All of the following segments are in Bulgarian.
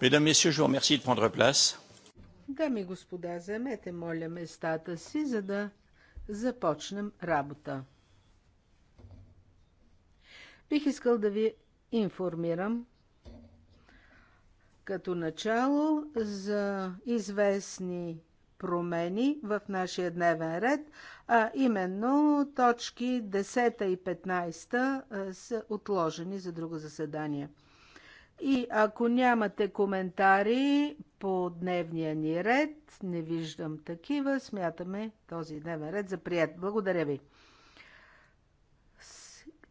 Mesdames, Messieurs, je vous remercie de prendre place. Дами и господа, заемете, моля, местата си, за да започнем работа. Бих искал да ви информирам като начало за известни промени в нашия дневен ред, а именно точки 10 и 15 са отложени за друго заседание. И ако нямате коментари по дневния ни ред, не виждам такива, смятаме този дневен ред за прият. Благодаря ви.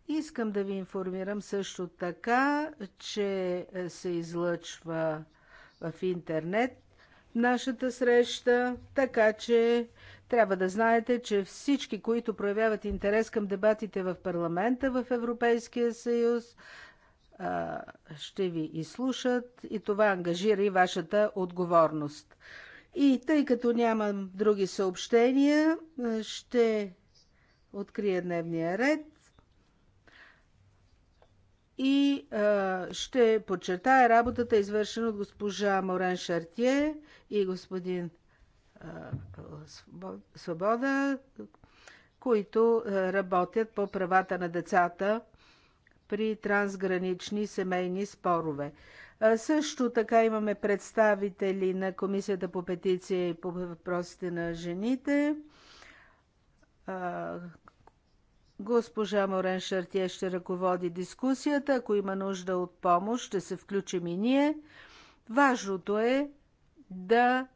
Искам да ви информирам също така, че се излъчва в интернет нашата среща, така че трябва да знаете, че всички, които проявяват интерес към дебатите в парламента в Европейския съюз, ще ви изслушат и това ангажира и вашата отговорност. И тъй като нямам други съобщения, ще открия дневния ред и а, ще подчертая работата, извършена от госпожа Морен Шартие и господин а, Свобода, които работят по правата на децата при трансгранични семейни спорове. Също така имаме представители на Комисията по петиция и по въпросите на жените. Госпожа Морен Шартие ще ръководи дискусията. Ако има нужда от помощ, ще се включим и ние. Важното е да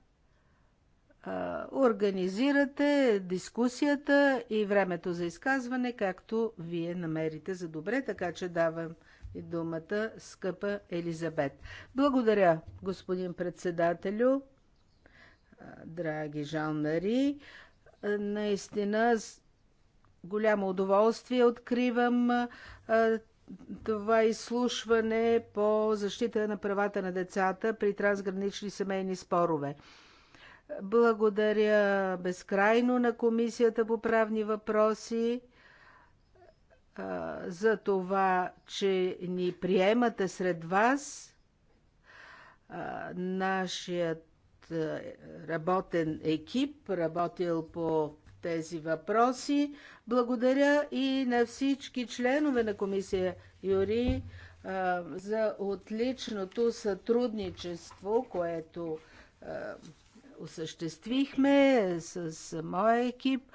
организирате дискусията и времето за изказване, както вие намерите за добре, така че давам и думата, скъпа Елизабет. Благодаря, господин председателю, драги Жан-Мари. Наистина, с голямо удоволствие откривам това изслушване по защита на правата на децата при трансгранични семейни спорове. Благодаря безкрайно на Комисията по правни въпроси за това, че ни приемате сред вас. Нашият работен екип работил по тези въпроси. Благодаря и на всички членове на комисия Юри за отличното сътрудничество, което осъществихме с моя екип,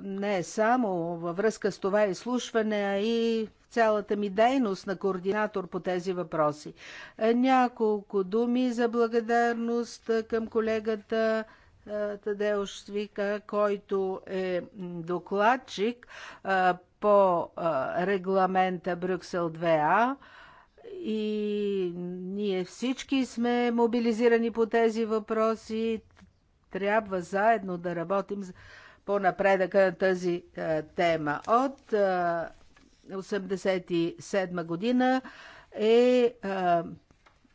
не само във връзка с това изслушване, а и цялата ми дейност на координатор по тези въпроси. Е, няколко думи за благодарност към колегата Тадеуш Свика, който е докладчик по регламента Брюксел 2А и ние всички сме мобилизирани по тези въпроси. Трябва заедно да работим по напредъка на тази е, тема. От 1987 е, година е, е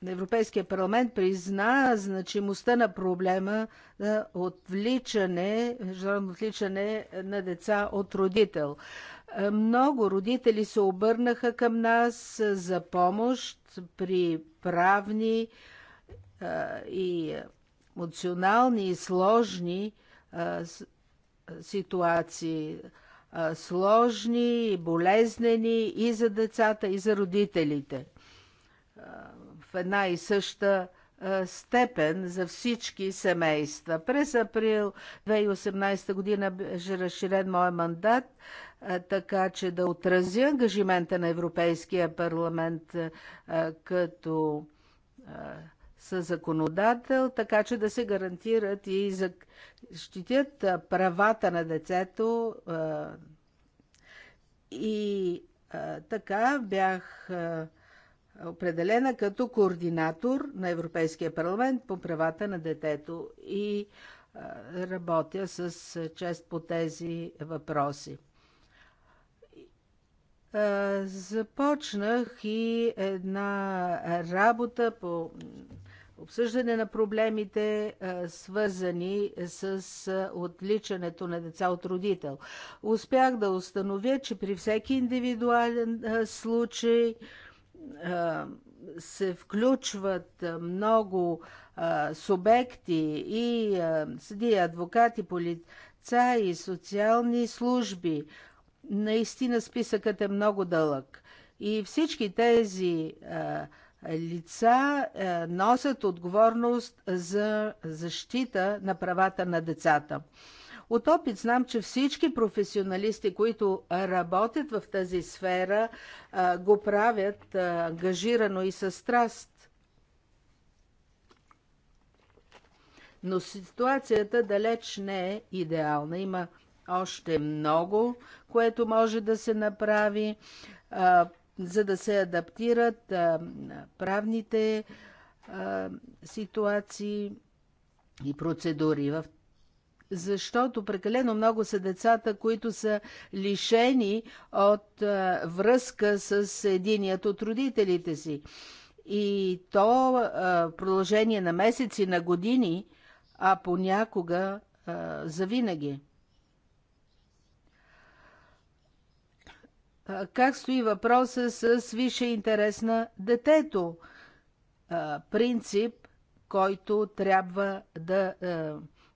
Европейския парламент призна значимостта на проблема на отвличане, международно отвличане на деца от родител. Е, много родители се обърнаха към нас за помощ при правни е, и емоционални и сложни е, ситуации. Сложни и болезнени и за децата, и за родителите. В една и съща степен за всички семейства. През април 2018 година беше разширен моят мандат така че да отрази ангажимента на Европейския парламент като със законодател, така че да се гарантират и защитят правата на децето, И така бях определена като координатор на Европейския парламент по правата на детето и работя с чест по тези въпроси. Е, започнах и една работа по обсъждане на проблемите, е, свързани с е, отличането на деца от родител. Успях да установя, че при всеки индивидуален случай се включват много субекти и съдии, адвокати, полицаи, социални служби, Наистина списъкът е много дълъг. И всички тези а, лица а, носят отговорност за защита на правата на децата. От опит знам, че всички професионалисти, които работят в тази сфера, а, го правят а, ангажирано и със страст. Но ситуацията далеч не е идеална. Има още много, което може да се направи, а, за да се адаптират а, правните а, ситуации и процедури. защото прекалено много са децата, които са лишени от а, връзка с единият от родителите си. И то а, в продължение на месеци, на години, а понякога а, завинаги. Как стои въпроса с висше интерес на детето? Принцип, който трябва да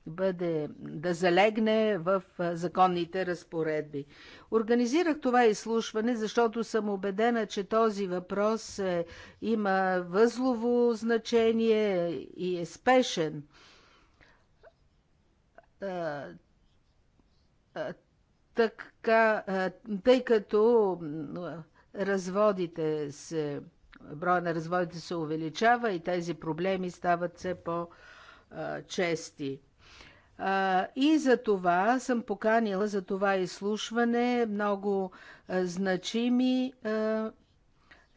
бъде, да залегне в законните разпоредби. Организирах това изслушване, защото съм убедена, че този въпрос е, има възлово значение и е спешен така, тъй като разводите се, броя на разводите се увеличава и тези проблеми стават все по-чести. И за това съм поканила за това изслушване много значими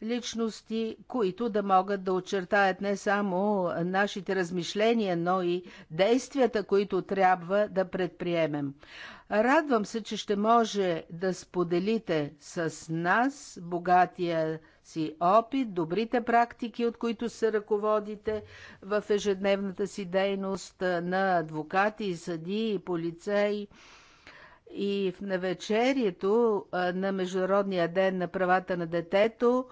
личности, които да могат да очертаят не само нашите размишления, но и действията, които трябва да предприемем. Радвам се, че ще може да споделите с нас богатия си опит, добрите практики, от които се ръководите в ежедневната си дейност на адвокати, съдии, полицеи И в навечерието на Международния ден на правата на детето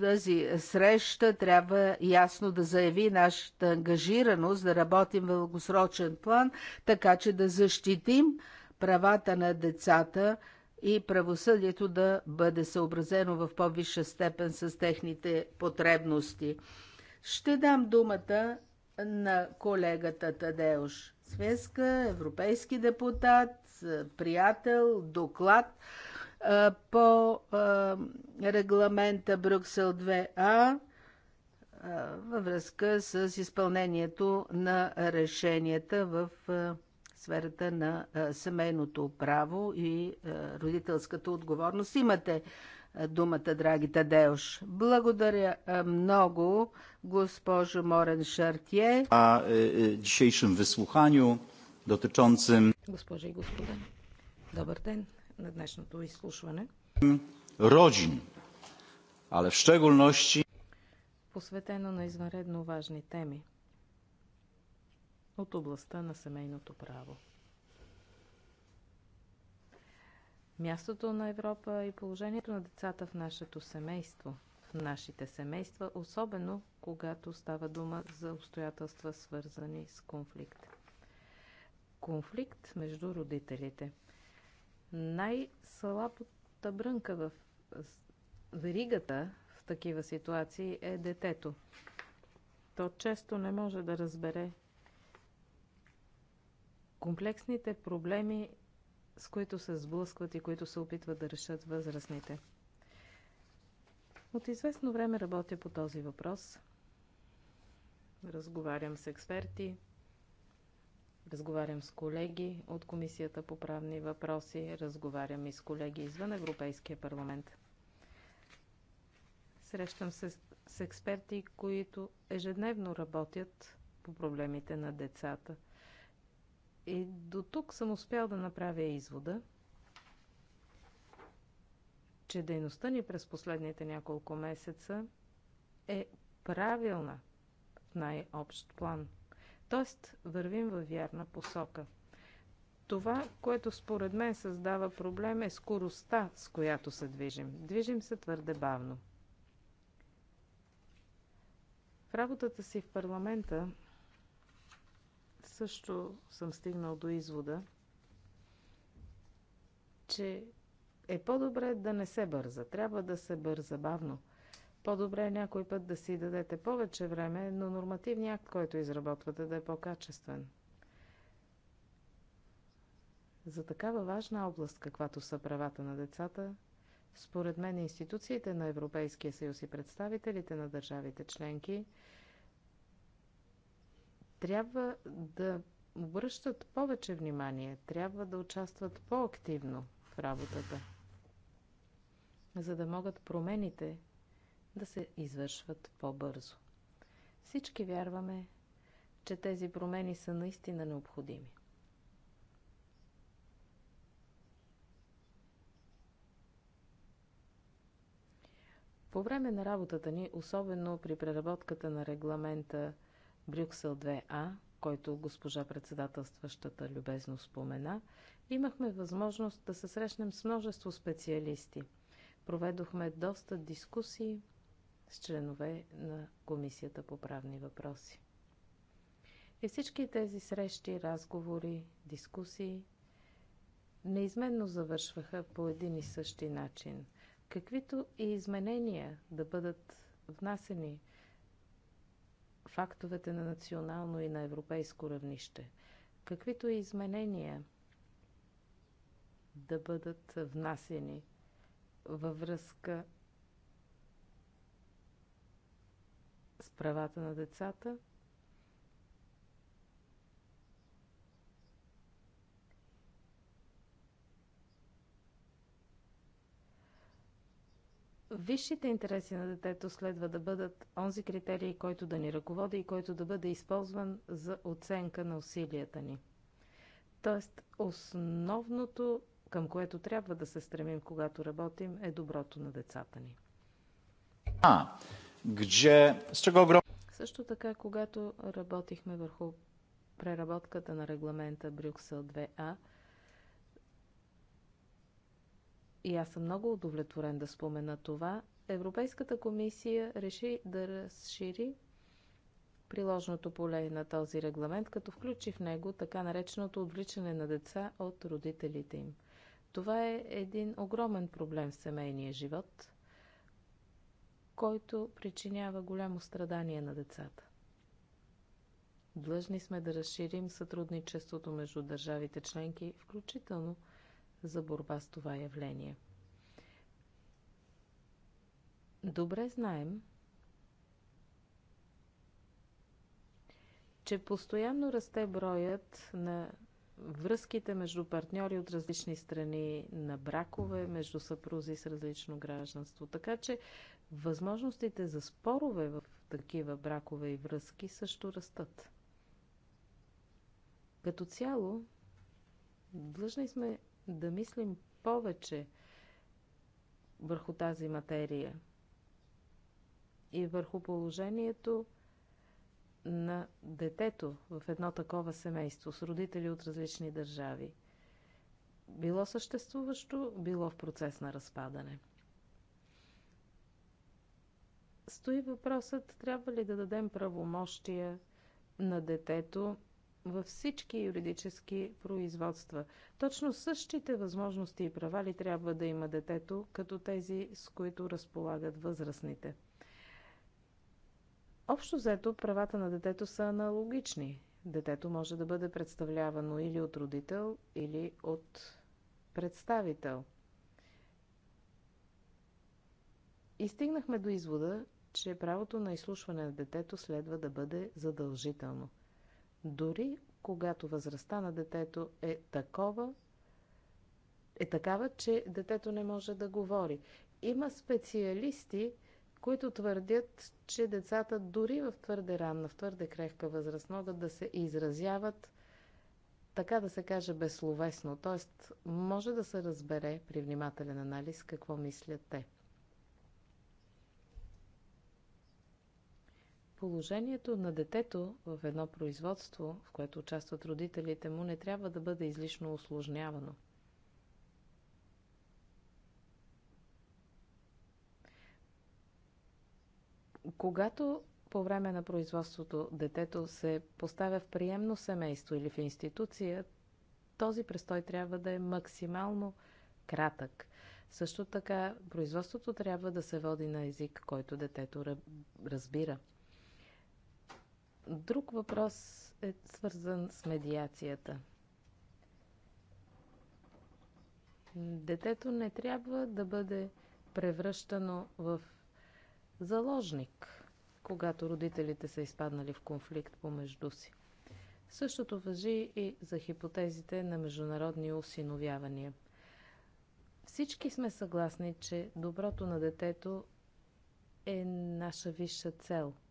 тази среща трябва ясно да заяви нашата ангажираност да работим в дългосрочен план, така че да защитим правата на децата и правосъдието да бъде съобразено в по-висша степен с техните потребности. Ще дам думата на колегата Тадеуш Свеска, европейски депутат, приятел, доклад по регламента Брюксел 2А във връзка с изпълнението на решенията в сферата на семейното право и родителската отговорност. Имате думата, драги Тадеуш. Благодаря много, госпожо Морен Шартие. А е, е, dzisiejszym wysłuchaniu dotyczącym... Госпожи и господа, добър ден на днешното изслушване. Роджин, але в szczególności... Посветено на извънредно важни теми от областта на семейното право. Мястото на Европа и положението на децата в нашето семейство, в нашите семейства, особено когато става дума за обстоятелства свързани с конфликт. Конфликт между родителите – най-слабата брънка в веригата в такива ситуации е детето. То често не може да разбере комплексните проблеми, с които се сблъскват и които се опитват да решат възрастните. От известно време работя по този въпрос. Разговарям с експерти, Разговарям с колеги от Комисията по правни въпроси, разговарям и с колеги извън Европейския парламент. Срещам се с експерти, които ежедневно работят по проблемите на децата. И до тук съм успял да направя извода, че дейността ни през последните няколко месеца е правилна в най-общ план. Т.е. вървим във вярна посока. Това, което според мен създава проблем е скоростта, с която се движим. Движим се твърде бавно. В работата си в парламента също съм стигнал до извода, че е по-добре да не се бърза. Трябва да се бърза бавно – по-добре е някой път да си дадете повече време, но нормативният акт, който изработвате, да е по-качествен. За такава важна област, каквато са правата на децата, според мен институциите на Европейския съюз и представителите на държавите членки трябва да обръщат повече внимание, трябва да участват по-активно в работата, за да могат промените да се извършват по-бързо. Всички вярваме, че тези промени са наистина необходими. По време на работата ни, особено при преработката на регламента Брюксел 2А, който госпожа председателстващата любезно спомена, имахме възможност да се срещнем с множество специалисти. Проведохме доста дискусии с членове на Комисията по правни въпроси. И всички тези срещи, разговори, дискусии неизменно завършваха по един и същи начин. Каквито и изменения да бъдат внасени фактовете на национално и на европейско равнище, каквито и изменения да бъдат внасени във връзка правата на децата. Висшите интереси на детето следва да бъдат онзи критерий, който да ни ръководи и който да бъде използван за оценка на усилията ни. Тоест, основното, към което трябва да се стремим, когато работим, е доброто на децата ни. А, gdzie, z czego ogrom... Също така, когато работихме върху преработката на регламента Брюксел 2А, и аз съм много удовлетворен да спомена това, Европейската комисия реши да разшири приложното поле на този регламент, като включи в него така нареченото отвличане на деца от родителите им. Това е един огромен проблем в семейния живот – който причинява голямо страдание на децата. Длъжни сме да разширим сътрудничеството между държавите членки, включително за борба с това явление. Добре знаем, че постоянно расте броят на връзките между партньори от различни страни, на бракове между съпрузи с различно гражданство. Така че Възможностите за спорове в такива бракове и връзки също растат. Като цяло, длъжни сме да мислим повече върху тази материя и върху положението на детето в едно такова семейство с родители от различни държави. Било съществуващо, било в процес на разпадане стои въпросът трябва ли да дадем правомощия на детето във всички юридически производства. Точно същите възможности и права ли трябва да има детето, като тези, с които разполагат възрастните? Общо взето, правата на детето са аналогични. Детето може да бъде представлявано или от родител, или от представител. И стигнахме до извода, че правото на изслушване на детето следва да бъде задължително. Дори когато възрастта на детето е такова, е такава, че детето не може да говори. Има специалисти, които твърдят, че децата дори в твърде ранна, в твърде крехка възраст могат да се изразяват, така да се каже, безсловесно. Т.е. може да се разбере при внимателен анализ какво мислят те. Положението на детето в едно производство, в което участват родителите му, не трябва да бъде излишно осложнявано. Когато по време на производството детето се поставя в приемно семейство или в институция, този престой трябва да е максимално кратък. Също така, производството трябва да се води на език, който детето разбира – Друг въпрос е свързан с медиацията. Детето не трябва да бъде превръщано в заложник, когато родителите са изпаднали в конфликт помежду си. Същото въжи и за хипотезите на международни осиновявания. Всички сме съгласни, че доброто на детето е наша висша цел –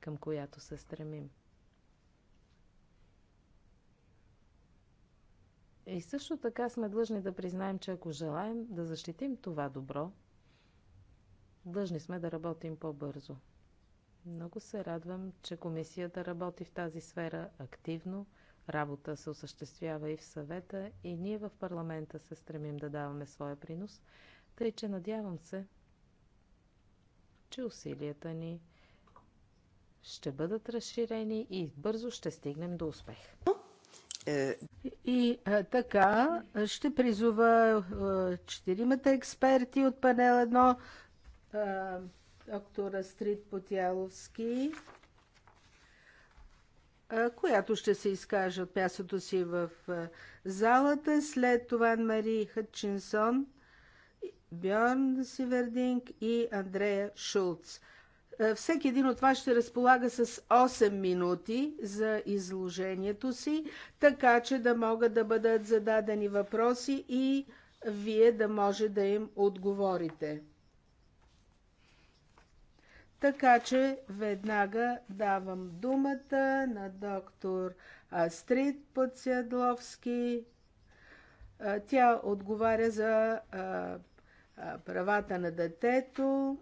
към която се стремим. И също така сме длъжни да признаем, че ако желаем да защитим това добро, длъжни сме да работим по-бързо. Много се радвам, че комисията работи в тази сфера активно. Работа се осъществява и в съвета, и ние в парламента се стремим да даваме своя принос, тъй че надявам се, че усилията ни ще бъдат разширени и бързо ще стигнем до успех. Е, и а, е, така, ще призова е, четиримата експерти от панел 1, а, доктор Астрид Потяловски, а, която ще се изкаже от мястото си в а, залата, след това Мари Хътчинсон, Бьорн Сивердинг и Андрея Шулц. Е, всеки един от вас ще разполага с 8 минути за изложението си, така че да могат да бъдат зададени въпроси и вие да може да им отговорите. Така че веднага давам думата на доктор Астрид Подседловски. Е, тя отговаря за е, правата на детето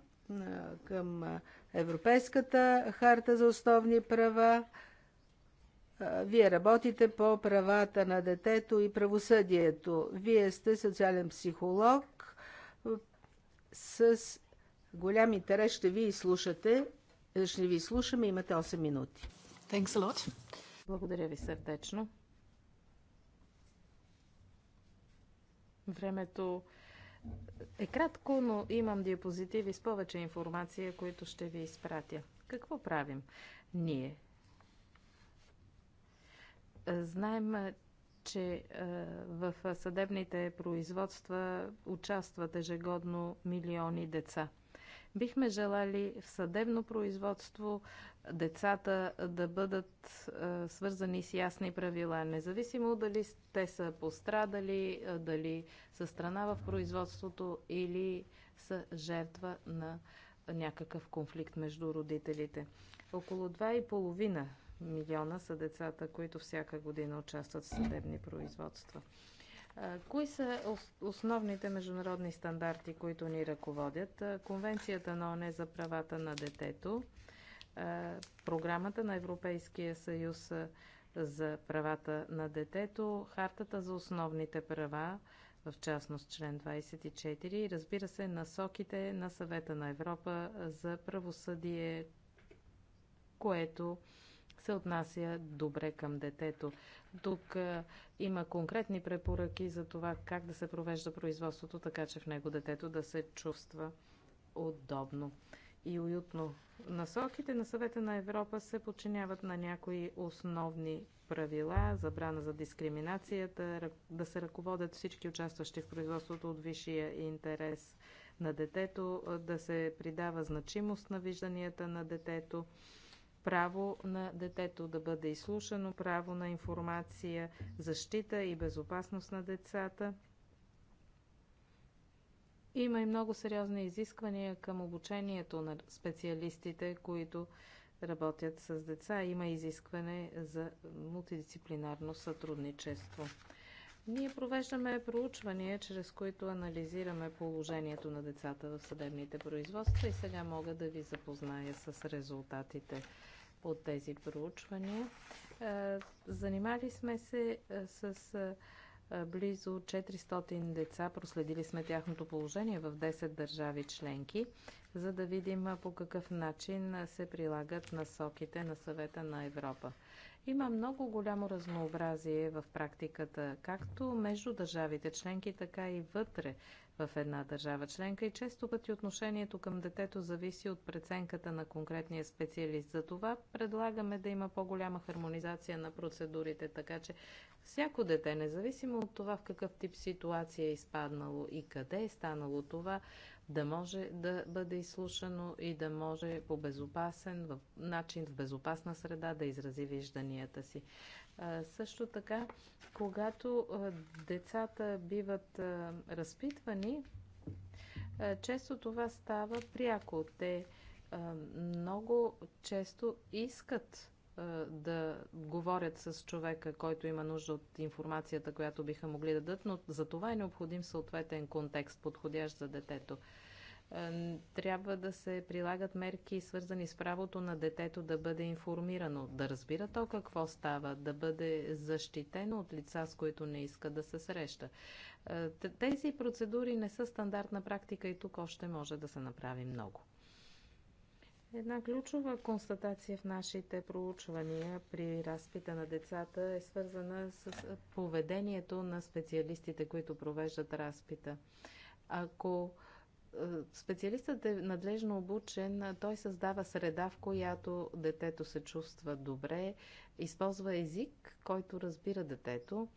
към Европейската харта за основни права. Вие работите по правата на детето и правосъдието. Вие сте социален психолог. С голям интерес ще ви слушате. Ще ви слушаме. Имате 8 минути. Благодаря ви сърдечно. Времето е кратко, но имам диапозитиви с повече информация, които ще ви изпратя. Какво правим ние? Е, знаем, че е, в съдебните производства участват ежегодно милиони деца – Бихме желали в съдебно производство децата да бъдат а, свързани с ясни правила, независимо дали те са пострадали, дали са страна в производството или са жертва на някакъв конфликт между родителите. Около 2,5 милиона са децата, които всяка година участват в съдебни производства. Кои са основните международни стандарти, които ни ръководят? Конвенцията на ОНЕ за правата на детето, програмата на Европейския съюз за правата на детето, хартата за основните права, в частност член 24 и разбира се насоките на съвета на Европа за правосъдие, което се отнася добре към детето. Тук а, е, има конкретни препоръки за това как да се провежда производството, така че в него детето да се чувства удобно и уютно. Насоките на съвета на Европа се подчиняват на някои основни правила, забрана за дискриминацията, да се ръководят всички участващи в производството от висшия интерес на детето, е, да се придава значимост на вижданията на детето, право на детето да бъде изслушано, право на информация, защита и безопасност на децата. Има и много сериозни изисквания към обучението на специалистите, които работят с деца. Има изискване за мултидисциплинарно сътрудничество. Ние провеждаме проучвания, чрез които анализираме положението на децата в съдебните производства и сега мога да ви запозная с резултатите от тези проучвания. Е, занимали сме се е, с е, близо 400 деца. Проследили сме тяхното положение в 10 държави членки, за да видим по какъв начин се прилагат насоките на съвета на Европа. Има много голямо разнообразие в практиката, както между държавите членки, така и вътре в една държава членка и често пъти отношението към детето зависи от преценката на конкретния специалист. Затова предлагаме да има по-голяма хармонизация на процедурите, така че всяко дете, независимо от това в какъв тип ситуация е изпаднало и къде е станало това, да може да бъде изслушано и да може по безопасен начин, в безопасна среда да изрази вижданията си. Също така, когато децата биват разпитвани, често това става пряко. Те много често искат да говорят с човека, който има нужда от информацията, която биха могли да дадат, но за това е необходим съответен контекст, подходящ за детето трябва да се прилагат мерки, свързани с правото на детето да бъде информирано, да разбира то какво става, да бъде защитено от лица, с които не иска да се среща. Е, тези процедури не са стандартна практика и тук още може да се направи много. Една ключова констатация в нашите проучвания при разпита на децата е свързана с е, поведението на специалистите, които провеждат разпита. Ако е, специалистът е надлежно обучен, той създава среда, в която детето се чувства добре, използва език, който разбира детето.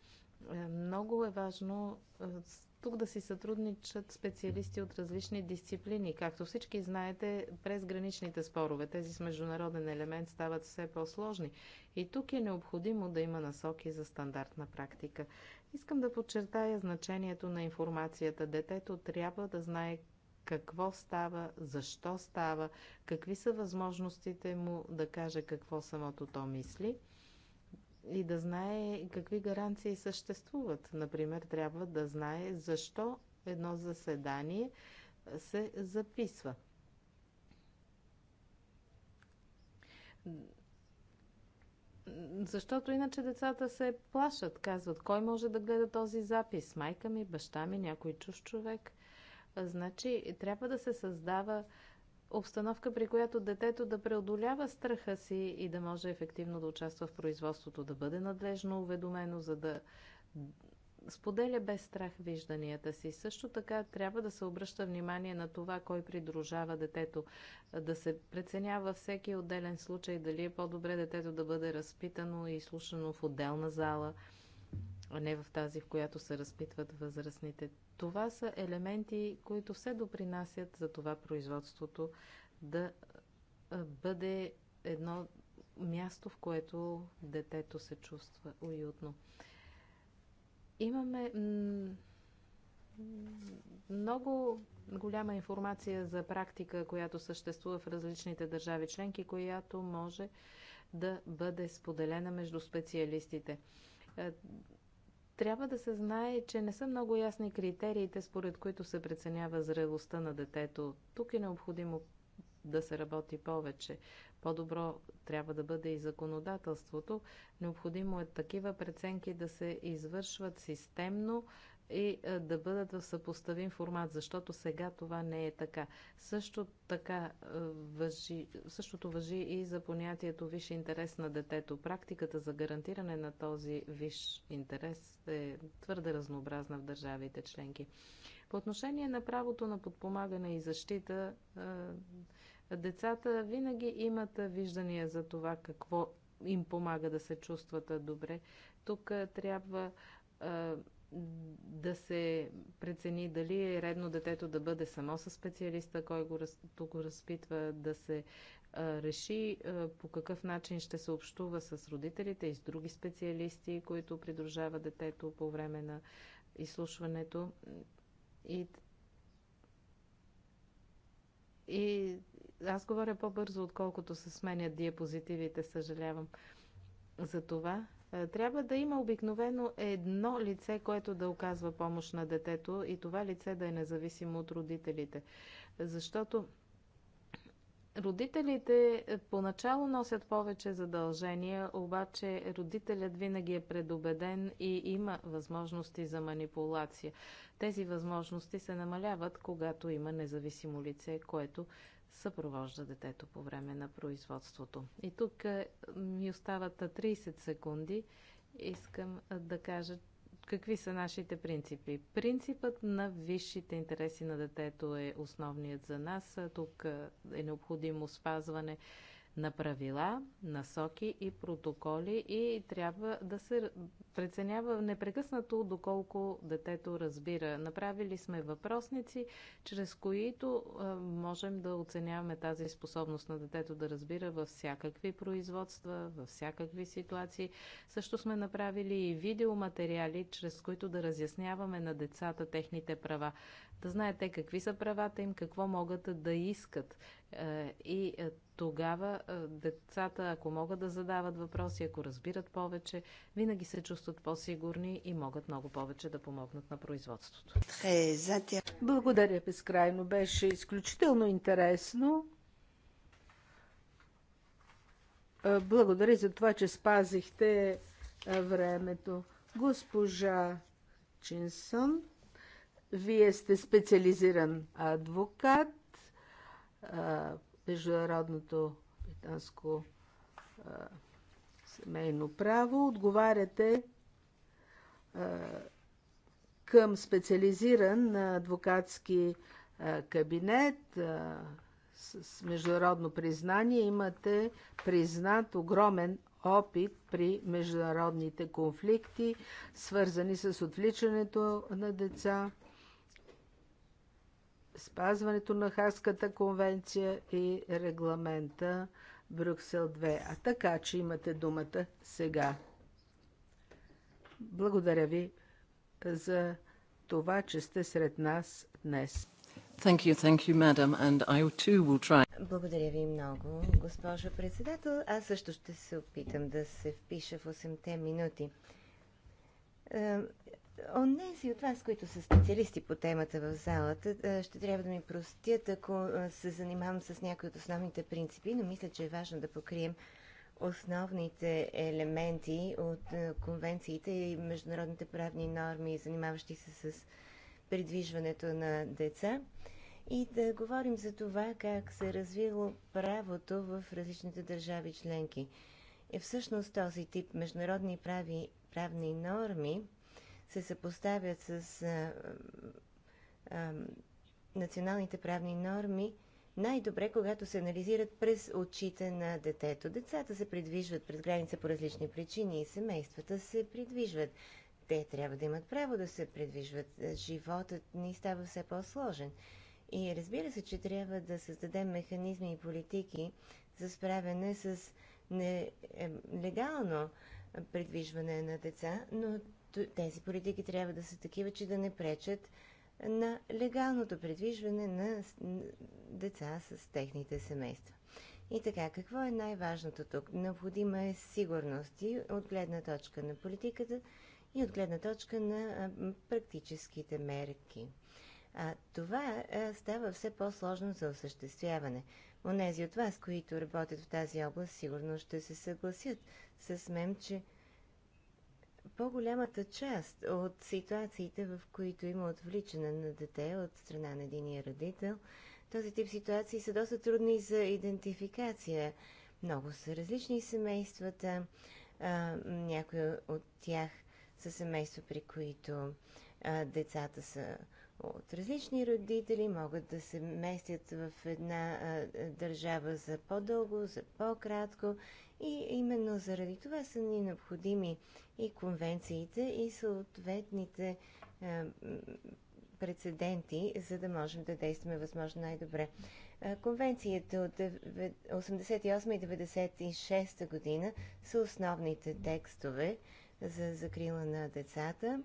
Е, много е важно е, тук да си сътрудничат специалисти от различни дисциплини. Както всички знаете, през граничните спорове, тези с международен елемент стават все по-сложни. И тук е необходимо да има насоки за стандартна практика. Искам да подчертая значението на информацията. Детето трябва да знае какво става, защо става, какви са възможностите му да каже какво самото то мисли и да знае какви гаранции съществуват. Например, трябва да знае защо едно заседание се записва. Защото иначе децата се плашат, казват, кой може да гледа този запис? Майка ми, баща ми, някой чуж човек – Значи, трябва да се създава обстановка, при която детето да преодолява страха си и да може ефективно да участва в производството, да бъде надлежно уведомено, за да споделя без страх вижданията си. Също така трябва да се обръща внимание на това, кой придружава детето, да се преценява всеки отделен случай, дали е по-добре детето да бъде разпитано и слушано в отделна зала, а не в тази, в която се разпитват възрастните. Това са елементи, които все допринасят за това производството да бъде едно място, в което детето се чувства уютно. Имаме много голяма информация за практика, която съществува в различните държави членки, която може да бъде споделена между специалистите трябва да се знае, че не са много ясни критериите, според които се преценява зрелостта на детето. Тук е необходимо да се работи повече. По-добро трябва да бъде и законодателството. Необходимо е такива преценки да се извършват системно, и е, да бъдат в съпоставим формат, защото сега това не е така. Също така е, въжи, същото въжи и за понятието виш интерес на детето. Практиката за гарантиране на този виш интерес е твърде разнообразна в държавите членки. По отношение на правото на подпомагане и защита, е, децата винаги имат виждания за това какво им помага да се чувстват добре. Тук трябва да се прецени дали е редно детето да бъде само с специалиста, кой го, раз, го разпитва, да се а, реши а, по какъв начин ще се общува с родителите и с други специалисти, които придружават детето по време на изслушването. И, и аз говоря по-бързо, отколкото се сменят диапозитивите, съжалявам. За това е, трябва да има обикновено едно лице, което да оказва помощ на детето и това лице да е независимо от родителите. Защото Родителите е, поначало носят повече задължения, обаче родителят винаги е предубеден и има възможности за манипулация. Тези възможности се намаляват, когато има независимо лице, което съпровожда детето по време на производството. И тук е, ми остават 30 секунди. Искам да кажа какви са нашите принципи. Принципът на висшите интереси на детето е основният за нас. Тук е необходимо спазване на правила, насоки и протоколи и трябва да се преценява непрекъснато доколко детето разбира. Направили сме въпросници, чрез които можем да оценяваме тази способност на детето да разбира във всякакви производства, във всякакви ситуации. Също сме направили и видеоматериали, чрез които да разясняваме на децата техните права да знаете какви са правата им, какво могат да искат. Е, и е, тогава е, децата, ако могат да задават въпроси, ако разбират повече, винаги се чувстват по-сигурни и могат много повече да помогнат на производството. Благодаря безкрайно. Беше изключително интересно. Благодаря за това, че спазихте времето. Госпожа Чинсон. Вие сте специализиран адвокат, Международното британско семейно право. Отговаряте към специализиран адвокатски кабинет с международно признание. Имате признат огромен опит при международните конфликти, свързани с отвличането на деца спазването на Хаската конвенция и регламента Брюксел 2. А така, че имате думата сега. Благодаря ви за това, че сте сред нас днес. Thank you, thank you, madam, and I too will try. Благодаря ви много, госпожо председател. Аз също ще се опитам да се впиша в 8-те минути. Онези от вас, които са специалисти по темата в залата, ще трябва да ми простят, ако се занимавам с някои от основните принципи, но мисля, че е важно да покрием основните елементи от конвенциите и международните правни норми, занимаващи се с придвижването на деца и да говорим за това как се е развило правото в различните държави членки. И е, всъщност този тип международни прави, правни норми – се съпоставят с а, а, националните правни норми, най-добре, когато се анализират през очите на детето. Децата се придвижват през граница по различни причини и семействата се придвижват. Те трябва да имат право да се придвижват. Животът ни става все по-сложен. И разбира се, че трябва да създадем механизми и политики за справяне с нелегално е, придвижване на деца, но тези политики трябва да са такива, че да не пречат на легалното предвижване на деца с техните семейства. И така, какво е най-важното тук? Необходима е сигурност и от гледна точка на политиката и от гледна точка на практическите мерки. А това става все по-сложно за осъществяване. Онези от вас, които работят в тази област, сигурно ще се съгласят с мен, че по-голямата част от ситуациите, в които има отвличане на дете от страна на единия родител, този тип ситуации са доста трудни за идентификация. Много са различни семействата. някои от тях са семейства, при които децата са от различни родители, могат да се местят в една държава за по-дълго, за по-кратко и именно заради това са ни необходими и конвенциите, и съответните е, прецеденти, за да можем да действаме възможно най-добре. Е, конвенциите от 88 и 96 година са основните текстове за закрила на децата.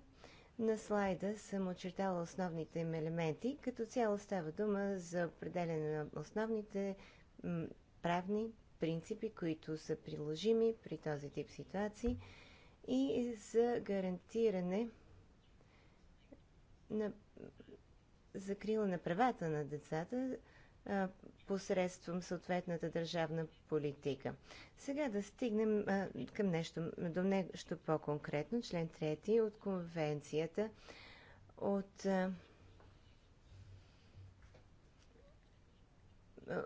На слайда съм очертала основните им елементи. Като цяло става дума за определене на основните правни принципи, които са приложими при този тип ситуации и за гарантиране на закрила на правата на децата а, посредством съответната държавна политика. Сега да стигнем а, към нещо, до нещо по-конкретно, член 3 от конвенцията от а,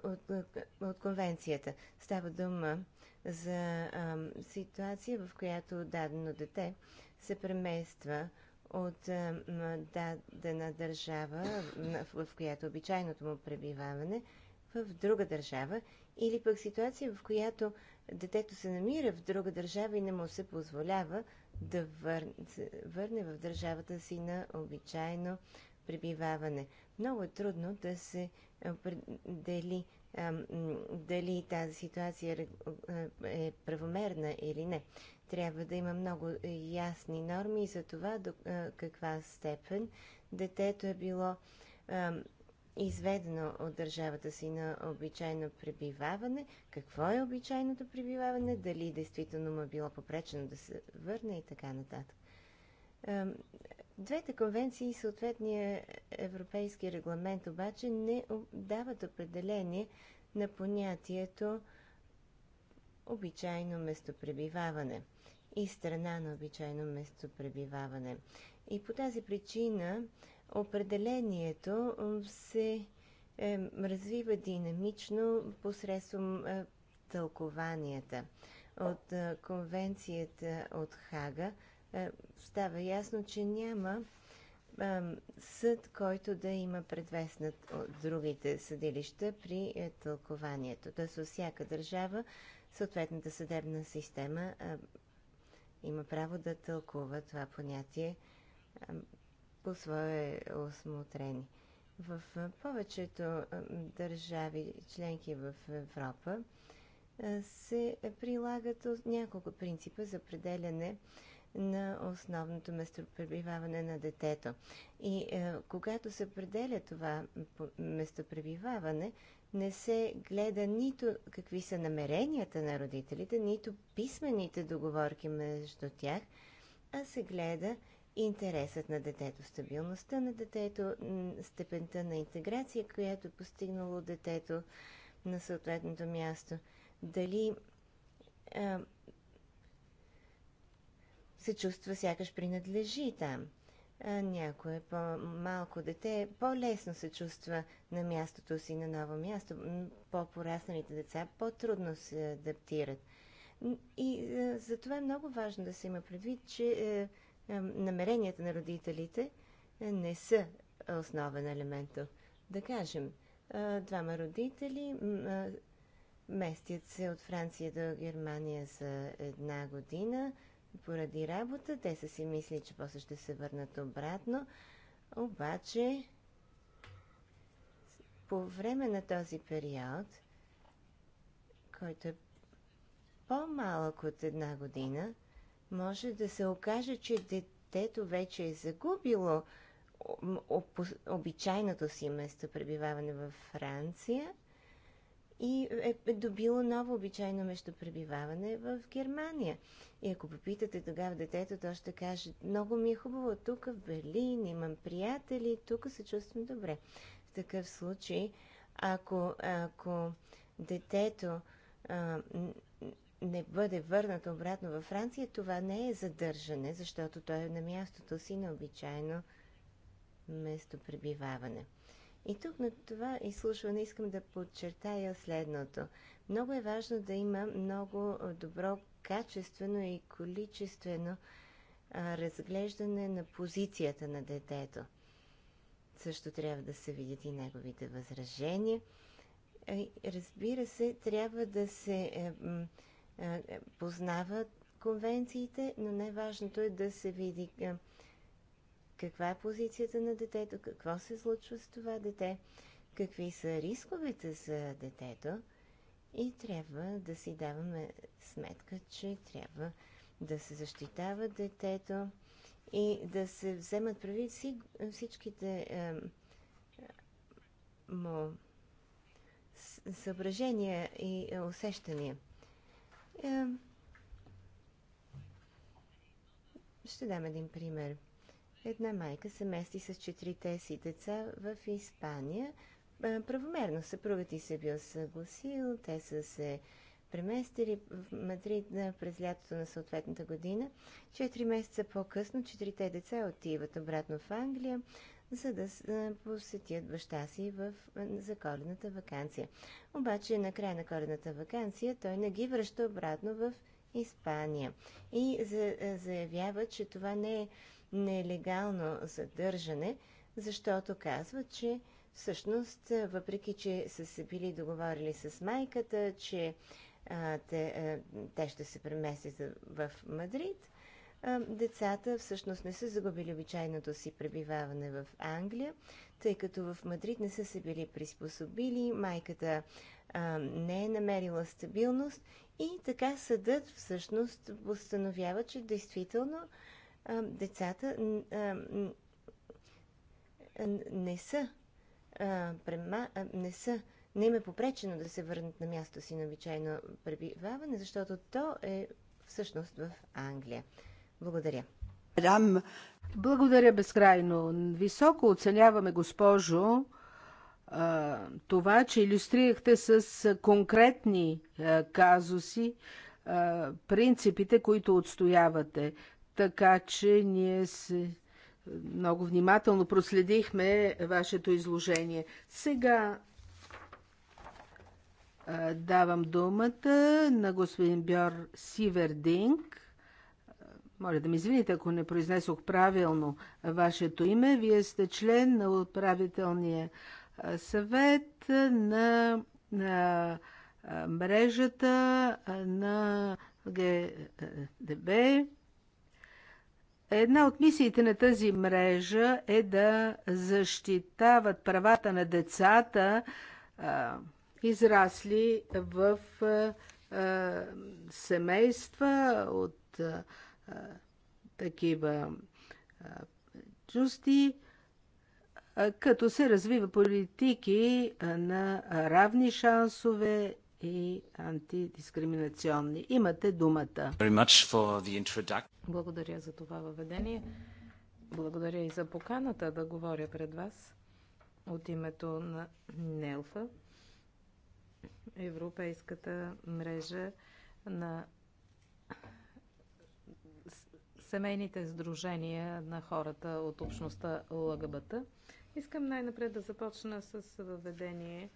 от, от, от конвенцията. Става дума за а, ситуация, в която дадено дете се премества от а, дадена държава, в, в която обичайното му пребиваване, в друга държава, или пък ситуация, в която детето се намира в друга държава и не му се позволява да върне, върне в държавата си на обичайно пребиваване. Много е трудно да се определи дали тази ситуация е правомерна или не. Трябва да има много ясни норми за това до каква степен детето е било изведено от държавата си на обичайно пребиваване, какво е обичайното пребиваване, дали действително му е било попречено да се върне и така нататък. Двете конвенции и съответния европейски регламент обаче не дават определение на понятието обичайно местопребиваване и страна на обичайно местопребиваване. И по тази причина определението се е, развива динамично посредством е, тълкованията от е, конвенцията от Хага е, става ясно, че няма съд, който да има предвестнат от другите съдилища при е, тълкованието. Тоест, във всяка държава съответната съдебна система има право да тълкува това понятие по свое осмотрение. В повечето държави, членки в Европа, се прилагат няколко принципа за определяне на основното местопребиваване на детето. И е, когато се определя това местопребиваване, не се гледа нито какви са намеренията на родителите, нито писмените договорки между тях, а се гледа интересът на детето, стабилността на детето, степента на интеграция, която е постигнало детето на съответното място, дали е, се чувства сякаш принадлежи там. А някое по-малко дете по-лесно се чувства на мястото си, на ново място. По-порасналите деца по-трудно се адаптират. И затова за това е много важно да се има предвид, че е, е, намеренията на родителите е, не са основен елемент. Да кажем, двама родители местят се от Франция до Германия за една година – поради работа. Те са си мисли, че после ще се върнат обратно. Обаче, по време на този период, който е по-малък от една година, може да се окаже, че детето вече е загубило обичайното си место пребиваване във Франция и е, е добило ново обичайно местопребиваване в Германия. И ако попитате тогава детето, то ще каже, много ми е хубаво тук в Берлин, имам приятели, тук се чувствам добре. В такъв случай, ако, ако детето а, не бъде върнато обратно във Франция, това не е задържане, защото той е на мястото си на обичайно местопребиваване. И тук на това изслушване искам да подчертая следното. Много е важно да има много добро качествено и количествено а, разглеждане на позицията на детето. Също трябва да се видят и неговите възражения. Разбира се, трябва да се е, е, познават конвенциите, но най-важното е да се види каква е позицията на детето, какво се случва с това дете, какви са рисковете за детето и трябва да си даваме сметка, че трябва да се защитава детето и да се вземат прави всичките е, му съображения и усещания. Е, ще дам един пример. Една майка се мести с четирите си деца в Испания. Правомерно съпругът и се бил съгласил, те са се преместили в Мадрид през лятото на съответната година. Четири месеца по-късно четирите деца отиват обратно в Англия, за да посетят баща си в, за коледната вакансия. Обаче на края на коледната вакансия той не ги връща обратно в Испания и заявява, че това не е нелегално задържане, защото казват, че всъщност, въпреки че са се били договорили с майката, че а, те, а, те ще се преместят в Мадрид, а, децата всъщност не са загубили обичайното си пребиваване в Англия, тъй като в Мадрид не са се били приспособили, майката а, не е намерила стабилност и така съдът всъщност постановява, че действително децата не са, не са, не им е попречено да се върнат на място си на обичайно пребиваване, защото то е всъщност в Англия. Благодаря. Дам, Благодаря безкрайно. Високо оценяваме, госпожо, това, че иллюстрирахте с конкретни казуси принципите, които отстоявате. Така че ние се много внимателно проследихме вашето изложение. Сега давам думата на господин Бьор Сивердинг. Моля да ми извините, ако не произнесох правилно вашето име. Вие сте член на управителния съвет на, на мрежата на ГДБ. Една от мисиите на тази мрежа е да защитават правата на децата, израсли в семейства от такива чувсти, като се развива политики на равни шансове и антидискриминационни. Имате думата. Благодаря за това въведение. Благодаря и за поканата да говоря пред вас от името на НЕЛФА, Европейската мрежа на семейните сдружения на хората от общността ЛГБТ. Искам най-напред да започна с въведение,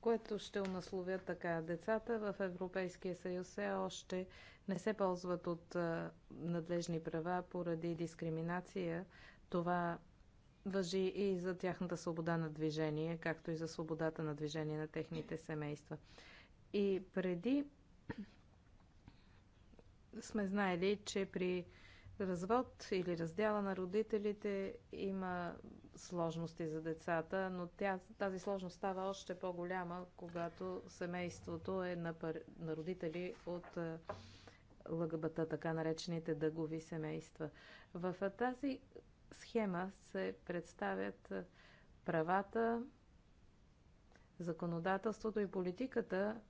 което ще унасловя така. Децата в Европейския съюз все още не се ползват от надлежни права поради дискриминация. Това въжи и за тяхната свобода на движение, както и за свободата на движение на техните семейства. И преди сме знаели, че при развод или раздяла на родителите има сложности за децата, но тя, тази сложност става още по-голяма, когато семейството е на, пар... на родители от ЛГБТ, така наречените дъгови семейства. В тази схема се представят правата, законодателството и политиката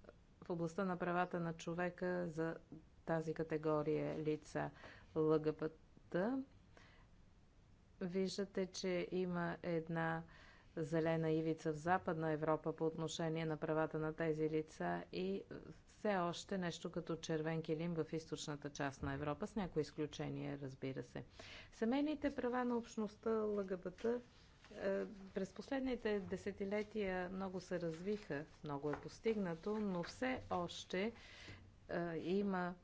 в областта на правата на човека за тази категория лица ЛГБТ. Виждате, че има една зелена ивица в Западна Европа по отношение на правата на тези лица и все още нещо като червен килим в източната част на Европа, с някои изключения, разбира се. Семейните права на общността ЛГБТ е, през последните десетилетия много се развиха, много е постигнато, но все още е, има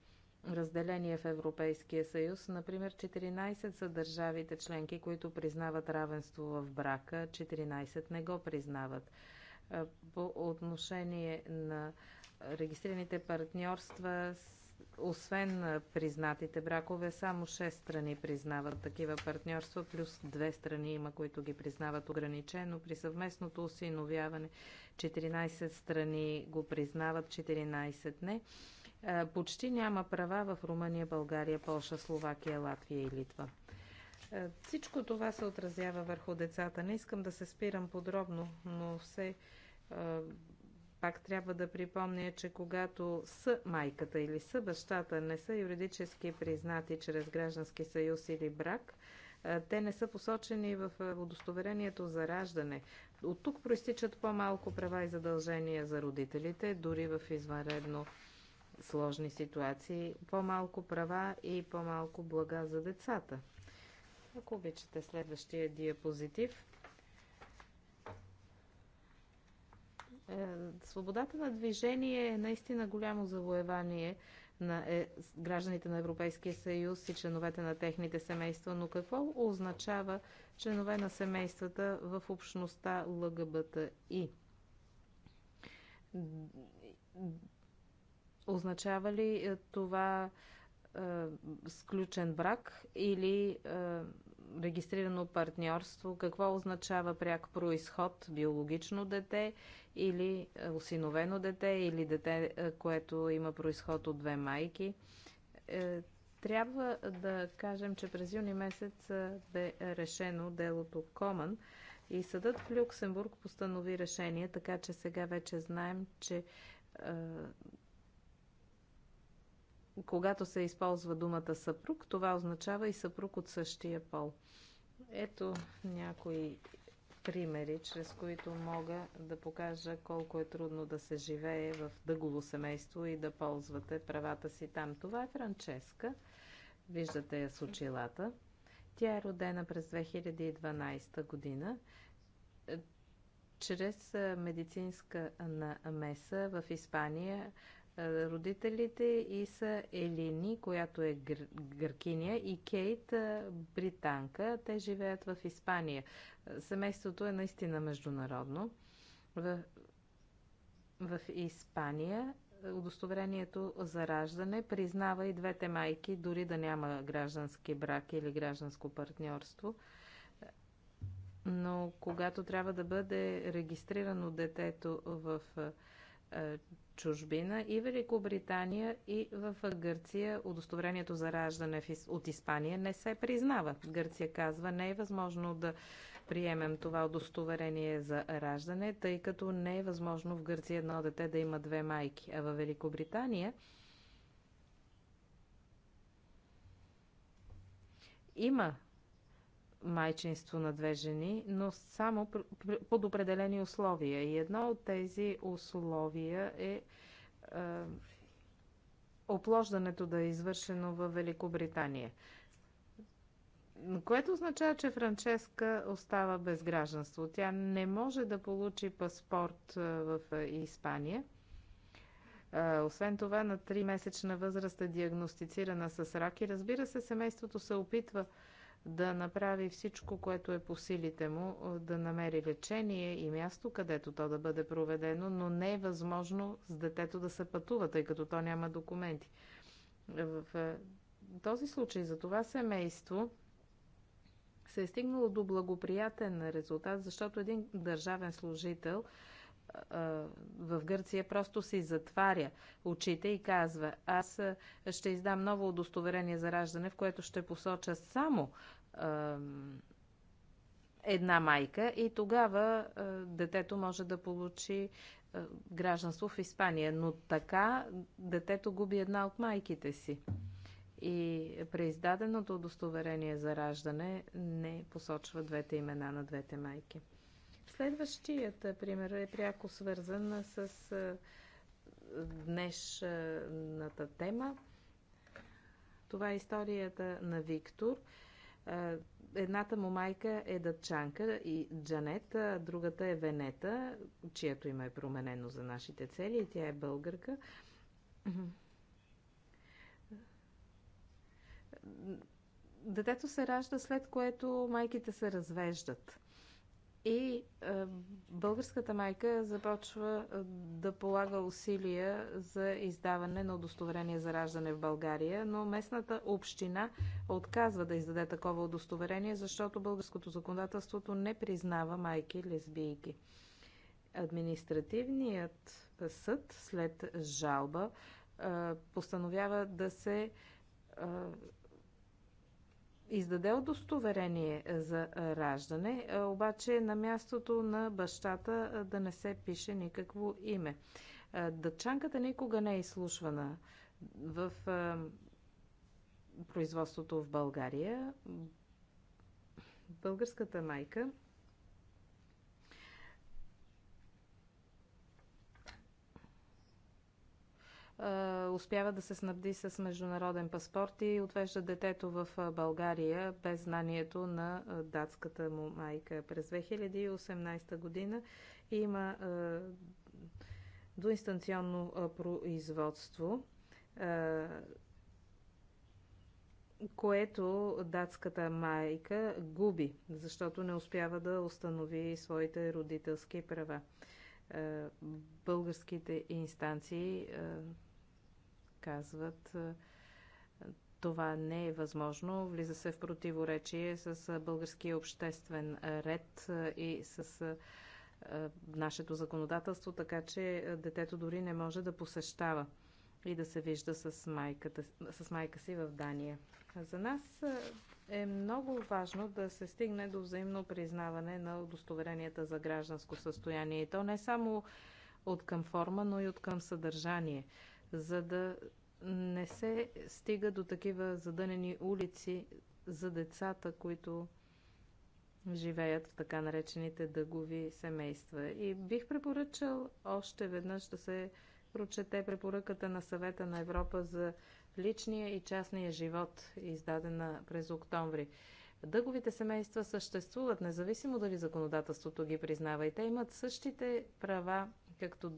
разделение в Европейския съюз. Например, 14 са държавите членки, които признават равенство в брака, 14 не го признават. Е, по отношение на регистрираните партньорства, освен признатите бракове, само 6 страни признават такива партньорства, плюс 2 страни има, които ги признават ограничено. При съвместното осиновяване 14 страни го признават, 14 не. Почти няма права в Румъния, България, Полша, Словакия, Латвия и Литва. Всичко това се отразява върху децата. Не искам да се спирам подробно, но все пак трябва да припомня, че когато с майката или с бащата не са юридически признати чрез граждански съюз или брак, те не са посочени в удостоверението за раждане. От тук проистичат по-малко права и задължения за родителите, дори в извънредно сложни ситуации, по-малко права и по-малко блага за децата. Ако обичате следващия диапозитив, Е, свободата на движение е наистина голямо завоевание на е, гражданите на Европейския съюз и членовете на техните семейства, но какво означава членове на семействата в общността ЛГБТИ? Означава ли е, това сключен брак или регистрирано партньорство, какво означава пряк происход, биологично дете или е, осиновено дете или дете, е, което има происход от две майки. Е, трябва да кажем, че през юни месец бе решено делото Коман и съдът в Люксембург постанови решение, така че сега вече знаем, че когато се използва думата съпруг, това означава и съпруг от същия пол. Ето някои примери, чрез които мога да покажа колко е трудно да се живее в дъгово семейство и да ползвате правата си там. Това е Франческа. Виждате я с очилата. Тя е родена през 2012 година е, чрез медицинска намеса в Испания е, родителите и са Елини, която е гр... гъркиня, и Кейт, е, британка. Те живеят в Испания. Семейството е наистина международно. В, в Испания е, удостоверението за раждане признава и двете майки, дори да няма граждански брак или гражданско партньорство. Но когато трябва да бъде регистрирано детето в чужбина и Великобритания и в Гърция удостоверението за раждане от Испания не се признава. Гърция казва, не е възможно да приемем това удостоверение за раждане, тъй като не е възможно в Гърция едно дете да има две майки. А в Великобритания има майчинство на две жени, но само под определени условия. И едно от тези условия е, е оплождането да е извършено в Великобритания. Което означава, че Франческа остава без гражданство. Тя не може да получи паспорт в Испания. Освен това, на 3-месечна възраст е диагностицирана с рак и разбира се, семейството се опитва да направи всичко, което е по силите му, е, да намери лечение и място, където то да бъде проведено, но не е възможно с детето да се пътува, тъй като то няма документи. В е, този случай за това семейство се е стигнало до благоприятен резултат, защото един държавен служител – в Гърция просто си затваря очите и казва аз ще издам ново удостоверение за раждане, в което ще посоча само една майка и тогава детето може да получи гражданство в Испания. Но така детето губи една от майките си. И преиздаденото удостоверение за раждане не посочва двете имена на двете майки. Следващият е, пример е пряко свързан с е, днешната тема. Това е историята на Виктор. Е, едната му майка е датчанка и Джанет, а другата е Венета, чието име е променено за нашите цели и тя е българка. Детето се ражда след което майките се развеждат. И а, е, българската майка започва е, да полага усилия за издаване на удостоверение за раждане в България, но местната община отказва да издаде такова удостоверение, защото българското законодателството не признава майки лесбийки. Административният съд след жалба а, е, постановява да се издаде удостоверение за раждане, обаче е на мястото на бащата да не се пише никакво име. Дъчанката никога не е изслушвана в производството в България. Българската майка Е, успява да се снабди с международен паспорт и отвежда детето в е, България без знанието на е, датската му майка. През 2018 година има двуинстанционно производство, което датската майка губи, защото не успява да установи своите родителски права. Българските инстанции казват е, това не е възможно. Влиза се в противоречие с е, българския обществен ред е, и с нашето законодателство, така че детето дори не може да посещава и да се вижда с, майката, с майка си в Дания. За нас е много важно да се стигне до взаимно признаване на удостоверенията за гражданско състояние. И то не само от към форма, но и от към съдържание, за да не се стига до такива задънени улици за децата, които живеят в така наречените дъгови семейства. И бих препоръчал още веднъж да се прочете препоръката на съвета на Европа за личния и частния живот, издадена през октомври. Дъговите семейства съществуват, независимо дали законодателството ги признава и те имат същите права както,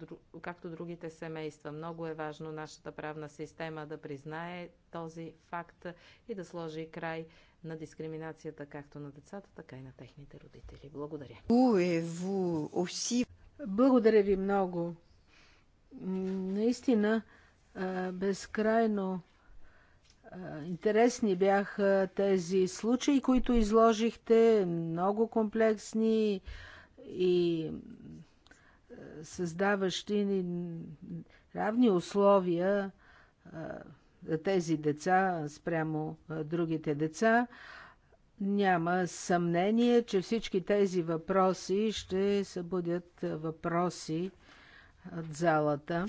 както другите семейства. Много е важно нашата правна система да признае този факт и да сложи край на дискриминацията както на децата, така и на техните родители. Благодаря. Благодаря ви много. Наистина, безкрайно интересни бяха тези случаи, които изложихте, много комплексни и създаващи равни условия за тези деца спрямо другите деца. Няма съмнение, че всички тези въпроси ще събудят въпроси от залата.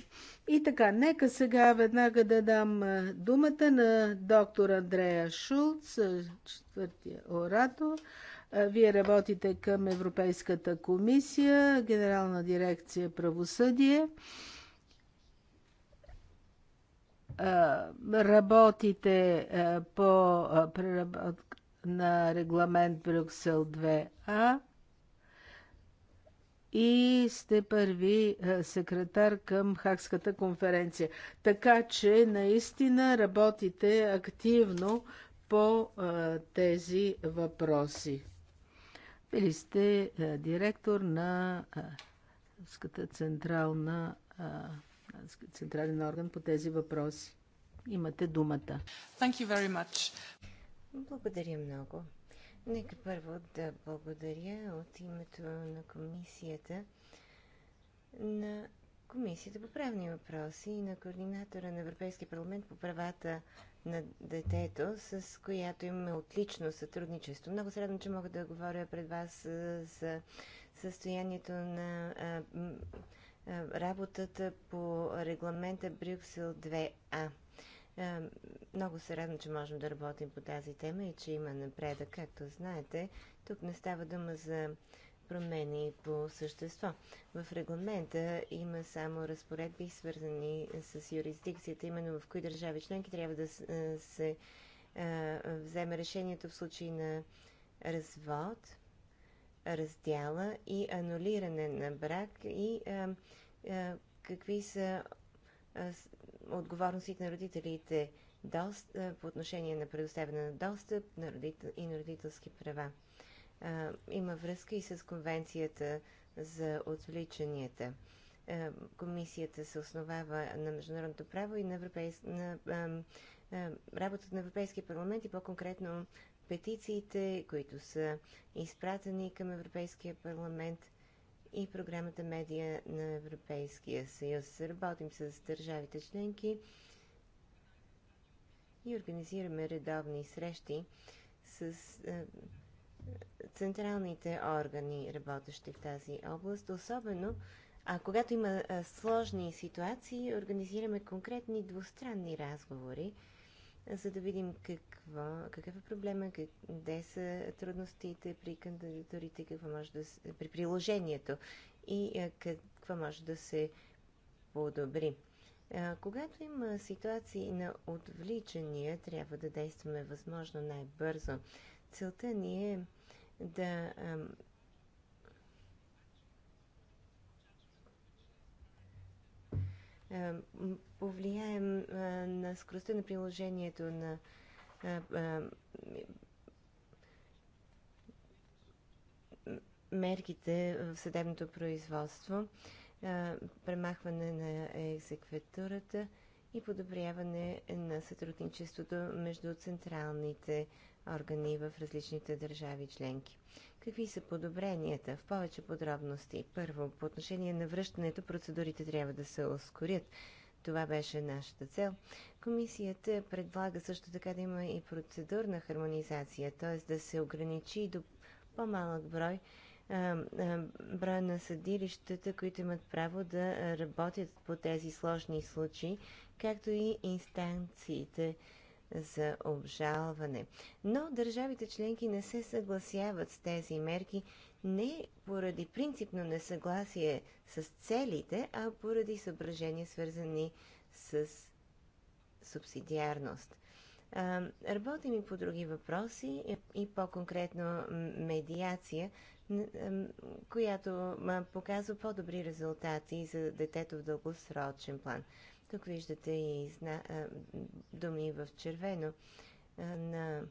И така, нека сега веднага да дам думата на доктор Андрея Шулц, четвъртия оратор, вие работите към Европейската комисия, Генерална дирекция правосъдие. Работите по преработка на регламент Брюксел 2А и сте първи секретар към Хакската конференция. Така че наистина работите активно по тези въпроси. Били сте директор на централна, централен орган по тези въпроси. Имате думата. Thank you very much. Благодаря много. Нека първо да благодаря от името на комисията на Комисията по правни въпроси и на координатора на Европейския парламент по правата на детето, с която имаме отлично сътрудничество. Много се радвам, че мога да говоря пред вас за състоянието на работата по регламента Брюксел 2А. Много се радвам, че можем да работим по тази тема и че има напредък. Както знаете, тук не става дума за промени по същество. В регламента има само разпоредби, свързани с юрисдикцията, именно в кои държави членки трябва да се вземе решението в случай на развод, раздяла и анулиране на брак и а, а, какви са а, отговорностите на родителите дост, по отношение на предоставяне на достъп на родител, и на родителски права има връзка и с конвенцията за отвличанията. комисията се основава на международното право и на, европейс... на работата на Европейския парламент и по-конкретно петициите, които са изпратени към Европейския парламент и програмата Медия на Европейския съюз. Работим с държавите членки и организираме редовни срещи с централните органи, работещи в тази област, особено а когато има а, сложни ситуации, организираме конкретни двустранни разговори, за да видим какво, какъв е проблема, къде са трудностите при кандидатурите, какво може да се, при приложението и а, какво може да се подобри. А, когато има ситуации на отвличания, трябва да действаме възможно най-бързо. Целта ни е да повлияем на скоростта на приложението на мерките в съдебното производство, премахване на екзекватурата и подобряване на сътрудничеството между централните органи в различните държави членки. Какви са подобренията? В повече подробности. Първо, по отношение на връщането, процедурите трябва да се ускорят. Това беше нашата цел. Комисията предлага също така да има и процедурна хармонизация, т.е. да се ограничи до по-малък брой броя на съдилищата, които имат право да работят по тези сложни случаи, както и инстанциите за обжалване. Но държавите членки не се съгласяват с тези мерки не поради принципно несъгласие с целите, а поради съображения свързани с субсидиарност. Работим и по други въпроси и по-конкретно медиация, която показва по-добри резултати за детето в дългосрочен план. Тук виждате и зна... думи в червено на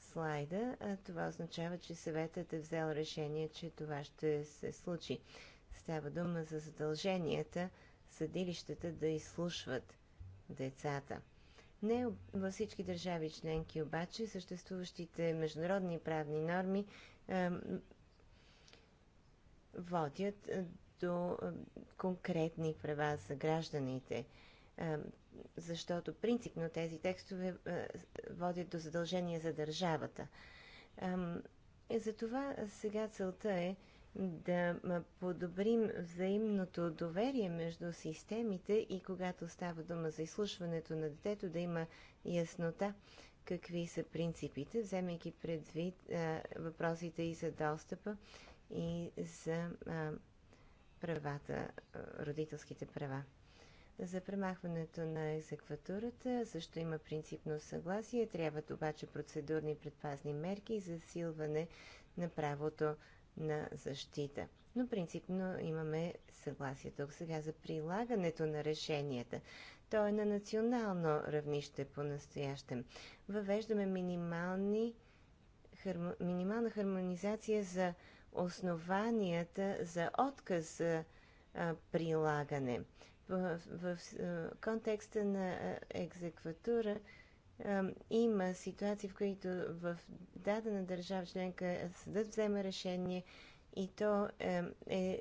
слайда. Това означава, че съветът е взел решение, че това ще се случи. Става дума за задълженията съдилищата да изслушват децата. Не във всички държави членки обаче съществуващите международни правни норми е, водят до конкретни права за гражданите защото принципно тези текстове водят до задължения за държавата. Затова сега целта е да подобрим взаимното доверие между системите и когато става дума за изслушването на детето, да има яснота какви са принципите, вземайки предвид въпросите и за достъпа, и за правата, родителските права за премахването на екзекватурата. Също има принципно съгласие. Трябват обаче процедурни предпазни мерки за силване на правото на защита. Но принципно имаме съгласие тук сега за прилагането на решенията. То е на национално равнище по-настоящем. Въвеждаме минимални, хармо, минимална хармонизация за основанията за отказ за а, прилагане в, в, в контекста на екзекватура има ситуации, в които в дадена държава членка съдът взема решение и то е, е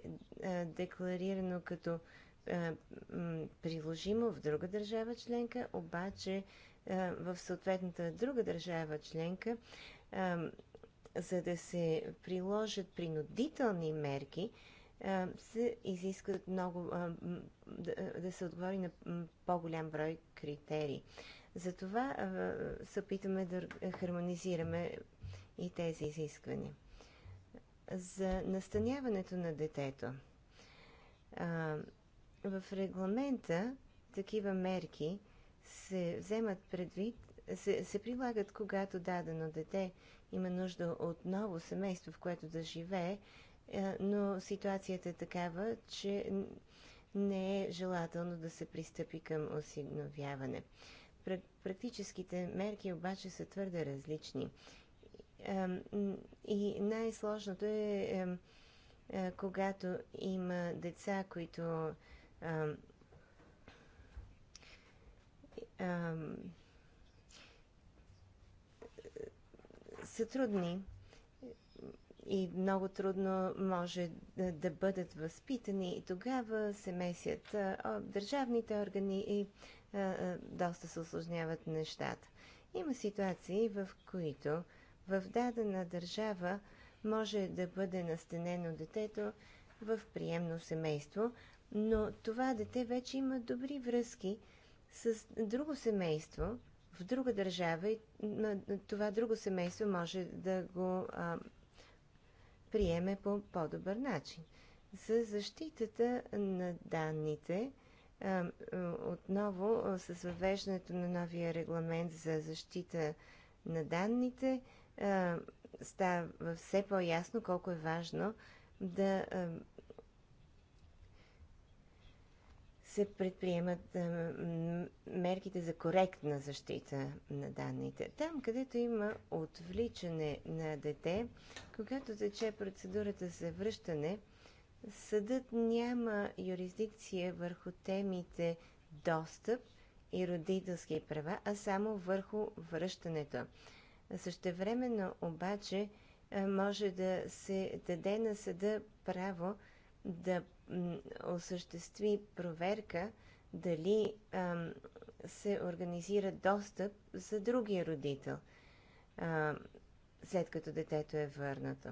декларирано като приложимо в друга държава членка, обаче в съответната друга държава членка, за да се приложат принудителни мерки, се изискват много да, да се отговори на по-голям брой критерии. Затова се опитваме да хармонизираме и тези изисквания. За настаняването на детето. В регламента такива мерки се вземат предвид, се, се прилагат, когато дадено дете има нужда от ново семейство, в което да живее, е, но ситуацията е такава, че не е желателно да се пристъпи към осигновяване. Практическите мерки обаче са твърде различни. И най-сложното е, когато има деца, които са трудни и много трудно може да, е, да бъдат възпитани. И тогава се месят а, е, държавните органи и а, е, а, доста се осложняват нещата. Има ситуации, в които в дадена държава може да бъде настанено детето в приемно семейство, но това дете вече има добри връзки с друго семейство в друга държава и това друго семейство може да го а, приеме по по-добър начин. За защитата на данните, отново с въвеждането на новия регламент за защита на данните, става все по-ясно колко е важно да се предприемат мерките за коректна защита на данните. Там, където има отвличане на дете, когато тече процедурата за връщане, съдът няма юрисдикция върху темите достъп и родителски права, а само върху връщането. Същевременно обаче може да се даде на съда право да осъществи проверка дали а, се организира достъп за другия родител, а, след като детето е върнато.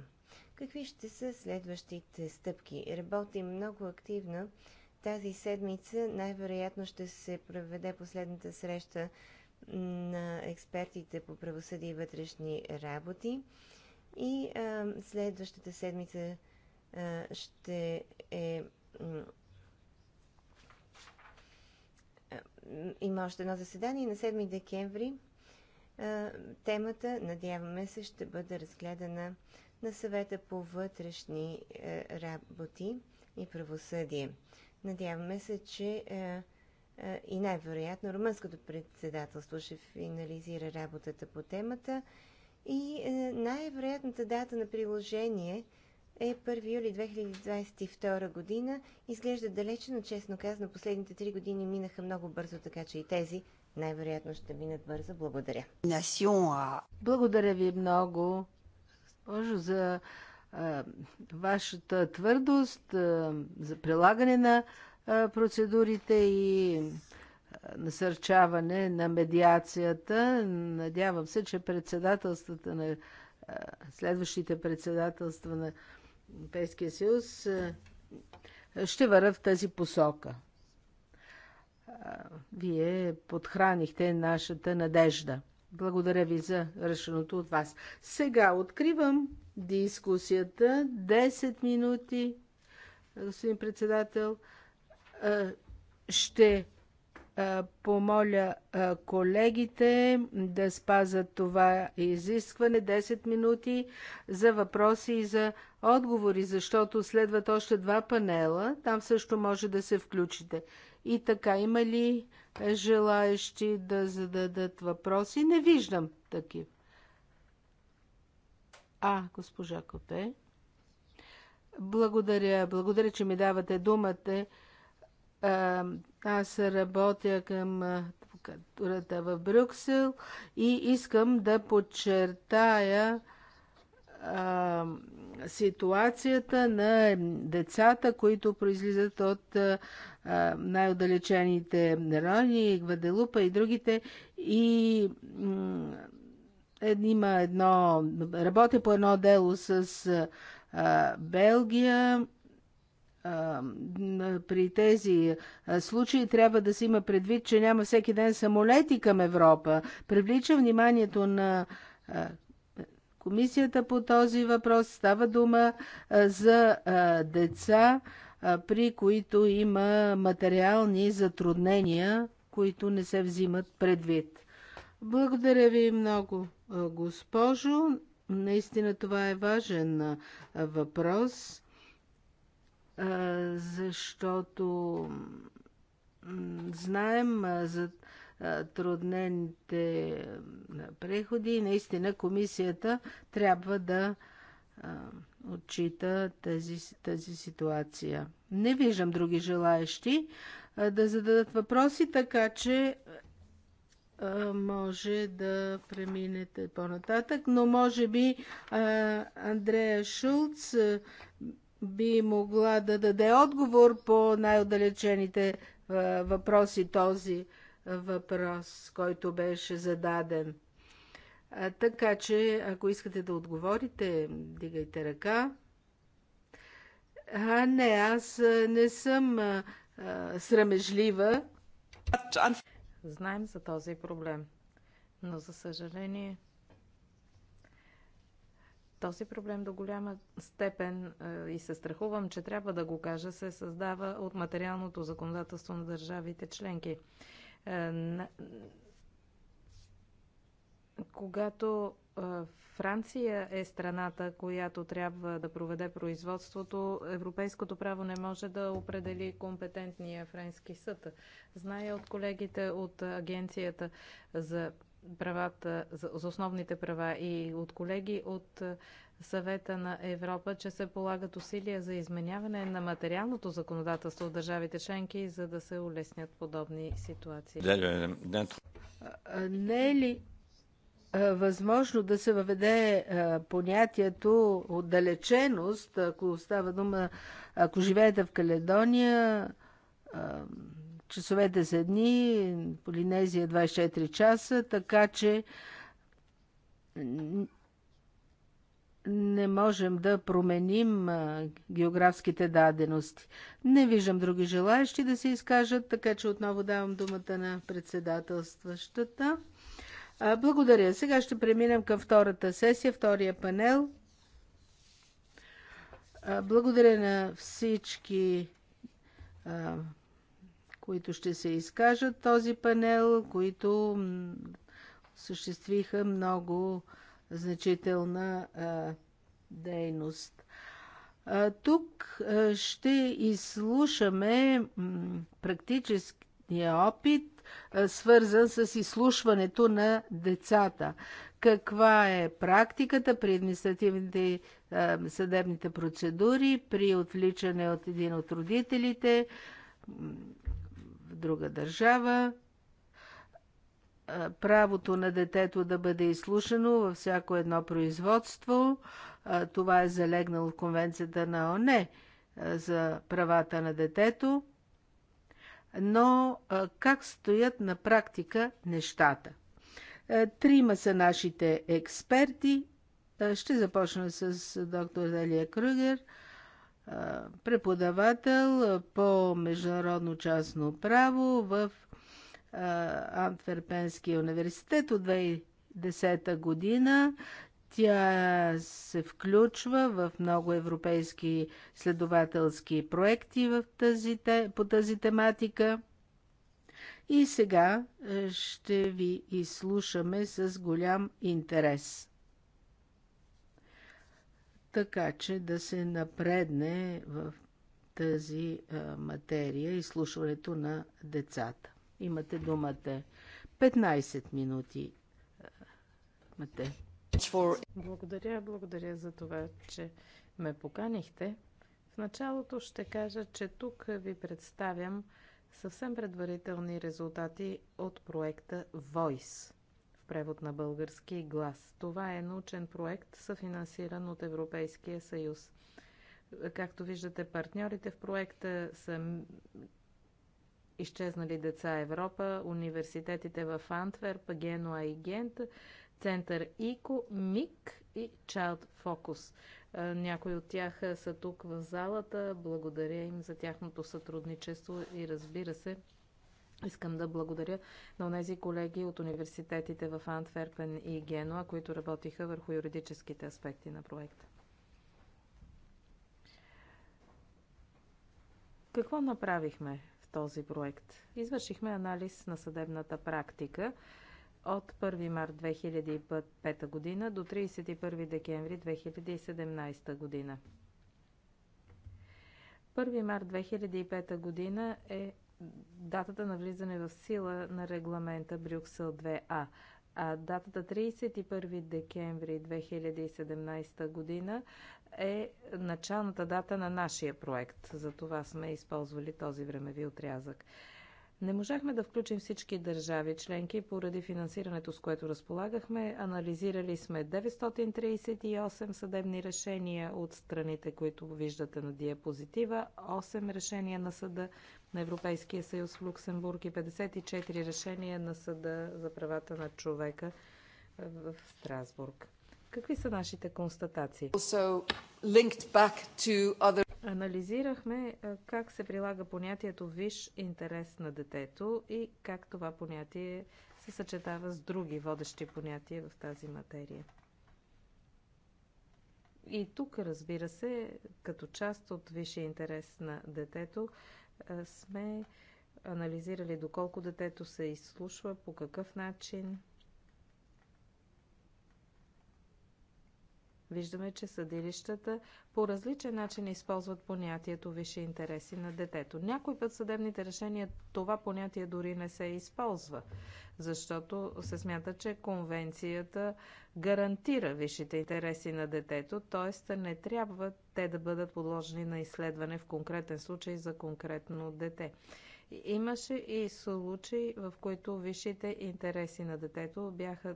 Какви ще са следващите стъпки? Работим много активно. Тази седмица най-вероятно ще се проведе последната среща на експертите по правосъдие и вътрешни работи. И а, следващата седмица е, ще е, е има още едно заседание на 7 декември. Е, темата, надяваме се, ще бъде разгледана на съвета по вътрешни работи и правосъдие. Надяваме се, че и най-вероятно румънското председателство ще финализира работата по темата и най-вероятната дата на приложение – е 1 юли 2022 година. Изглежда далече, но честно казано, последните три години минаха много бързо, така че и тези най-вероятно ще минат бързо. Благодаря. Благодаря ви много, госпожо, за а, вашата твърдост, а, за прилагане на а, процедурите и насърчаване на медиацията. Надявам се, че председателствата на следващите председателства на Европейския съюз е, ще вървят в тази посока. Вие подхранихте нашата надежда. Благодаря ви за решеното от вас. Сега откривам дискусията. 10 минути, господин председател. Ще е, помоля е, колегите да спазат това изискване 10 минути за въпроси и за отговори, защото следват още два панела. Там също може да се включите. И така, има ли желаещи да зададат въпроси? Не виждам такива. А, госпожа Копе. Благодаря, благодаря, че ми давате думата е, аз работя към адвокатурата в Брюксел и искам да подчертая а, ситуацията на децата, които произлизат от най-отдалечените райони, Гваделупа и другите. И има едно, работя по едно дело с а, Белгия при тези случаи трябва да се има предвид, че няма всеки ден самолети към Европа. Привлича вниманието на комисията по този въпрос. Става дума за деца, при които има материални затруднения, които не се взимат предвид. Благодаря ви много, госпожо. Наистина това е важен въпрос защото знаем за труднените преходи и наистина комисията трябва да отчита тази, тази ситуация. Не виждам други желаещи да зададат въпроси, така че може да преминете по-нататък, но може би Андрея Шулц би могла да даде отговор по най-отдалечените е, въпроси този е, въпрос, който беше зададен. А, така че, ако искате да отговорите, дигайте ръка. А, не, аз е, не съм а, а, срамежлива. Знаем за този проблем, но за съжаление този проблем до голяма степен, е, и се страхувам, че трябва да го кажа, се създава от материалното законодателство на държавите членки. Е, когато е, Франция е страната, която трябва да проведе производството, европейското право не може да определи компетентния френски съд. Зная от колегите от агенцията за правата, за основните права и от колеги от е, съвета на Европа, че се полагат усилия за изменяване на материалното законодателство от държавите членки, за да се улеснят подобни ситуации. Е, не е ли е, възможно да се въведе понятието отдалеченост, ако става дума, ако живеете в Каледония, часовете са дни, Полинезия 24 часа, така че не можем да променим географските дадености. Не виждам други желаящи да се изкажат, така че отново давам думата на председателстващата. Благодаря. Сега ще преминем към втората сесия, втория панел. Благодаря на всички които ще се изкажат този панел, които съществиха много значителна а, дейност. А, тук а, ще изслушаме практическия опит, а, свързан с изслушването на децата. Каква е практиката при административните а, съдебните процедури, при отвличане от един от родителите, друга държава, правото на детето да бъде изслушано във всяко едно производство. Това е залегнало в Конвенцията на ОНЕ за правата на детето. Но как стоят на практика нещата? Е, трима са нашите експерти. Е, ще започна с доктор Далия Кругер преподавател по международно частно право в Антверпенския университет от 2010 година. Тя се включва в много европейски следователски проекти в тази, по тази тематика. И сега ще ви изслушаме с голям интерес така че да се напредне в тази материя и слушването на децата. Имате думата. 15 минути. Мате. Благодаря, благодаря за това, че ме поканихте. В началото ще кажа, че тук ви представям съвсем предварителни резултати от проекта Voice превод на български глас. Това е научен проект, съфинансиран от Европейския съюз. Както виждате, партньорите в проекта са изчезнали деца Европа, университетите в Антверп, Генуа и Гент, Център ИКО, МИК и Child Focus. Някои от тях са тук в залата. Благодаря им за тяхното сътрудничество и разбира се, Искам да благодаря на тези колеги от университетите в Антверпен и Генуа, които работиха върху юридическите аспекти на проекта. Какво направихме в този проект? Извършихме анализ на съдебната практика от 1 март 2005 година до 31 декември 2017 година. 1 март 2005 година е датата на влизане в сила на регламента Брюксел 2А, а датата 31 декември 2017 година е началната дата на нашия проект. За това сме използвали този времеви отрязък. Не можахме да включим всички държави членки поради финансирането, с което разполагахме. Анализирали сме 938 съдебни решения от страните, които виждате на диапозитива, 8 решения на съда на Европейския съюз в Люксембург и 54 решения на съда за правата на човека в Страсбург. Какви са нашите констатации? Анализирахме е, как се прилага понятието виш интерес на детето и как това понятие се съчетава с други водещи понятия в тази материя. И тук, разбира се, като част от висшия интерес на детето, е, сме анализирали доколко детето се изслушва, по какъв начин, Виждаме, че съдилищата по различен начин използват понятието висши интереси на детето. Някой път съдебните решения това понятие дори не се използва, защото се смята, че конвенцията гарантира висшите интереси на детето, т.е. не трябва те да бъдат подложени на изследване в конкретен случай за конкретно дете. Имаше и случаи, в които висшите интереси на детето бяха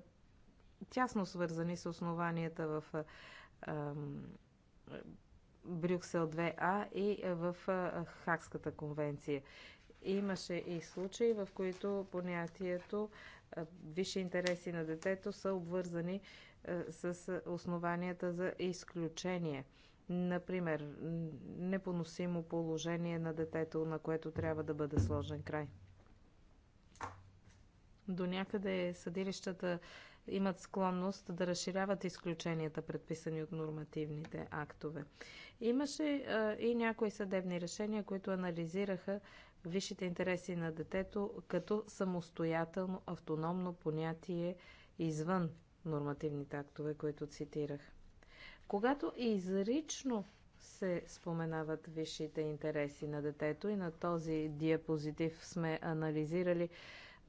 тясно свързани с основанията в Брюксел 2А и в Хакската конвенция. Имаше и случаи, в които понятието висши интереси на детето са обвързани с основанията за изключение. Например, непоносимо положение на детето, на което трябва да бъде сложен край. До някъде съдилищата имат склонност да разширяват изключенията, предписани от нормативните актове. Имаше и някои съдебни решения, които анализираха висшите интереси на детето като самостоятелно, автономно понятие извън нормативните актове, които цитирах. Когато изрично се споменават висшите интереси на детето и на този диапозитив сме анализирали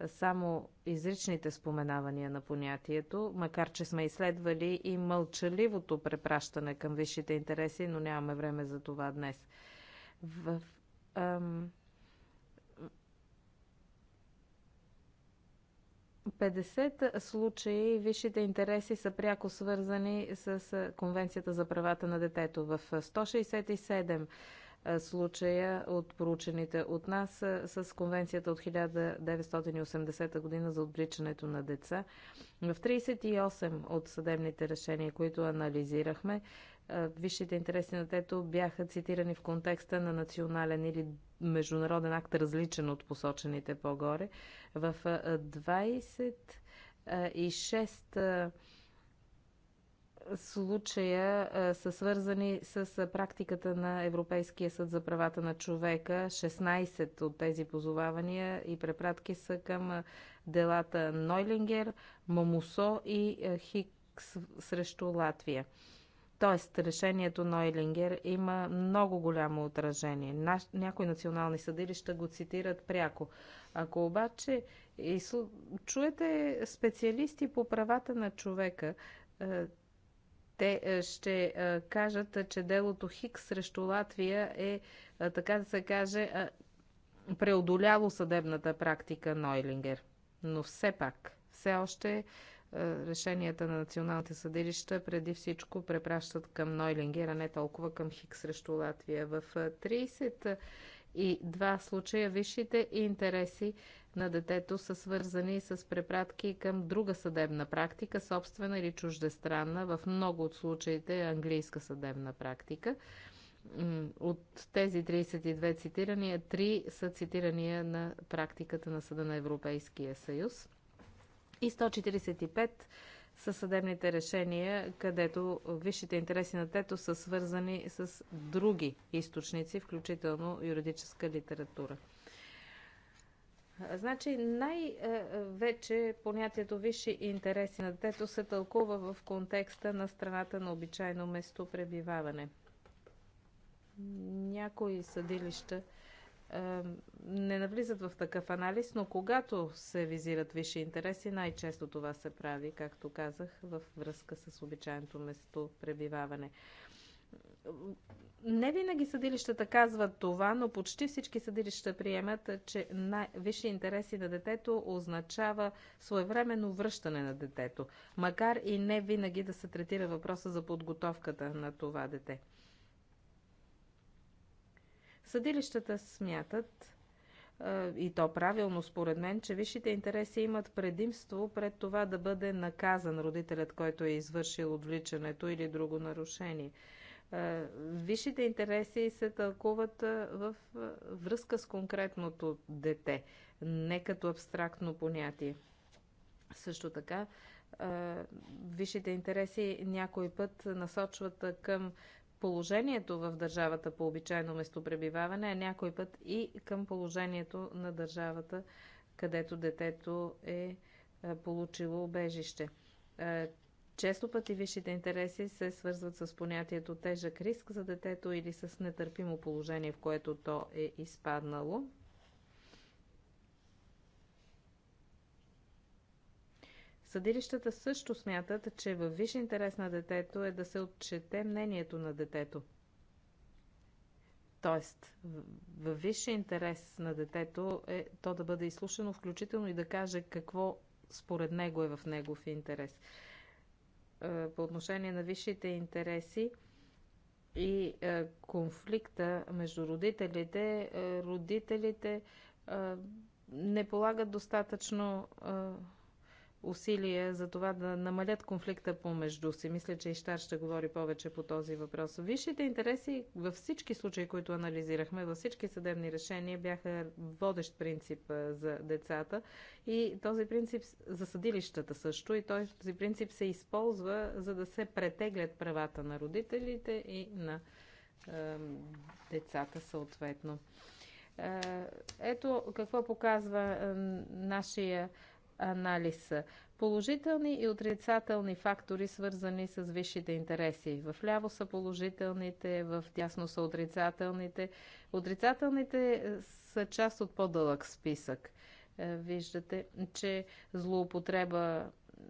само изричните споменавания на понятието, макар че сме изследвали и мълчаливото препращане към висшите интереси, но нямаме време за това днес. В, ам, 50 случаи висшите интереси са пряко свързани с Конвенцията за правата на детето. В 167 е, случая от проучените от нас е, с Конвенцията от 1980 година за отвличането на деца. В 38 от съдебните решения, които анализирахме, е, висшите интереси на тето бяха цитирани в контекста на национален или международен акт, различен от посочените по-горе. В 26 случая са свързани с практиката на Европейския съд за правата на човека. 16 от тези позовавания и препратки са към делата Нойлингер, Мамусо и Хикс срещу Латвия. Тоест, решението Нойлингер има много голямо отражение. Някои национални съдилища го цитират пряко. Ако обаче и чуете специалисти по правата на човека, те е, ще е, кажат, че делото Хикс срещу Латвия е, е така да се каже, преодоляло съдебната практика Нойлингер. Но все пак, все още решенията на националните съдилища преди всичко препращат към Нойлингер, а не толкова към Хикс срещу Латвия. В 30 и два случая висшите интереси на детето са свързани с препратки към друга съдебна практика, собствена или чуждестранна, в много от случаите е английска съдебна практика. От тези 32 цитирания, 3 са цитирания на практиката на Съда на Европейския съюз и 145 са съдебните решения, където висшите интереси на тето са свързани с други източници, включително юридическа литература. Значи най-вече понятието висши интереси на детето се тълкува в контекста на страната на обичайно место пребиваване. Някои съдилища е, не навлизат в такъв анализ, но когато се визират висши интереси, най-често това се прави, както казах, в връзка с обичайното место пребиваване не винаги съдилищата казват това, но почти всички съдилища приемат, че най-висши интереси на детето означава своевременно връщане на детето, макар и не винаги да се третира въпроса за подготовката на това дете. Съдилищата смятат, и то правилно според мен, че висшите интереси имат предимство пред това да бъде наказан родителят, който е извършил отвличането или друго нарушение – е, висшите интереси се тълкуват е, в е, връзка с конкретното дете, не като абстрактно понятие. Също така, висшите интереси някой път насочват към положението в държавата по обичайно местопребиваване, а някой път и към положението на държавата, където детето е получило убежище. Често пъти висшите интереси се свързват с понятието тежък риск за детето или с нетърпимо положение, в което то е изпаднало. Съдилищата също смятат, че във висш интерес на детето е да се отчете мнението на детето. Тоест, във висш интерес на детето е то да бъде изслушано, включително и да каже какво според него е в негов интерес. Е, по отношение на висшите интереси и е, конфликта между родителите, е, родителите не полагат достатъчно усилия за това да намалят конфликта помежду си. Мисля, че Ищар ще говори повече по този въпрос. Висшите интереси във всички случаи, които анализирахме, във всички съдебни решения бяха водещ принцип за децата и този принцип за съдилищата също и този принцип се използва за да се претеглят правата на родителите и на е, децата съответно. Е, ето какво показва е, нашия анализ. Положителни и отрицателни фактори, свързани с висшите интереси. В ляво са положителните, в дясно са отрицателните. Отрицателните е, са част от по-дълъг списък. Е, виждате, че злоупотреба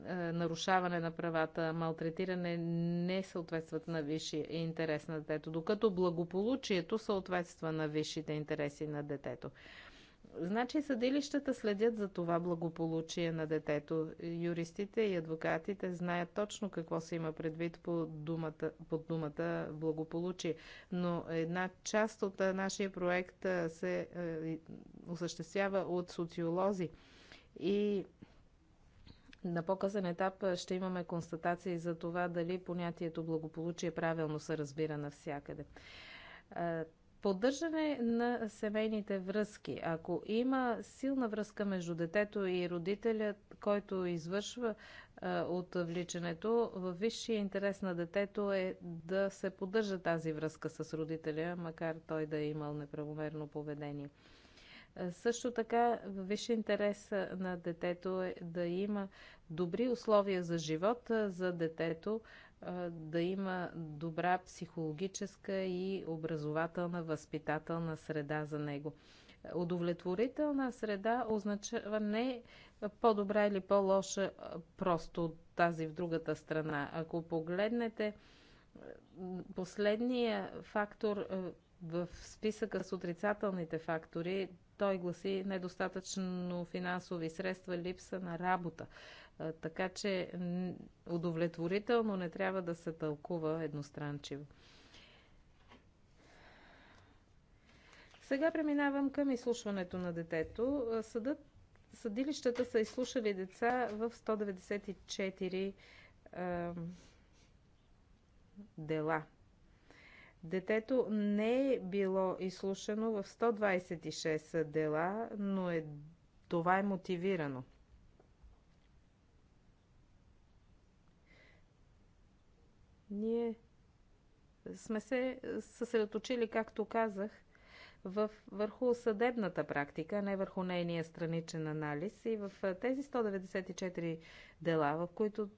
е, нарушаване на правата, малтретиране не съответстват на висшия интерес на детето, докато благополучието съответства на висшите интереси на детето. Значи съдилищата следят за това благополучие на детето. Юристите и адвокатите знаят точно какво се има предвид под думата, под думата благополучие. Но една част от нашия проект се е, осъществява от социолози. И на по-късен етап ще имаме констатации за това дали понятието благополучие правилно се разбира навсякъде. Поддържане на семейните връзки. Ако има силна връзка между детето и родителя, който извършва а, отвличането, във висшия интерес на детето е да се поддържа тази връзка с родителя, макар той да е имал неправомерно поведение. Също така, висше интерес на детето е да има добри условия за живот за детето, да има добра психологическа и образователна, възпитателна среда за него. Удовлетворителна среда означава не по-добра или по-лоша просто от тази в другата страна. Ако погледнете последния фактор в списъка с отрицателните фактори, той гласи недостатъчно финансови средства, липса на работа. Така че удовлетворително не трябва да се тълкува едностранчиво. Сега преминавам към изслушването на детето. Съдът, съдилищата са изслушали деца в 194 дела. Детето не е било изслушано в 126 дела, но е, това е мотивирано. Ние сме се съсредоточили, както казах, в, върху съдебната практика, не върху нейния страничен анализ. И в тези 194 дела, в които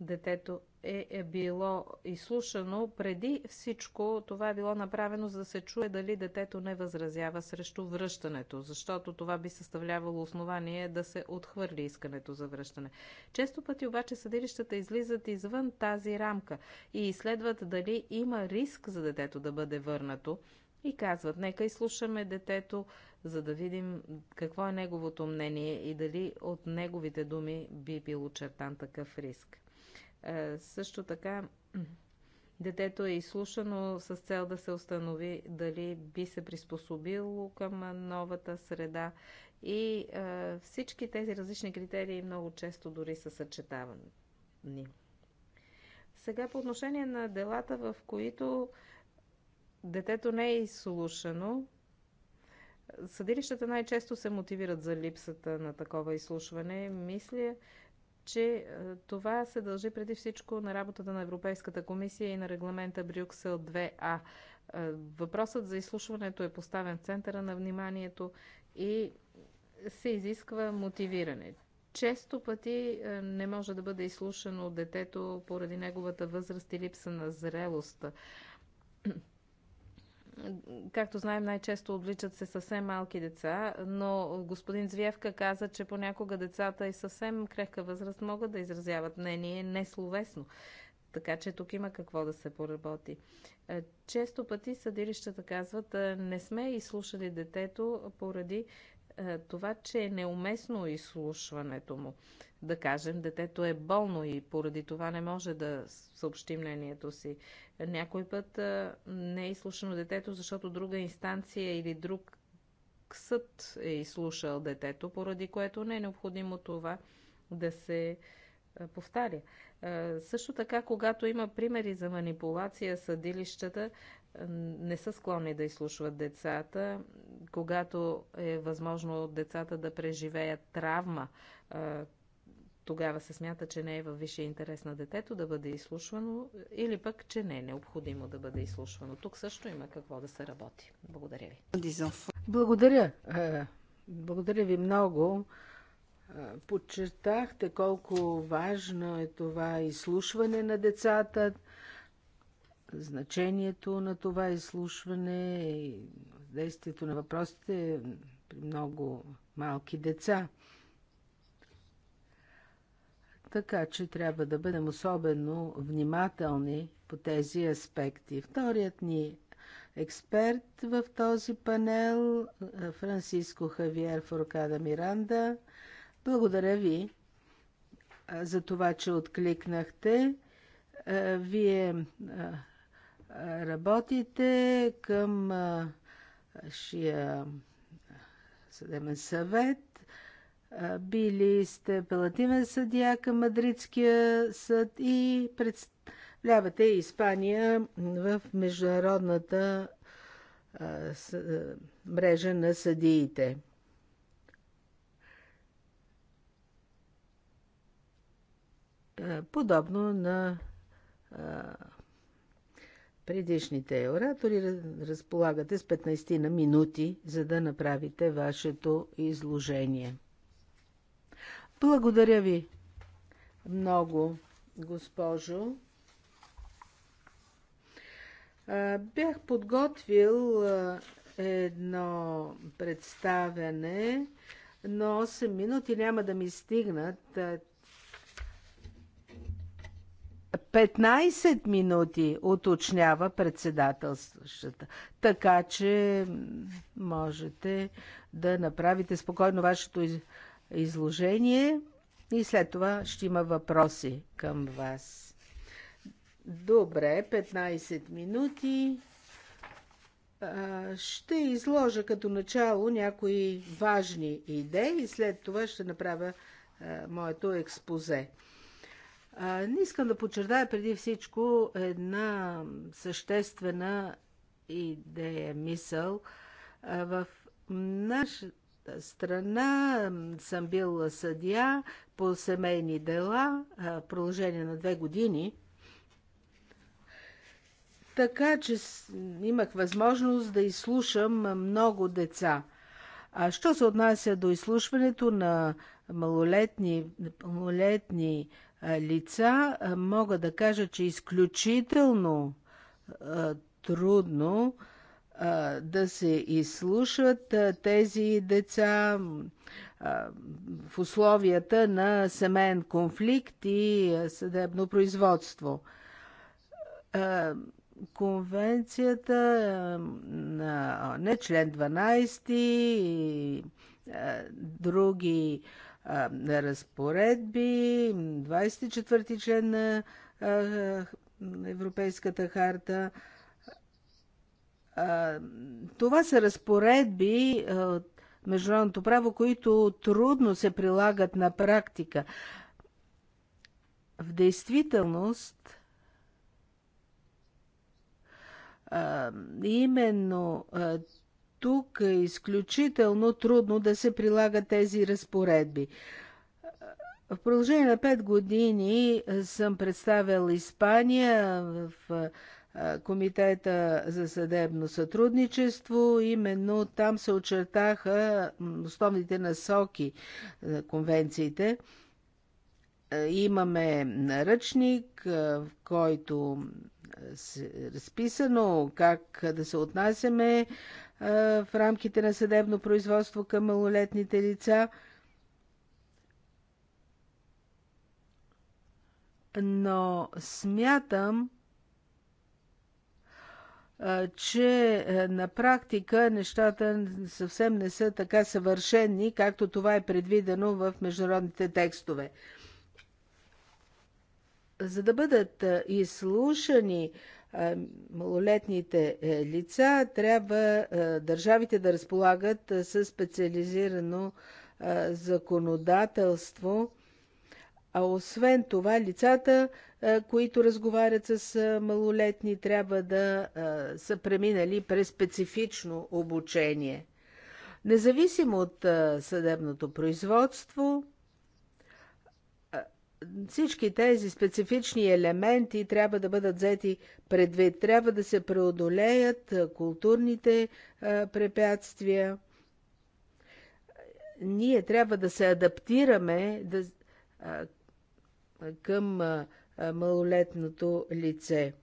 детето е, е било изслушано. Преди всичко това е било направено, за да се чуе дали детето не възразява срещу връщането, защото това би съставлявало основание да се отхвърли искането за връщане. Често пъти обаче съдилищата излизат извън тази рамка и изследват дали има риск за детето да бъде върнато и казват, нека изслушаме детето, за да видим какво е неговото мнение и дали от неговите думи би бил очертан такъв риск. Е, също така, детето е изслушано с цел да се установи дали би се приспособило към новата среда и е, всички тези различни критерии много често дори са съчетавани. Сега по отношение на делата, в които детето не е изслушано, съдилищата най-често се мотивират за липсата на такова изслушване. Мисля, че е, това се дължи преди всичко на работата на Европейската комисия и на регламента Брюксел 2А. Е, въпросът за изслушването е поставен в центъра на вниманието и се изисква мотивиране. Често пъти е, не може да бъде изслушано детето поради неговата възраст и липса на зрелост. Както знаем, най-често обличат се съвсем малки деца, но господин Звявка каза, че понякога децата и съвсем крехка възраст могат да изразяват мнение несловесно. Така че тук има какво да се поработи. Е, често пъти съдилищата казват, е, не сме изслушали детето поради е, това, че е неуместно изслушването му да кажем, детето е болно и поради това не може да съобщи мнението си. Някой път не е изслушано детето, защото друга инстанция или друг съд е изслушал детето, поради което не е необходимо това да се повтаря. Също така, когато има примери за манипулация, съдилищата не са склонни да изслушват децата, когато е възможно децата да преживеят травма, тогава се смята, че не е във висше интерес на детето да бъде изслушвано или пък, че не е необходимо да бъде изслушвано. Тук също има какво да се работи. Благодаря ви. Благодаря. Е, благодаря ви много. Е, подчертахте колко важно е това изслушване на децата, значението на това изслушване и действието на въпросите при много малки деца. Така че трябва да бъдем особено внимателни по тези аспекти. Вторият ни експерт в този панел, Франциско Хавиер Форкада Миранда. Благодаря ви за това, че откликнахте. Вие работите към Шия съдебен съвет били сте апелативен съдия към Мадридския съд и представлявате Испания в международната мрежа на съдиите. Подобно на предишните оратори разполагате с 15 на минути, за да направите вашето изложение. Благодаря ви много, госпожо. Бях подготвил едно представяне, но 8 минути няма да ми стигнат. 15 минути уточнява председателстващата. Така че можете да направите спокойно вашето изложение и след това ще има въпроси към вас. Добре, 15 минути. Ще изложа като начало някои важни идеи и след това ще направя моето експозе. Не искам да подчертая преди всичко една съществена идея, мисъл. В наш, страна, съм бил съдия по семейни дела в продължение на две години. Така че имах възможност да изслушам много деца. А що се отнася до изслушването на малолетни, малолетни лица, мога да кажа, че изключително трудно да се изслушват тези деца в условията на семейен конфликт и съдебно производство. Конвенцията на не член 12 и други разпоредби, 24 член на Европейската харта това са разпоредби от международното право, които трудно се прилагат на практика. В действителност, именно тук е изключително трудно да се прилагат тези разпоредби. В продължение на 5 години съм представил Испания в Комитета за съдебно сътрудничество. Именно там се очертаха основните насоки на конвенциите. Имаме наръчник, в който е разписано как да се отнасяме в рамките на съдебно производство към малолетните лица. Но смятам, че е, на практика нещата съвсем не са така съвършени, както това е предвидено в международните текстове. За да бъдат е, изслушани е, малолетните лица, трябва държавите да разполагат със специализирано законодателство, а освен това, лицата, които разговарят с малолетни, трябва да са преминали през специфично обучение. Независимо от съдебното производство, всички тези специфични елементи трябва да бъдат взети предвид. Трябва да се преодолеят културните препятствия. Ние трябва да се адаптираме да, към малолетното лице.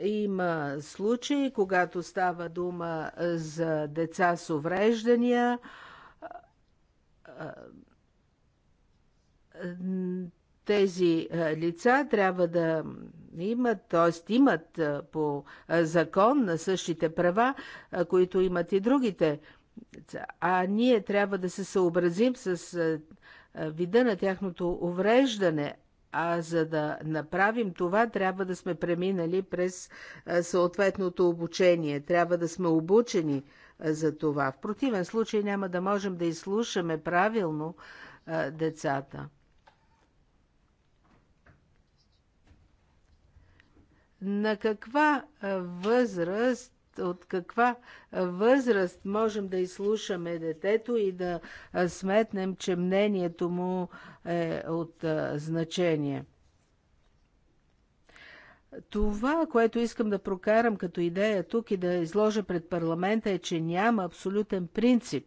Има случаи, когато става дума за деца с увреждания, тези лица трябва да имат, т.е. имат по закон на същите права, които имат и другите. А ние трябва да се съобразим с вида на тяхното увреждане, а за да направим това, трябва да сме преминали през съответното обучение, трябва да сме обучени за това. В противен случай няма да можем да изслушаме правилно децата. На каква възраст от каква възраст можем да изслушаме детето и да сметнем, че мнението му е от значение. Това, което искам да прокарам като идея тук и да изложа пред парламента е, че няма абсолютен принцип.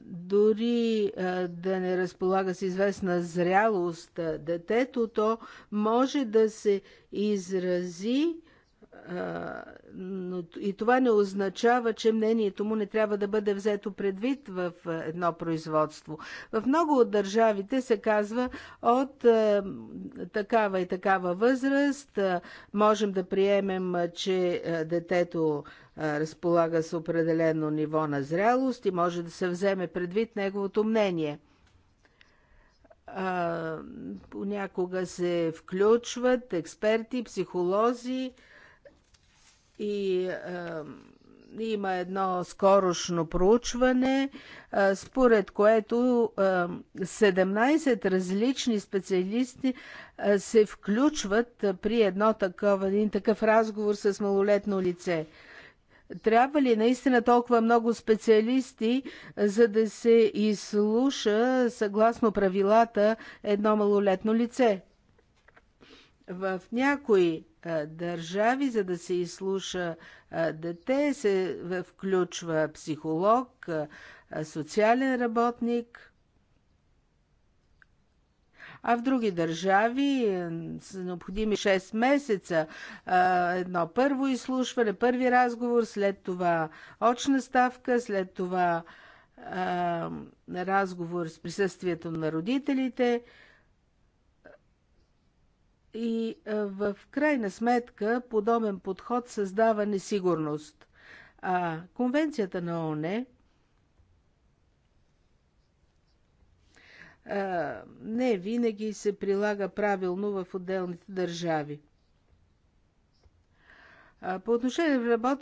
дори да не разполага с известна зрялост детето, то може да се изрази но и това не означава, че мнението му не трябва да бъде взето предвид в едно производство. В много от държавите се казва от такава и такава възраст можем да приемем, че детето разполага с определено ниво на зрялост и може да се вземе предвид неговото мнение понякога се включват експерти, психолози, и е, има едно скорошно проучване, е, според което е, 17 различни специалисти е, се включват при едно такова, един такъв разговор с малолетно лице. Трябва ли наистина толкова много специалисти, за да се изслуша съгласно правилата едно малолетно лице? В някои държави, за да се изслуша дете, се включва психолог, социален работник. А в други държави са необходими 6 месеца. Едно първо изслушване, първи разговор, след това очна ставка, след това разговор с присъствието на родителите и е, в крайна сметка подобен подход създава несигурност. А Конвенцията на ООН е, не винаги се прилага правилно в отделните държави. По отношение на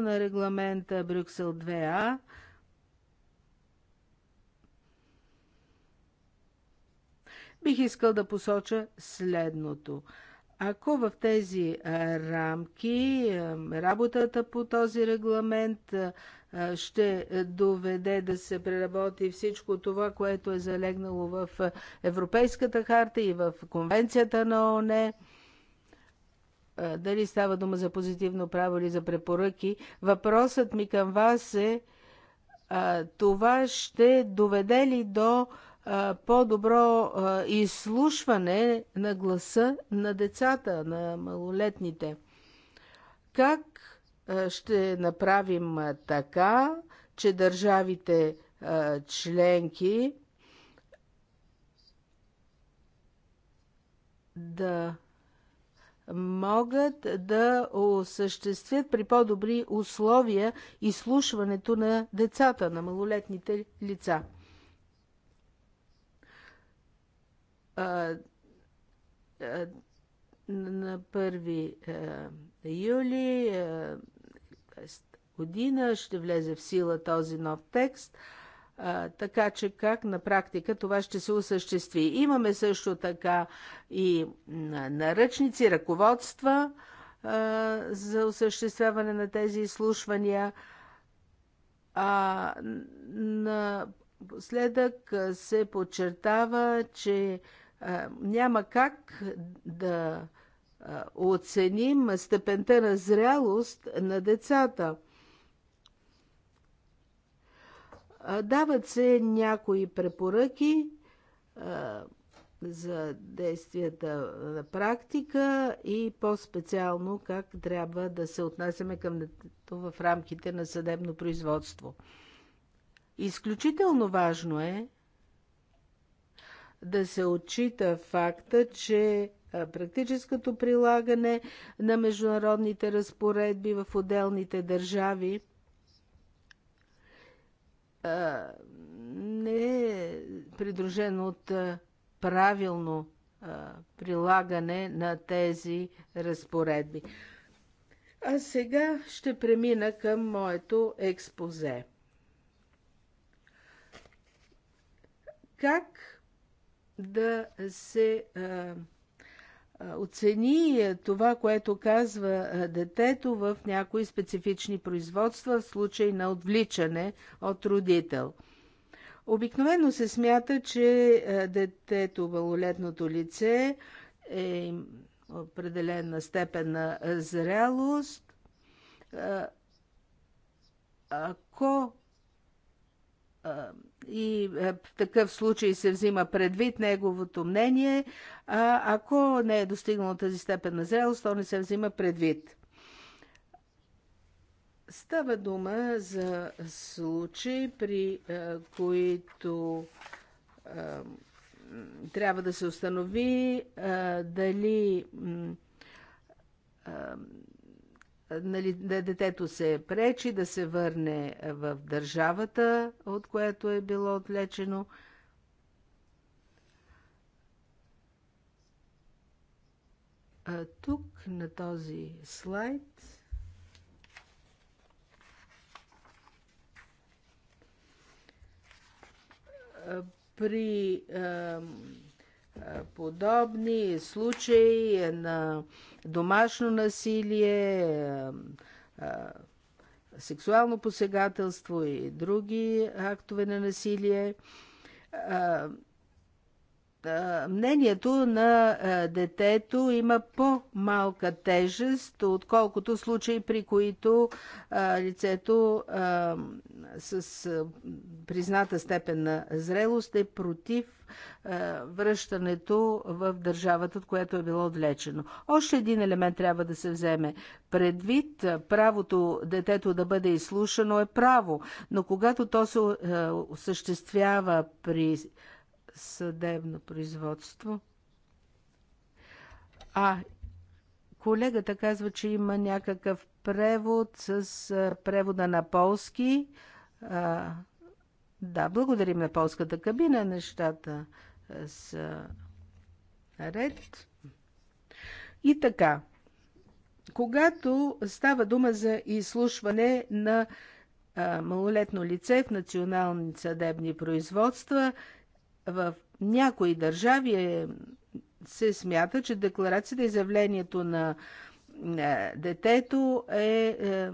на регламента Брюксел 2А, бих искал да посоча следното. Ако в тези рамки работата по този регламент ще доведе да се преработи всичко това, което е залегнало в Европейската харта и в Конвенцията на ООН, дали става дума за позитивно право или за препоръки, въпросът ми към вас е това ще доведе ли до по-добро изслушване на гласа на децата, на малолетните. Как ще направим така, че държавите членки да могат да осъществят при по-добри условия изслушването на децата, на малолетните лица. а, а, на 1 юли а, година ще влезе в сила този нов текст. А, така че как на практика това ще се осъществи. Имаме също така и наръчници, ръководства а, за осъществяване на тези изслушвания. А, напоследък се подчертава, че няма как да оценим степента на зрялост на децата. Дават се някои препоръки за действията на практика и по-специално как трябва да се отнасяме към детето в рамките на съдебно производство. Изключително важно е да се отчита факта, че практическото прилагане на международните разпоредби в отделните държави не е придружено от правилно прилагане на тези разпоредби. А сега ще премина към моето експозе. Как да се оцени е, това, което казва детето в някои специфични производства в случай на отвличане от родител. Обикновено се смята, че детето, малолетното лице е определена степен на зрялост. Ако и в е, такъв случай се взима предвид неговото мнение, а ако не е достигнало тази степен на зрелост, то не се взима предвид. Става дума за случаи, при е, които е, трябва да се установи дали е, нали, да детето се пречи да се върне в държавата, от която е било отлечено. А е, тук на този слайд е, при подобни случаи на домашно насилие, сексуално посегателство и други актове на насилие мнението на детето има по-малка тежест, отколкото случаи, при които лицето с призната степен на зрелост е против връщането в държавата, от която е било отвлечено. Още един елемент трябва да се вземе предвид. Правото детето да бъде изслушано е право, но когато то се осъществява при съдебно производство. А колегата казва, че има някакъв превод с превода на полски. А, да, благодарим на полската кабина. Нещата са ред. И така, когато става дума за изслушване на малолетно лице в национални съдебни производства, в някои държави е, се смята, че декларацията и заявлението на е, детето е, е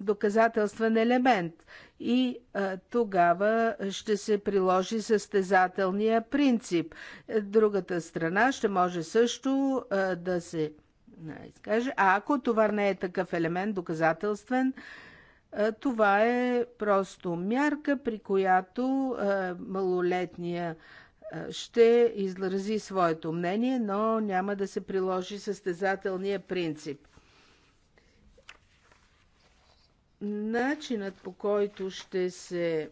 доказателствен елемент и а, тогава ще се приложи състезателния принцип. Другата страна ще може също а, да се изкаже, а ако това не е такъв елемент доказателствен, а, е, това е просто мярка, при която е, малолетния е, ще изрази своето мнение, но няма да се приложи състезателния принцип. Начинът по който ще се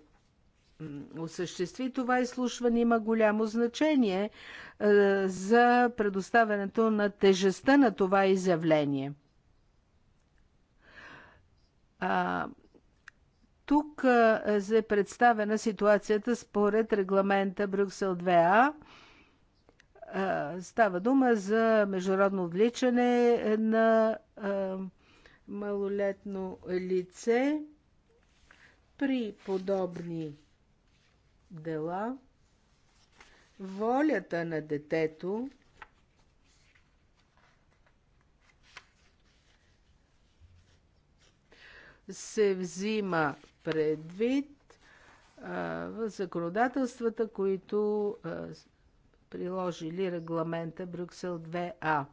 осъществи това изслушване има голямо значение за предоставянето на тежестта на това изявление – а, тук се е представена ситуацията според регламента Брюксел 2А. Става дума за международно отвличане на малолетно лице при подобни дела. Волята на детето се взима предвид в законодателствата, които приложили регламента Брюксел 2А.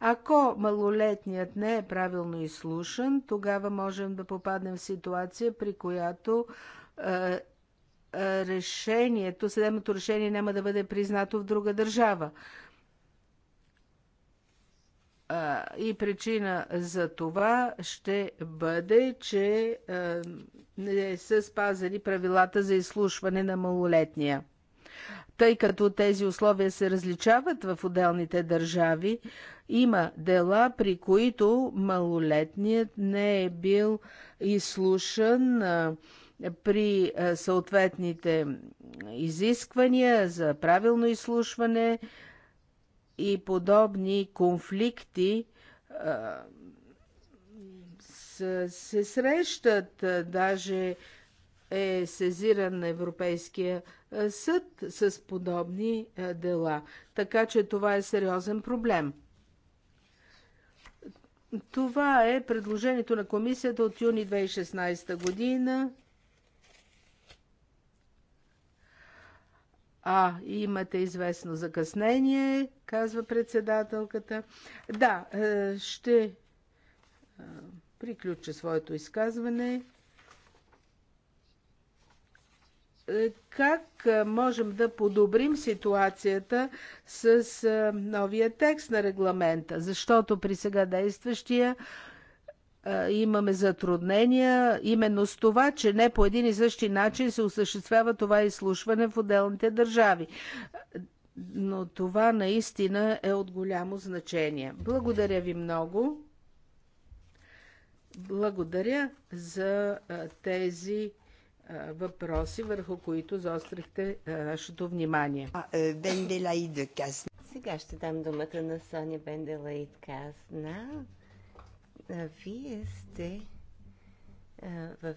Ако малолетният не е правилно изслушан, тогава можем да попаднем в ситуация, при която решението, съдебното решение няма да бъде признато в друга държава и причина за това ще бъде, че не са спазени правилата за изслушване на малолетния. Тъй като тези условия се различават в отделните държави, има дела, при които малолетният не е бил изслушан при съответните изисквания за правилно изслушване, и подобни конфликти се срещат. Даже е сезиран на Европейския съд с подобни дела. Така че това е сериозен проблем. Това е предложението на комисията от юни 2016 година. А, имате известно закъснение, казва председателката. Да, е, ще е, приключа своето изказване. Е, как можем да подобрим ситуацията с новия текст на регламента? Защото при сега действащия имаме затруднения именно с това, че не по един и същи начин се осъществява това изслушване в отделните държави. Но това наистина е от голямо значение. Благодаря ви много. Благодаря за тези въпроси, върху които заострихте нашето внимание. Е, Сега ще дам думата на Соня Бенделаид Касна. Вие сте в,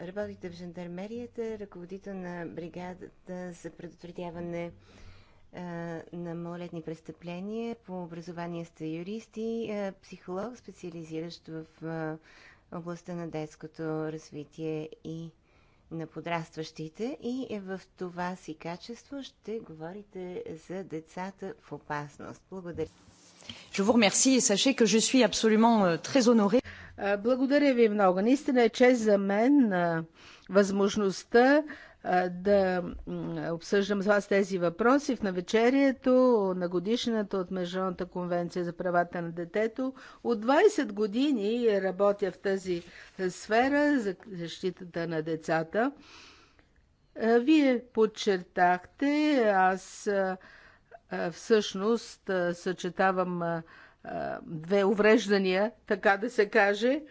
работите в жандармерията, ръководител на бригадата за предотвратяване на малолетни престъпления. По образование сте юристи, психолог, специализиращ в областта на детското развитие и на подрастващите и е, в това си качество ще говорите за децата в опасност. Благодаря. Je vous remercie et sachez que je suis absolument euh, très honorée. Е, благодаря ви много. Наистина е чест за мен е, възможността е, да обсъждам с вас тези въпроси в навечерието на годишната от Международната конвенция за правата на детето. От 20 години работя в тази сфера за защитата на децата. Вие подчертахте, аз всъщност съчетавам две увреждания, така да се каже,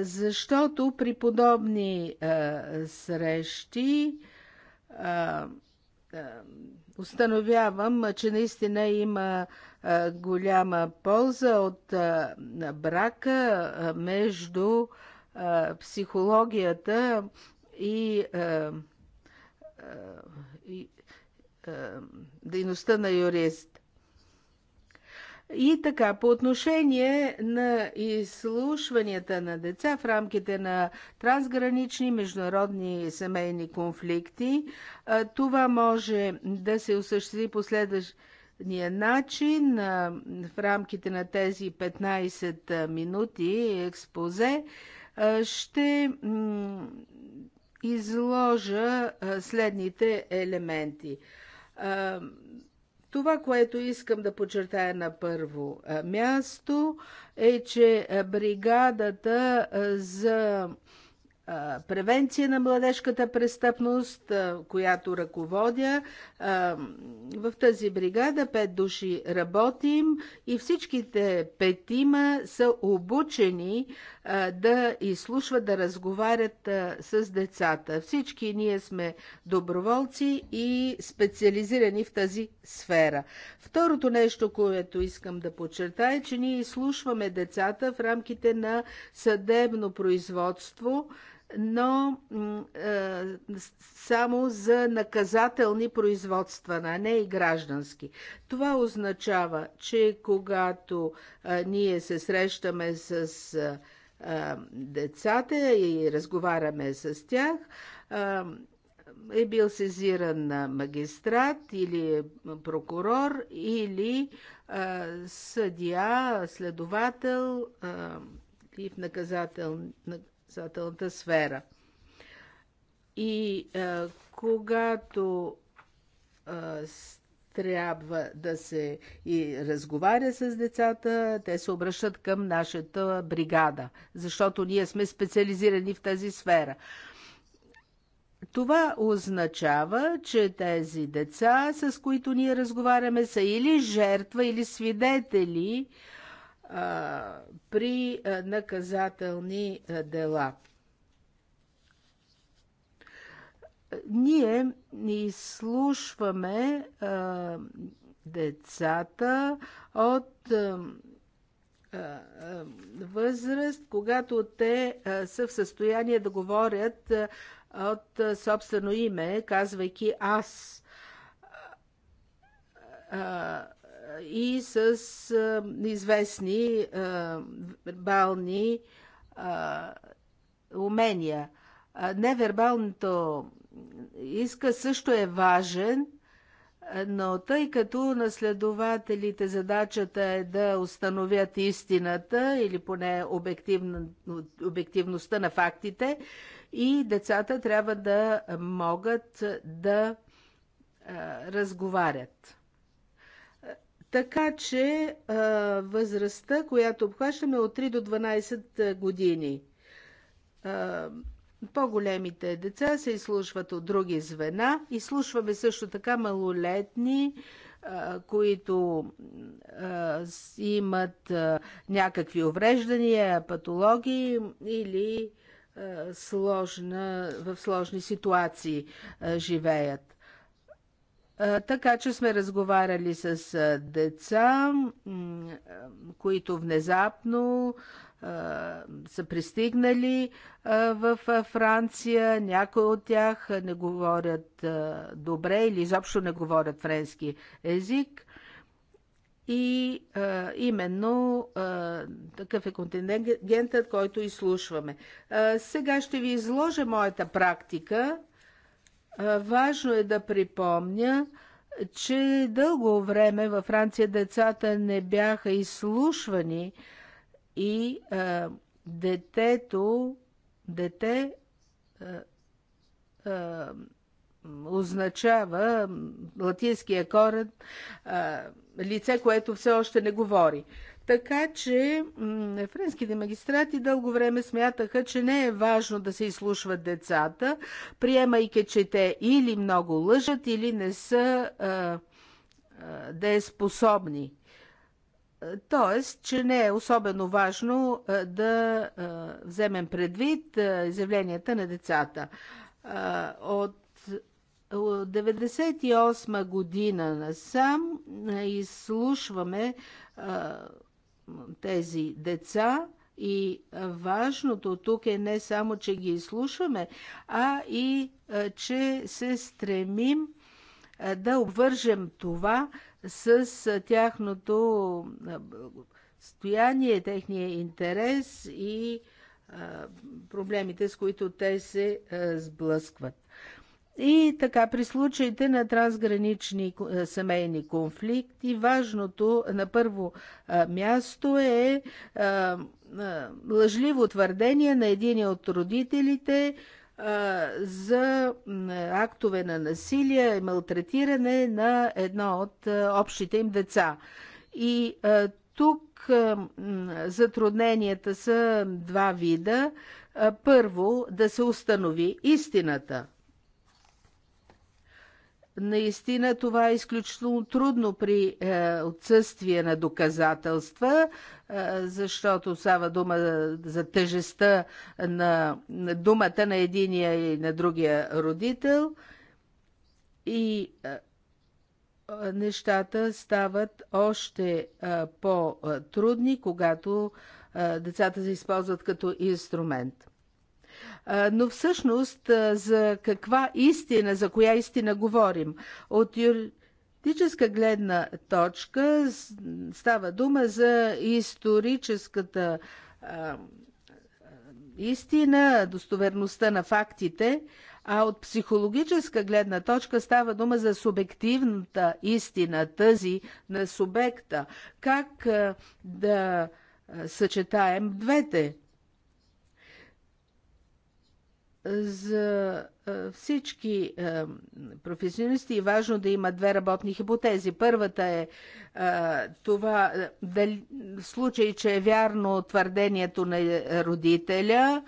защото при подобни срещи установявам, че наистина има голяма полза от брака между психологията и, и е, дейността на юрист. И така, по отношение на изслушванията на деца в рамките на трансгранични международни семейни конфликти, е, това може да се осъществи последния начин е, в рамките на тези 15 минути експозе ще изложа следните елементи. Това, което искам да подчертая на първо място е, че бригадата за превенция на младежката престъпност, която ръководя. В тази бригада пет души работим и всичките петима са обучени да изслушват, да разговарят с децата. Всички ние сме доброволци и специализирани в тази сфера. Второто нещо, което искам да подчертая, е, че ние изслушваме децата в рамките на съдебно производство, но е, само за наказателни производства, а не и граждански. Това означава, че когато е, ние се срещаме с е, децата и разговаряме с тях, е бил сезиран магистрат или прокурор или съдия, следовател и в наказател, наказателната сфера. И когато а, трябва да се и разговаря с децата, те се обръщат към нашата бригада, защото ние сме специализирани в тази сфера. Това означава, че тези деца, с които ние разговаряме, са или жертва, или свидетели а, при наказателни дела. Ние изслушваме а, децата от а, а, възраст, когато те а, са в състояние да говорят а, от а, собствено име, казвайки аз. А, и с а, известни а, вербални а, умения. Невербалното иска също е важен, но тъй като наследователите задачата е да установят истината или поне обективно, обективността на фактите и децата трябва да могат да а, разговарят. Така че а, възрастта, която обхващаме е от 3 до 12 години. А, по-големите деца се изслушват от други звена. Изслушваме също така малолетни, които имат някакви увреждания, патологии или сложна, в сложни ситуации живеят. Така че сме разговаряли с деца, които внезапно са пристигнали в Франция, някои от тях не говорят добре или изобщо не говорят френски език. И именно такъв е контингентът, който изслушваме. сега ще ви изложа моята практика. важно е да припомня, че дълго време във Франция децата не бяха изслушвани и а, детето, дете а, а, означава латинския корен а, лице, което все още не говори. Така че френските магистрати дълго време смятаха, че не е важно да се изслушват децата, приемайки, че те или много лъжат, или не са а, дееспособни. Тоест, че не е особено важно да вземем предвид изявленията на децата. От 1998 година насам изслушваме тези деца и важното тук е не само, че ги изслушваме, а и че се стремим да обвържем това с тяхното стояние, техния интерес и проблемите, с които те се сблъскват. И така, при случаите на трансгранични семейни конфликти, важното на първо място е лъжливо твърдение на един от родителите, за актове на насилие, и малтретиране на едно от общите им деца. И тук затрудненията са два вида. Първо, да се установи истината – Наистина това е изключително трудно при е, отсъствие на доказателства, е, защото става дума за тежестта на, на думата на единия и на другия родител и е, е нещата стават още е, по-трудни, когато е, децата се използват като инструмент. Но всъщност за каква истина, за коя истина говорим? От юридическа гледна точка става дума за историческата истина, достоверността на фактите, а от психологическа гледна точка става дума за субективната истина, тази на субекта. Как да съчетаем двете? за всички професионалисти е важно да има две работни хипотези. Първата е това, дали, в случай, че е вярно твърдението на родителя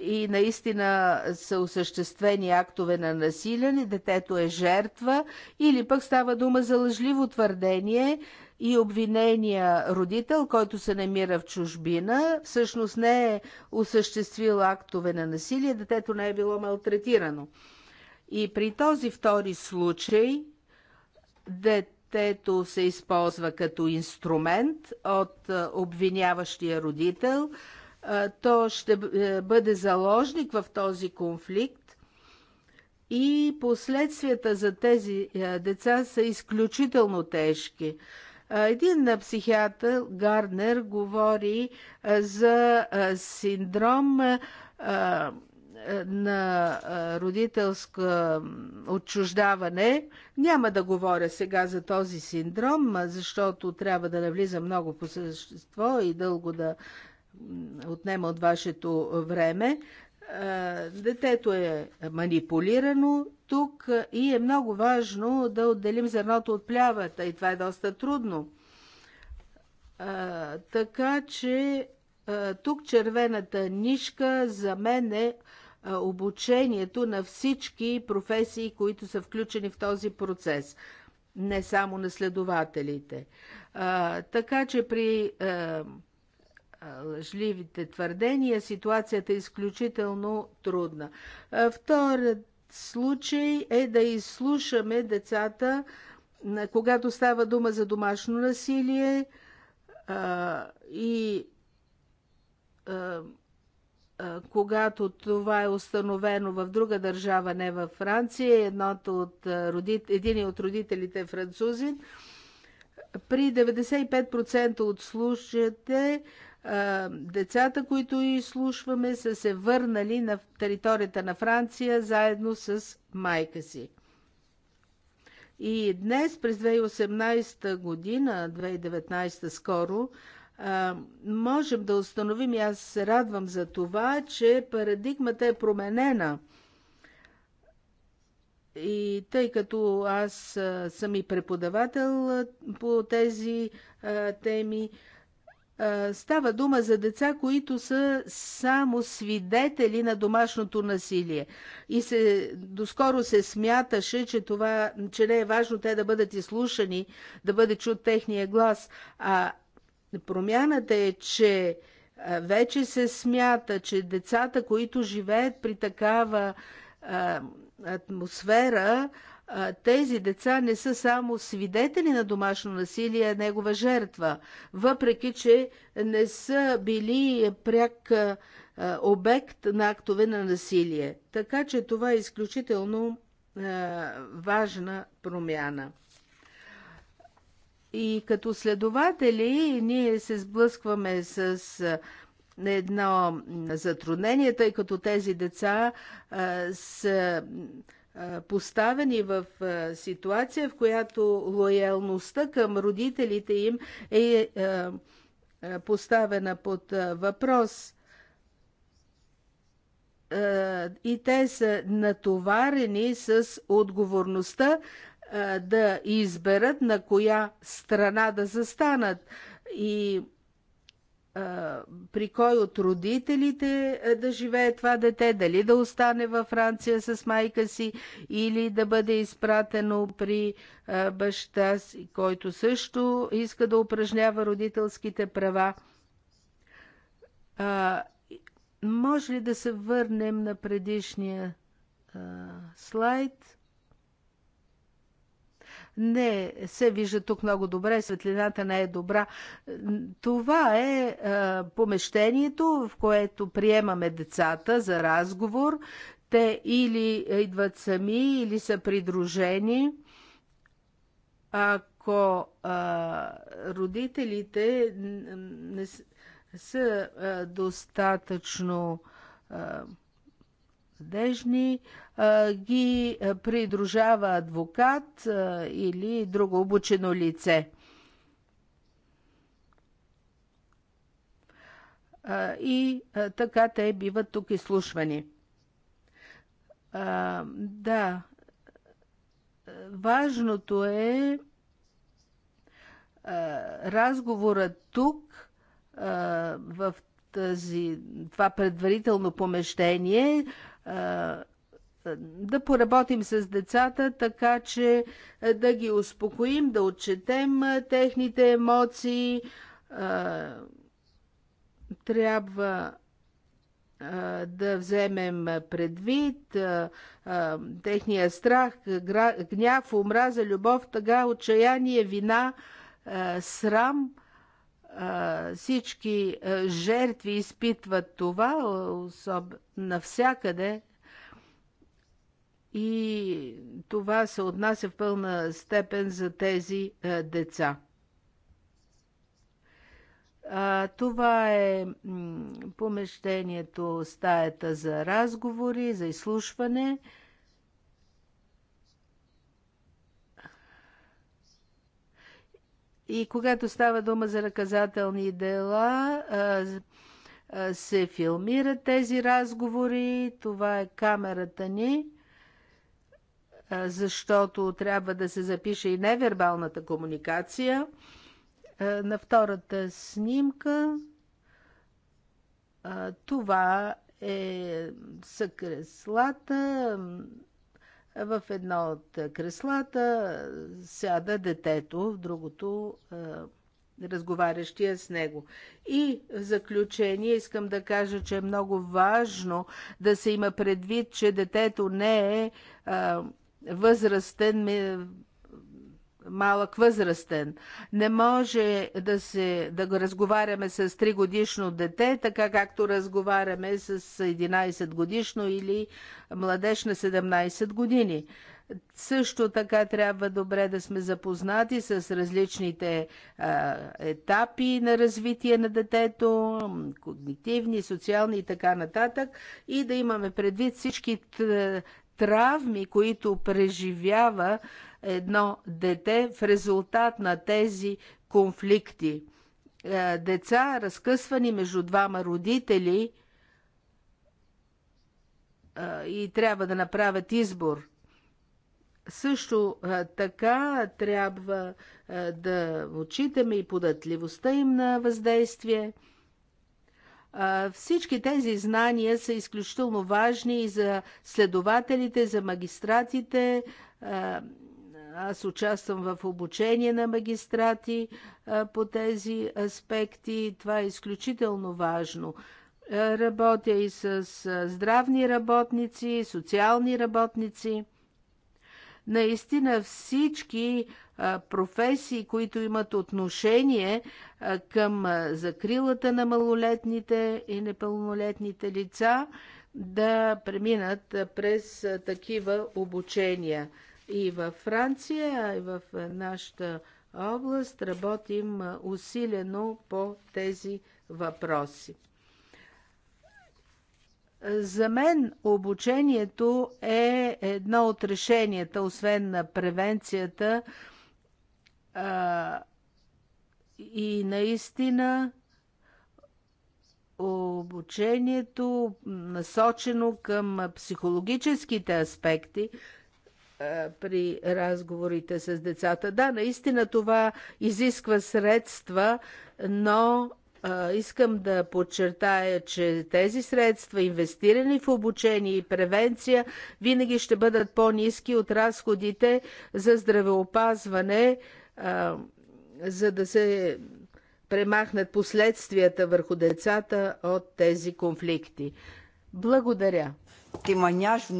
и наистина са осъществени актове на насилие, детето е жертва, или пък става дума за лъжливо твърдение и обвинения родител, който се намира в чужбина, всъщност не е осъществил актове на насилие, детето не е било малтретирано. И при този втори случай детето се използва като инструмент от е, обвиняващия родител. Е, то ще е, бъде заложник в този конфликт и последствията за тези деца са изключително тежки. Един психиатър, Гарнер, говори за синдром на родителско отчуждаване. Няма да говоря сега за този синдром, защото трябва да навлиза много по същество и дълго да отнема от вашето време, е, детето е манипулирано тук и е много важно да отделим зерното от плявата и това е доста трудно. Е, така че е, тук червената нишка за мен е обучението на всички професии, които са включени в този процес, не само на следователите. А, така че при а, лъжливите твърдения, ситуацията е изключително трудна. Вторият случай е да изслушаме децата, когато става дума за домашно насилие и когато това е установено в друга държава, не във Франция, едното от родит... един от родителите е французин, при 95% от случаите Децата, които изслушваме, са се върнали на територията на Франция заедно с майка си. И днес, през 2018 година, 2019 скоро, можем да установим, и аз се радвам за това, че парадигмата е променена. И тъй като аз съм и преподавател по тези теми, Става дума за деца, които са само свидетели на домашното насилие. И се, доскоро се смяташе, че, това, че не е важно те да бъдат изслушани, да бъде чут техния глас. А промяната е, че вече се смята, че децата, които живеят при такава атмосфера, тези деца не са само свидетели на домашно насилие, а негова жертва, въпреки че не са били пряк обект на актове на насилие. Така че това е изключително важна промяна. И като следователи ние се сблъскваме с едно затруднение, тъй като тези деца са поставени в ситуация, в която лоялността към родителите им е поставена под въпрос. И те са натоварени с отговорността да изберат на коя страна да застанат. И при кой от родителите да живее това дете, дали да остане във Франция с майка си или да бъде изпратено при баща си, който също иска да упражнява родителските права. може ли да се върнем на предишния слайд? не се вижда тук много добре, светлината не е добра. Това е, е помещението, в което приемаме децата за разговор. Те или идват сами, или са придружени. Ако родителите не са достатъчно безнадежни, ги придружава адвокат или друго обучено лице. И така те биват тук изслушвани. Да, важното е разговорът тук в тази, това предварително помещение да поработим с децата, така че да ги успокоим, да отчетем техните емоции. Трябва да вземем предвид техния страх, гняв, омраза, любов, тъга, отчаяние, вина, срам – всички жертви изпитват това, особ... навсякъде. И това се отнася в пълна степен за тези деца. А, това е помещението, стаята за разговори, за изслушване. И когато става дума за наказателни дела, се филмират тези разговори. Това е камерата ни, защото трябва да се запише и невербалната комуникация. На втората снимка това е съкреслата в едно от креслата сяда детето, в другото е, разговарящия с него. И в заключение искам да кажа, че е много важно да се има предвид, че детето не е, е възрастен малък възрастен. Не може да, се, да го разговаряме с 3 годишно дете, така както разговаряме с 11 годишно или младеж на 17 години. Също така трябва добре да сме запознати с различните а, етапи на развитие на детето, когнитивни, социални и така нататък, и да имаме предвид всички травми, които преживява едно дете в резултат на тези конфликти. Е, деца, разкъсвани между двама родители е, и трябва да направят избор. Също е, така трябва да отчитаме и податливостта им на въздействие – всички тези знания са изключително важни и за следователите, за магистратите. Аз участвам в обучение на магистрати по тези аспекти. Това е изключително важно. Работя и с здравни работници, социални работници наистина всички професии, които имат отношение към закрилата на малолетните и непълнолетните лица, да преминат през такива обучения. И във Франция, а и в нашата област работим усилено по тези въпроси. За мен обучението е едно от решенията, освен на превенцията. А, и наистина обучението, насочено към психологическите аспекти а, при разговорите с децата. Да, наистина това изисква средства, но Искам да подчертая, че тези средства, инвестирани в обучение и превенция, винаги ще бъдат по-низки от разходите за здравеопазване, за да се премахнат последствията върху децата от тези конфликти. Благодаря.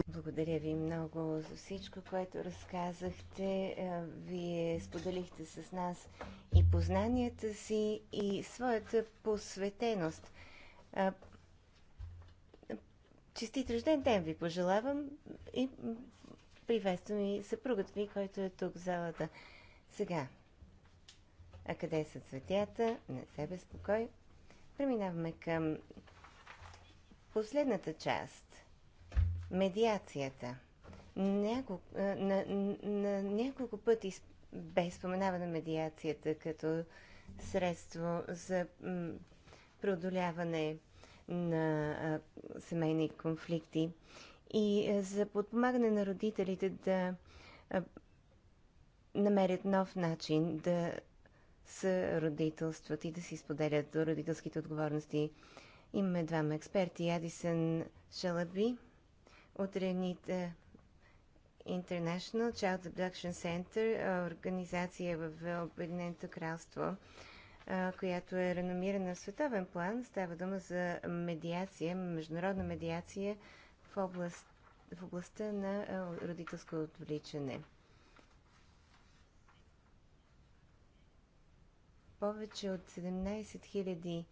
Благодаря ви много за всичко, което разказахте. Е, вие споделихте с нас и познанията си, и своята посветеност. Е, честит рожден ден ви пожелавам и приветствам и съпругът ви, който е тук в залата. Сега, а къде са цветята? На се спокой. Преминаваме към Последната част – медиацията. Няколко, на, на, на няколко пъти бе споменавана медиацията като средство за преодоляване на семейни конфликти и за подпомагане на родителите да намерят нов начин да са родителстват и да си споделят родителските отговорности Имаме двама експерти. Ядисън Шалаби от Ренита International Child Abduction Center, организация в Обединеното кралство, която е реномирана в световен план. Става дума за медиация, международна медиация в, област, в областта на родителско отвличане. Повече от 17 000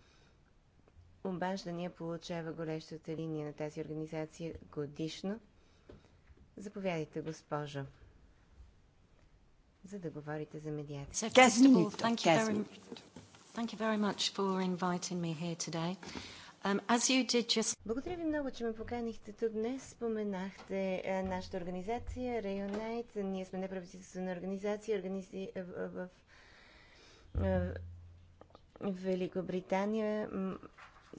обаждания получава горещата линия на тази организация годишно. Заповядайте, госпожо, за да говорите за медиация. Um, Благодаря ви много, че ме поканихте тук днес. Споменахте е, нашата организация, Районайт. Ние сме неправителствена организация организи... Е, е, в Великобритания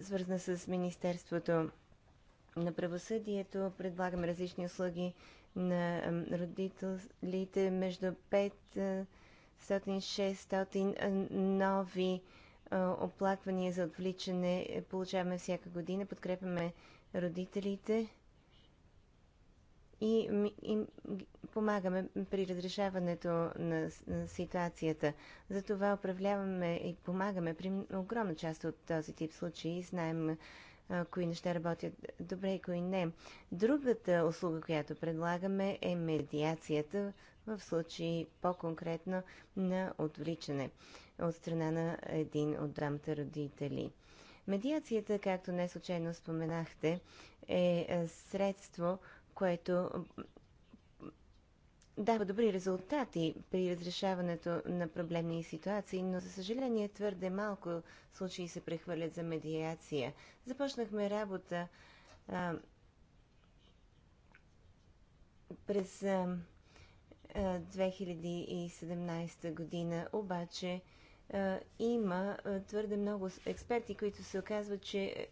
свързана с Министерството на правосъдието. Предлагаме различни услуги на родителите между 500-600 нови оплаквания за отвличане е, получаваме всяка година. Подкрепяме родителите и и помагаме при разрешаването на, на ситуацията. Затова управляваме и помагаме при огромна част от този тип случаи. Знаем а, кои неща работят добре и кои не. Другата услуга, която предлагаме е медиацията в случаи по-конкретно на отвличане от страна на един от двамата родители. Медиацията, както не случайно споменахте, е средство, което дава добри резултати при разрешаването на проблемни ситуации, но за съжаление твърде малко случаи се прехвърлят за медиация. Започнахме работа а, през а, 2017 година, обаче а, има твърде много експерти, които се оказват, че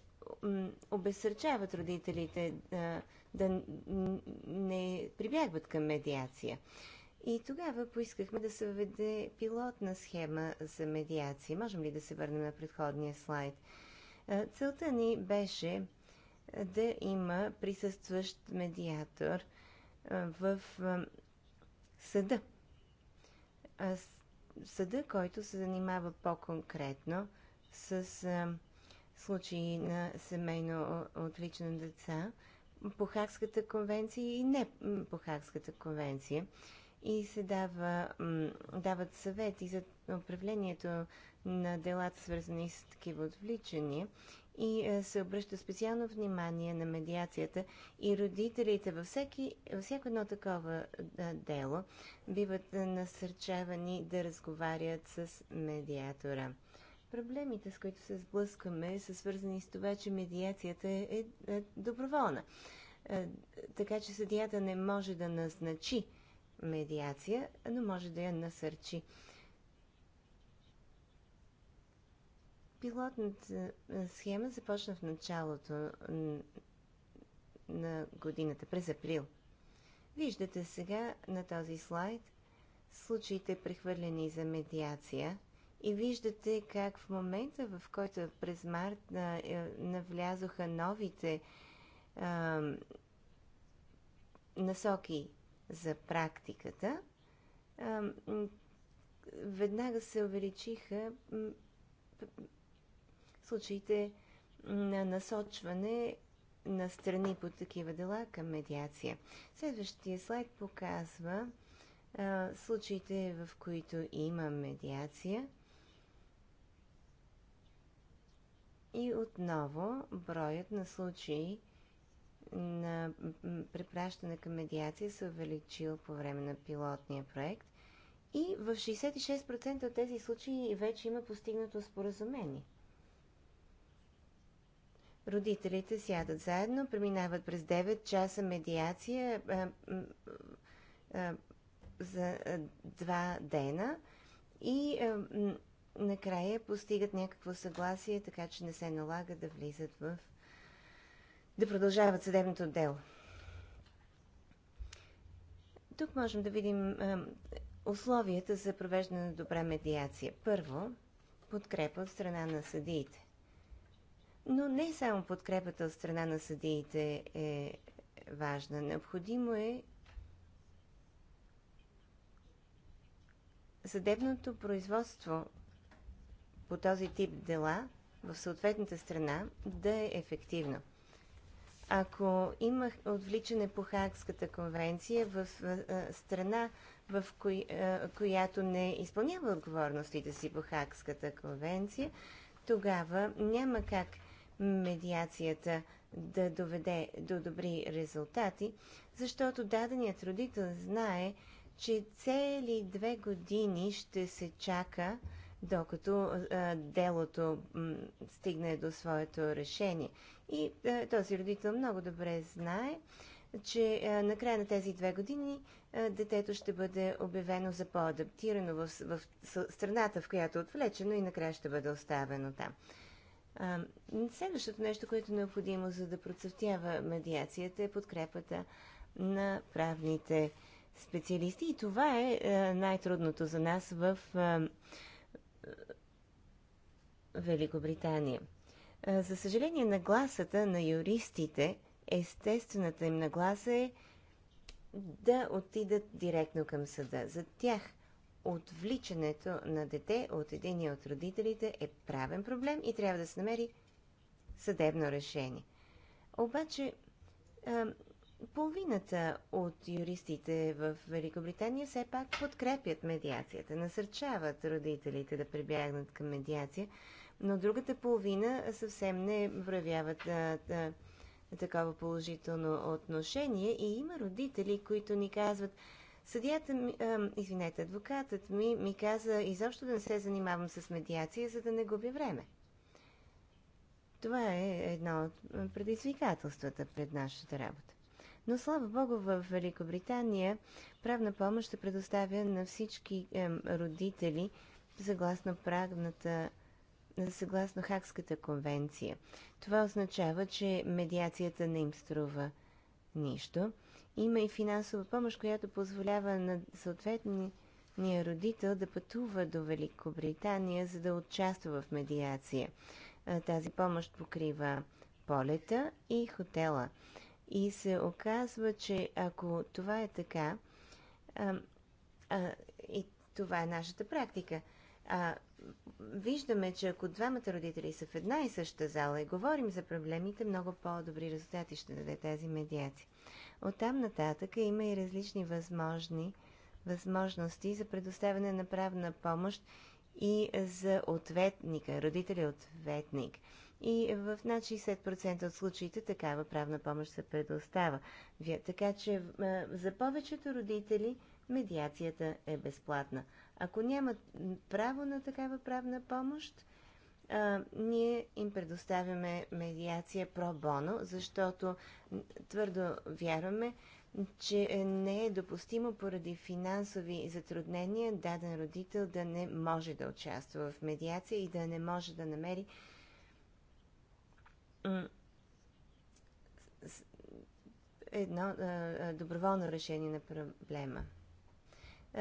обесърчават родителите А, да не прибягват към медиация. И тогава поискахме да се въведе пилотна схема за медиация. Можем ли да се върнем на предходния слайд? Целта ни беше да има присъстващ медиатор в съда. Съда, който се занимава по-конкретно с случаи на семейно отлично деца по Хагската конвенция и не по Хагската конвенция. И се дава, дават съвети за управлението на делата, свързани с такива отвличания. И е, се обръща специално внимание на медиацията и родителите във, всеки, във всяко едно такова е, дело биват е, насърчавани да разговарят с медиатора. Проблемите, с които се сблъскваме, са свързани с това, че медиацията е, е, е доброволна. Е, така че съдията не може да назначи медиация, но може да я насърчи. Пилотната е, схема започна в началото на годината, през април. Виждате сега на този слайд случаите прехвърлени за медиация – и виждате как в момента, в който през март е, навлязоха новите а, насоки за практиката, а, веднага се увеличиха случаите на насочване на страни по такива дела към медиация. Следващия слайд показва а, случаите, в които има медиация – И отново броят на случаи на препращане към медиация се е увеличил по време на пилотния проект и в 66% от тези случаи вече има постигнато споразумение. Родителите сядат заедно, преминават през 9 часа медиация а, е, а, е, за 2 дена и накрая постигат някакво съгласие, така че не се налага да влизат в... да продължават съдебното дело. Тук можем да видим е, условията за провеждане на добра медиация. Първо, подкрепа от страна на съдиите. Но не само подкрепата от страна на съдиите е важна. Необходимо е съдебното производство по този тип дела в съответната страна да е ефективно. Ако има отвличане по Хагската конвенция в страна, в кои, която не изпълнява отговорностите си по Хагската конвенция, тогава няма как медиацията да доведе до добри резултати, защото даденият родител знае, че цели две години ще се чака докато а, делото м, стигне до своето решение. И а, този родител много добре знае, че а, накрая на тези две години а, детето ще бъде обявено за по-адаптирано в, в, в страната, в която е отвлечено и накрая ще бъде оставено там. А, следващото нещо, което е необходимо за да процъфтява медиацията е подкрепата на правните специалисти. И това е най-трудното за нас в Великобритания. За съжаление, нагласата на юристите, естествената им нагласа е да отидат директно към съда. За тях отвличането на дете от един от родителите е правен проблем и трябва да се намери съдебно решение. Обаче, половината от юристите в Великобритания все пак подкрепят медиацията, насърчават родителите да прибягнат към медиация, но другата половина съвсем не проявяват а, а, такова положително отношение и има родители, които ни казват Съдията ми, а, извинете, адвокатът ми ми каза изобщо да не се занимавам с медиация, за да не губя време. Това е едно от предизвикателствата пред нашата работа. Но слава Богу, в Великобритания правна помощ ще предоставя на всички е, родители съгласно правната съгласно Хакската конвенция. Това означава, че медиацията не им струва нищо. Има и финансова помощ, която позволява на съответния родител да пътува до Великобритания, за да участва в медиация. Е, тази помощ покрива полета и хотела. И се оказва, че ако това е така, а, а, и това е нашата практика, а, виждаме, че ако двамата родители са в една и съща зала и говорим за проблемите, много по-добри резултати ще даде тази медиация. Оттам нататък има и различни възможни възможности за предоставяне на правна помощ и за ответника, родителя ответник и в над 60% от случаите такава правна помощ се предоставя. Така че за повечето родители медиацията е безплатна. Ако нямат право на такава правна помощ, а, ние им предоставяме медиация про боно, защото твърдо вярваме, че не е допустимо поради финансови затруднения даден родител да не може да участва в медиация и да не може да намери едно доброволно решение на проблема.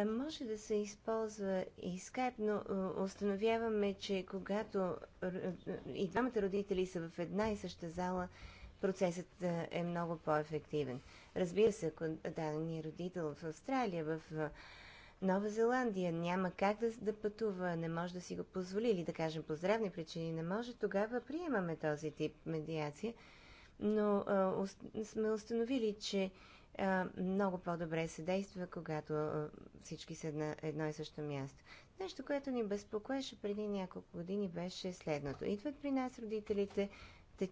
Може да се използва и скайп, но установяваме, че когато и двамата родители са в една и съща зала, процесът е много по-ефективен. Разбира се, ако дадения родител в Австралия, в Нова Зеландия няма как да, да пътува, не може да си го позволи или да кажем по здравни причини не може, тогава приемаме този тип медиация. Но а, ус, сме установили, че а, много по-добре се действа, когато а, всички са на едно и също място. Нещо, което ни безпокоеше преди няколко години, беше следното. Идват при нас родителите,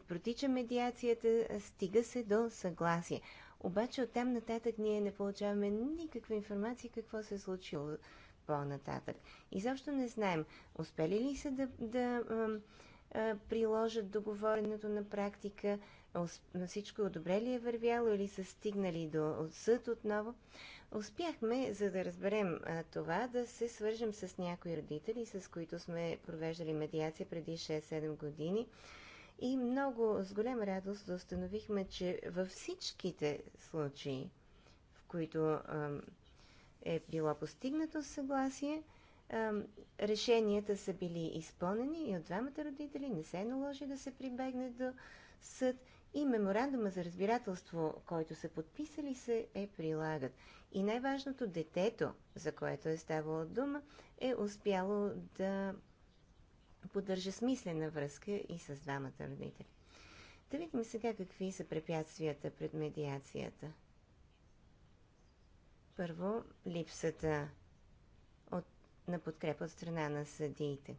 протича медиацията, стига се до съгласие. Обаче оттам нататък ние не получаваме никаква информация какво се е случило по-нататък. Изобщо не знаем, успели ли са да, да а, а, приложат договореното на практика, всичко добре ли е вървяло или са стигнали до съд отново. Успяхме, за да разберем а, това, да се свържем с някои родители, с които сме провеждали медиация преди 6-7 години. И много с голяма радост установихме, че във всичките случаи, в които е било постигнато съгласие, решенията са били изпълнени и от двамата родители не се е наложи да се прибегне до съд и меморандума за разбирателство, който са подписали, се е прилагат. И най-важното, детето, за което е ставало дума, е успяло да поддържа смислена връзка и с двамата родители. Да видим сега какви са препятствията пред медиацията. Първо, липсата от, на подкрепа от страна на съдиите.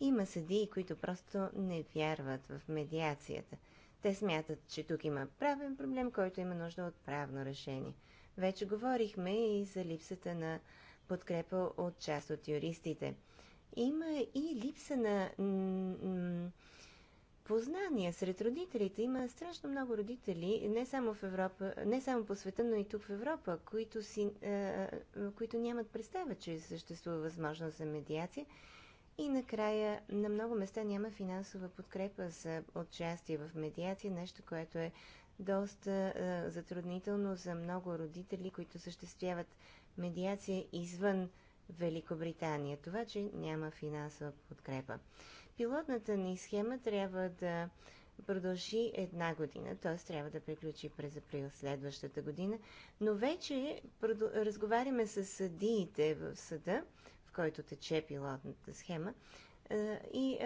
Има съдии, които просто не вярват в медиацията. Те смятат, че тук има правен проблем, който има нужда от правно решение. Вече говорихме и за липсата на подкрепа от част от юристите – има и липса на познания сред родителите. Има страшно много родители, не само в Европа, не само по света, но и тук в Европа, които, си, а, които нямат представа, че съществува възможност за медиация. И накрая на много места няма финансова подкрепа за участие в медиация, нещо, което е доста а, затруднително за много родители, които съществяват медиация извън Великобритания. Това, че няма финансова подкрепа. Пилотната ни схема трябва да продължи една година, т.е. трябва да приключи през април следващата година, но вече разговаряме с съдиите в съда, в който тече пилотната схема, и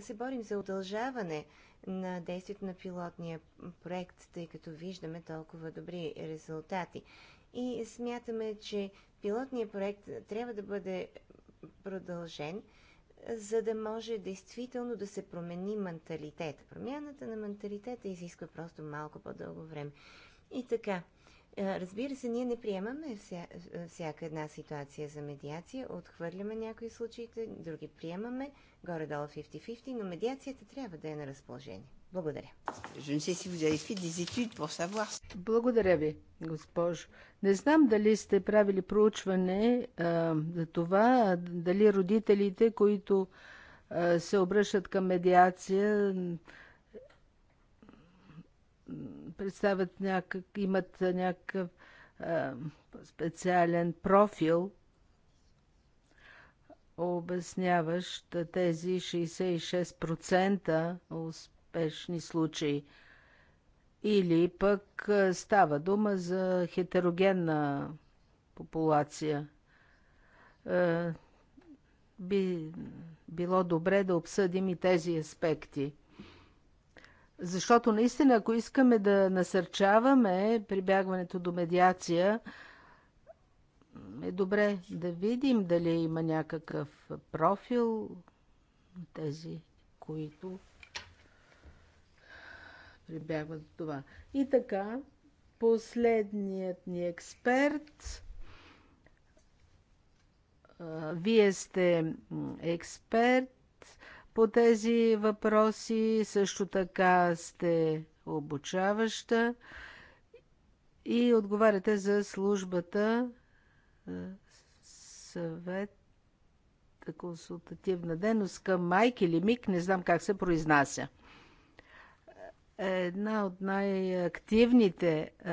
се борим за удължаване на действието на пилотния проект, тъй като виждаме толкова добри резултати. И смятаме, че пилотният проект трябва да бъде продължен, за да може действително да се промени менталитет. Промяната на менталитета изисква просто малко по-дълго време. И така, разбира се, ние не приемаме вся, всяка една ситуация за медиация, отхвърляме някои случаите, други приемаме, горе-долу 50-50, но медиацията трябва да е на разположение. Благодаря. Благодаря ви, госпожо. Не знам дали сте правили проучване а, за това, дали родителите, които а, се обръщат към медиация, представят някак, имат някакъв специален профил, обясняващ тези 66% успех спешни случаи. Или пък става дума за хетерогенна популация. Би било добре да обсъдим и тези аспекти. Защото наистина, ако искаме да насърчаваме прибягването до медиация, е добре да видим дали има някакъв профил тези, които прибягват до това. И така, последният ни експерт. Вие сте експерт по тези въпроси, също така сте обучаваща и отговаряте за службата съвет консултативна дейност към майки или мик, не знам как се произнася е една от най-активните е,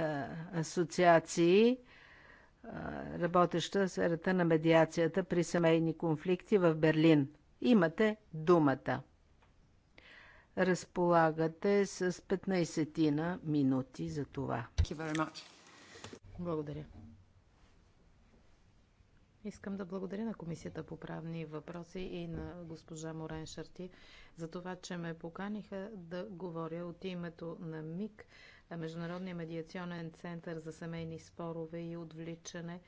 асоциации, е, работеща в сферата на медиацията при семейни конфликти в Берлин. Имате думата. Разполагате с 15 минути за това. Благодаря. Искам да благодаря на Комисията по правни въпроси и на госпожа Морен Шарти за това, че ме поканиха да говоря от името на МИК, Международния медиационен център за семейни спорове и отвличане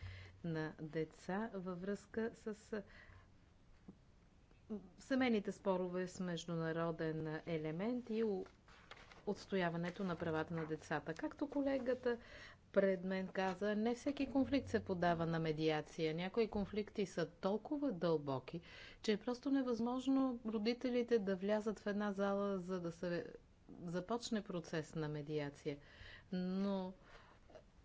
на деца във връзка с семейните спорове с международен елемент и отстояването на правата на децата. Както колегата пред мен каза, не всеки конфликт се подава на медиация. Някои конфликти са толкова дълбоки, че е просто невъзможно родителите да влязат в една зала, за да се започне процес на медиация. Но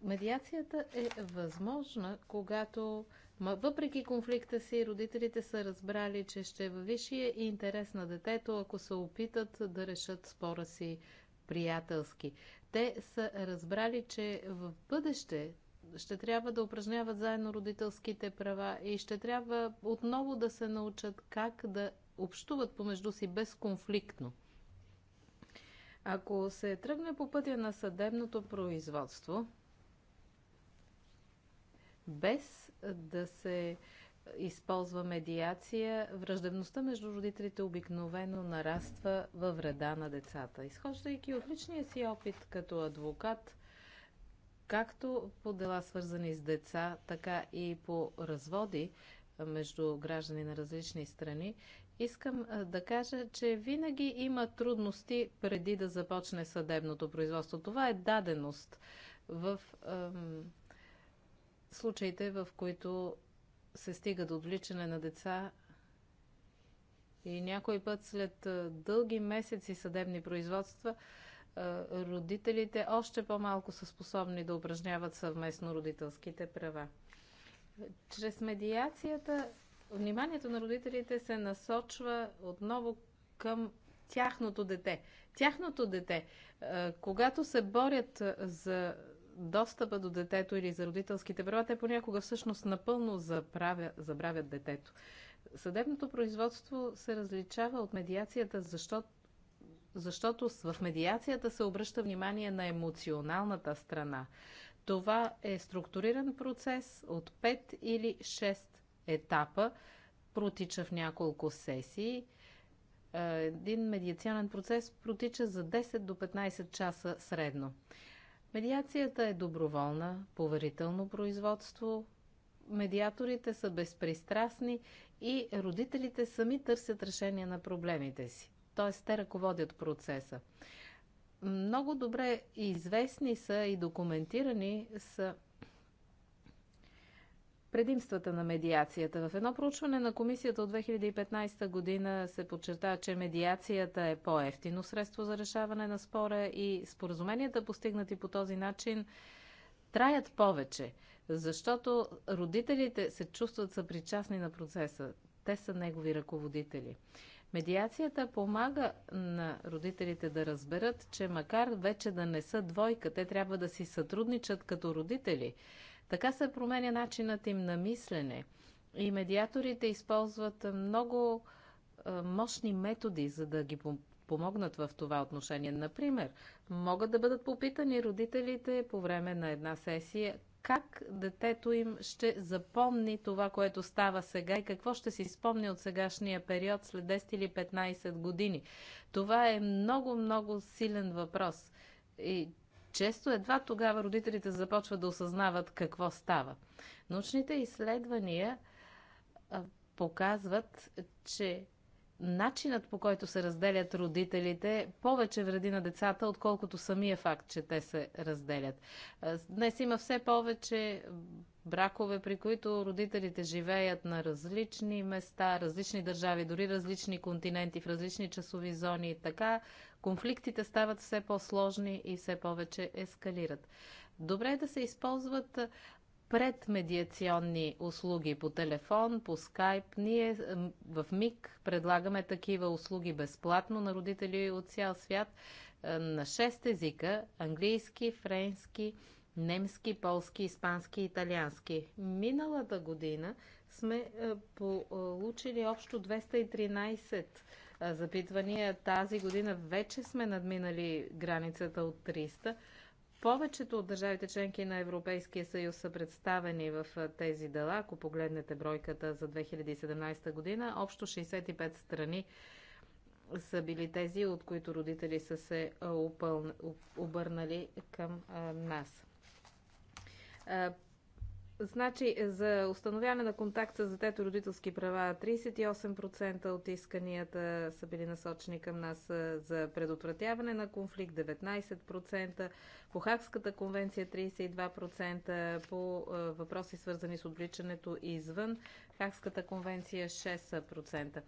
медиацията е възможна, когато въпреки конфликта си, родителите са разбрали, че ще е във висшия интерес на детето, ако се опитат да решат спора си приятелски. Те са разбрали, че в бъдеще ще трябва да упражняват заедно родителските права и ще трябва отново да се научат как да общуват помежду си безконфликтно. Ако се тръгне по пътя на съдебното производство, без да се използва медиация, враждебността между родителите обикновено нараства във вреда на децата. Изхождайки от личния си опит като адвокат, както по дела свързани с деца, така и по разводи между граждани на различни страни, искам да кажа, че винаги има трудности преди да започне съдебното производство. Това е даденост в ем, случаите, в които се стига до отвличане на деца и някой път след дълги месеци съдебни производства родителите още по-малко са способни да упражняват съвместно родителските права. Чрез медиацията вниманието на родителите се насочва отново към тяхното дете. Тяхното дете, когато се борят за достъпа до детето или за родителските права, те понякога всъщност напълно забравя, забравят детето. Съдебното производство се различава от медиацията, защо, защото в медиацията се обръща внимание на емоционалната страна. Това е структуриран процес от 5 или 6 етапа, протича в няколко сесии. Е, един медиационен процес протича за 10 до 15 часа средно. Медиацията е доброволна, поверително производство, медиаторите са безпристрастни и родителите сами търсят решение на проблемите си. Т.е. те ръководят процеса. Много добре известни са и документирани са предимствата на медиацията. В едно проучване на комисията от 2015 година се подчерта, че медиацията е по-ефтино средство за решаване на спора и споразуменията, постигнати по този начин, траят повече, защото родителите се чувстват съпричастни на процеса. Те са негови ръководители. Медиацията помага на родителите да разберат, че макар вече да не са двойка, те трябва да си сътрудничат като родители така се променя начинът им на мислене. И медиаторите използват много мощни методи, за да ги помогнат в това отношение. Например, могат да бъдат попитани родителите по време на една сесия как детето им ще запомни това, което става сега и какво ще си спомни от сегашния период след 10 или 15 години. Това е много-много силен въпрос. И често едва тогава родителите започват да осъзнават какво става. Научните изследвания показват, че начинът по който се разделят родителите повече вреди на децата, отколкото самия факт, че те се разделят. Днес има все повече бракове, при които родителите живеят на различни места, различни държави, дори различни континенти, в различни часови зони и така, конфликтите стават все по-сложни и все повече ескалират. Добре е да се използват предмедиационни услуги по телефон, по скайп. Ние в МИК предлагаме такива услуги безплатно на родители от цял свят е, на 6 езика английски, френски, немски, полски, испански и италиански. Миналата година сме е, получили общо 213 е, запитвания. Тази година вече сме надминали границата от 300. Повечето от държавите членки на Европейския съюз са представени в е, тези дела. Ако погледнете бройката за 2017 година, общо 65 страни са били тези, от които родители са се обърнали към нас. Значи, за установяване на контакт с детето родителски права 38% от исканията са били насочени към нас за предотвратяване на конфликт, 19% по Хакската конвенция 32%, по е, въпроси свързани с отвличането извън Хакската конвенция 6%.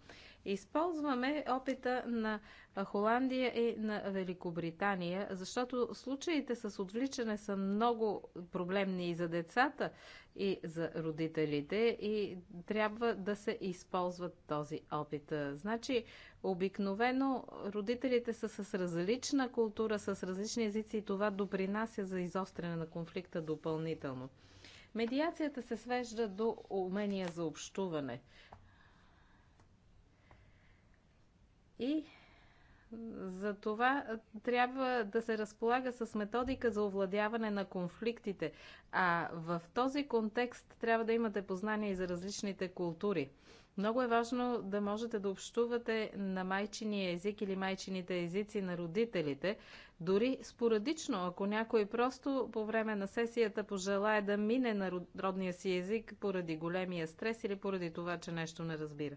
Използваме опита на е, Холандия и на Великобритания, защото случаите с отвличане са много проблемни и за децата, и за родителите и трябва да се използват този опит. Значи, обикновено родителите са с различна култура, с различни езици и това допринася за изостряне на конфликта допълнително. Медиацията се свежда до умения за общуване. И за това трябва да се разполага с методика за овладяване на конфликтите. А в този контекст трябва да имате познания и за различните култури. Много е важно да можете да общувате на майчиния език или майчините езици на родителите, дори спорадично, ако някой просто по време на сесията пожелая да мине на родния си език поради големия стрес или поради това, че нещо не разбира.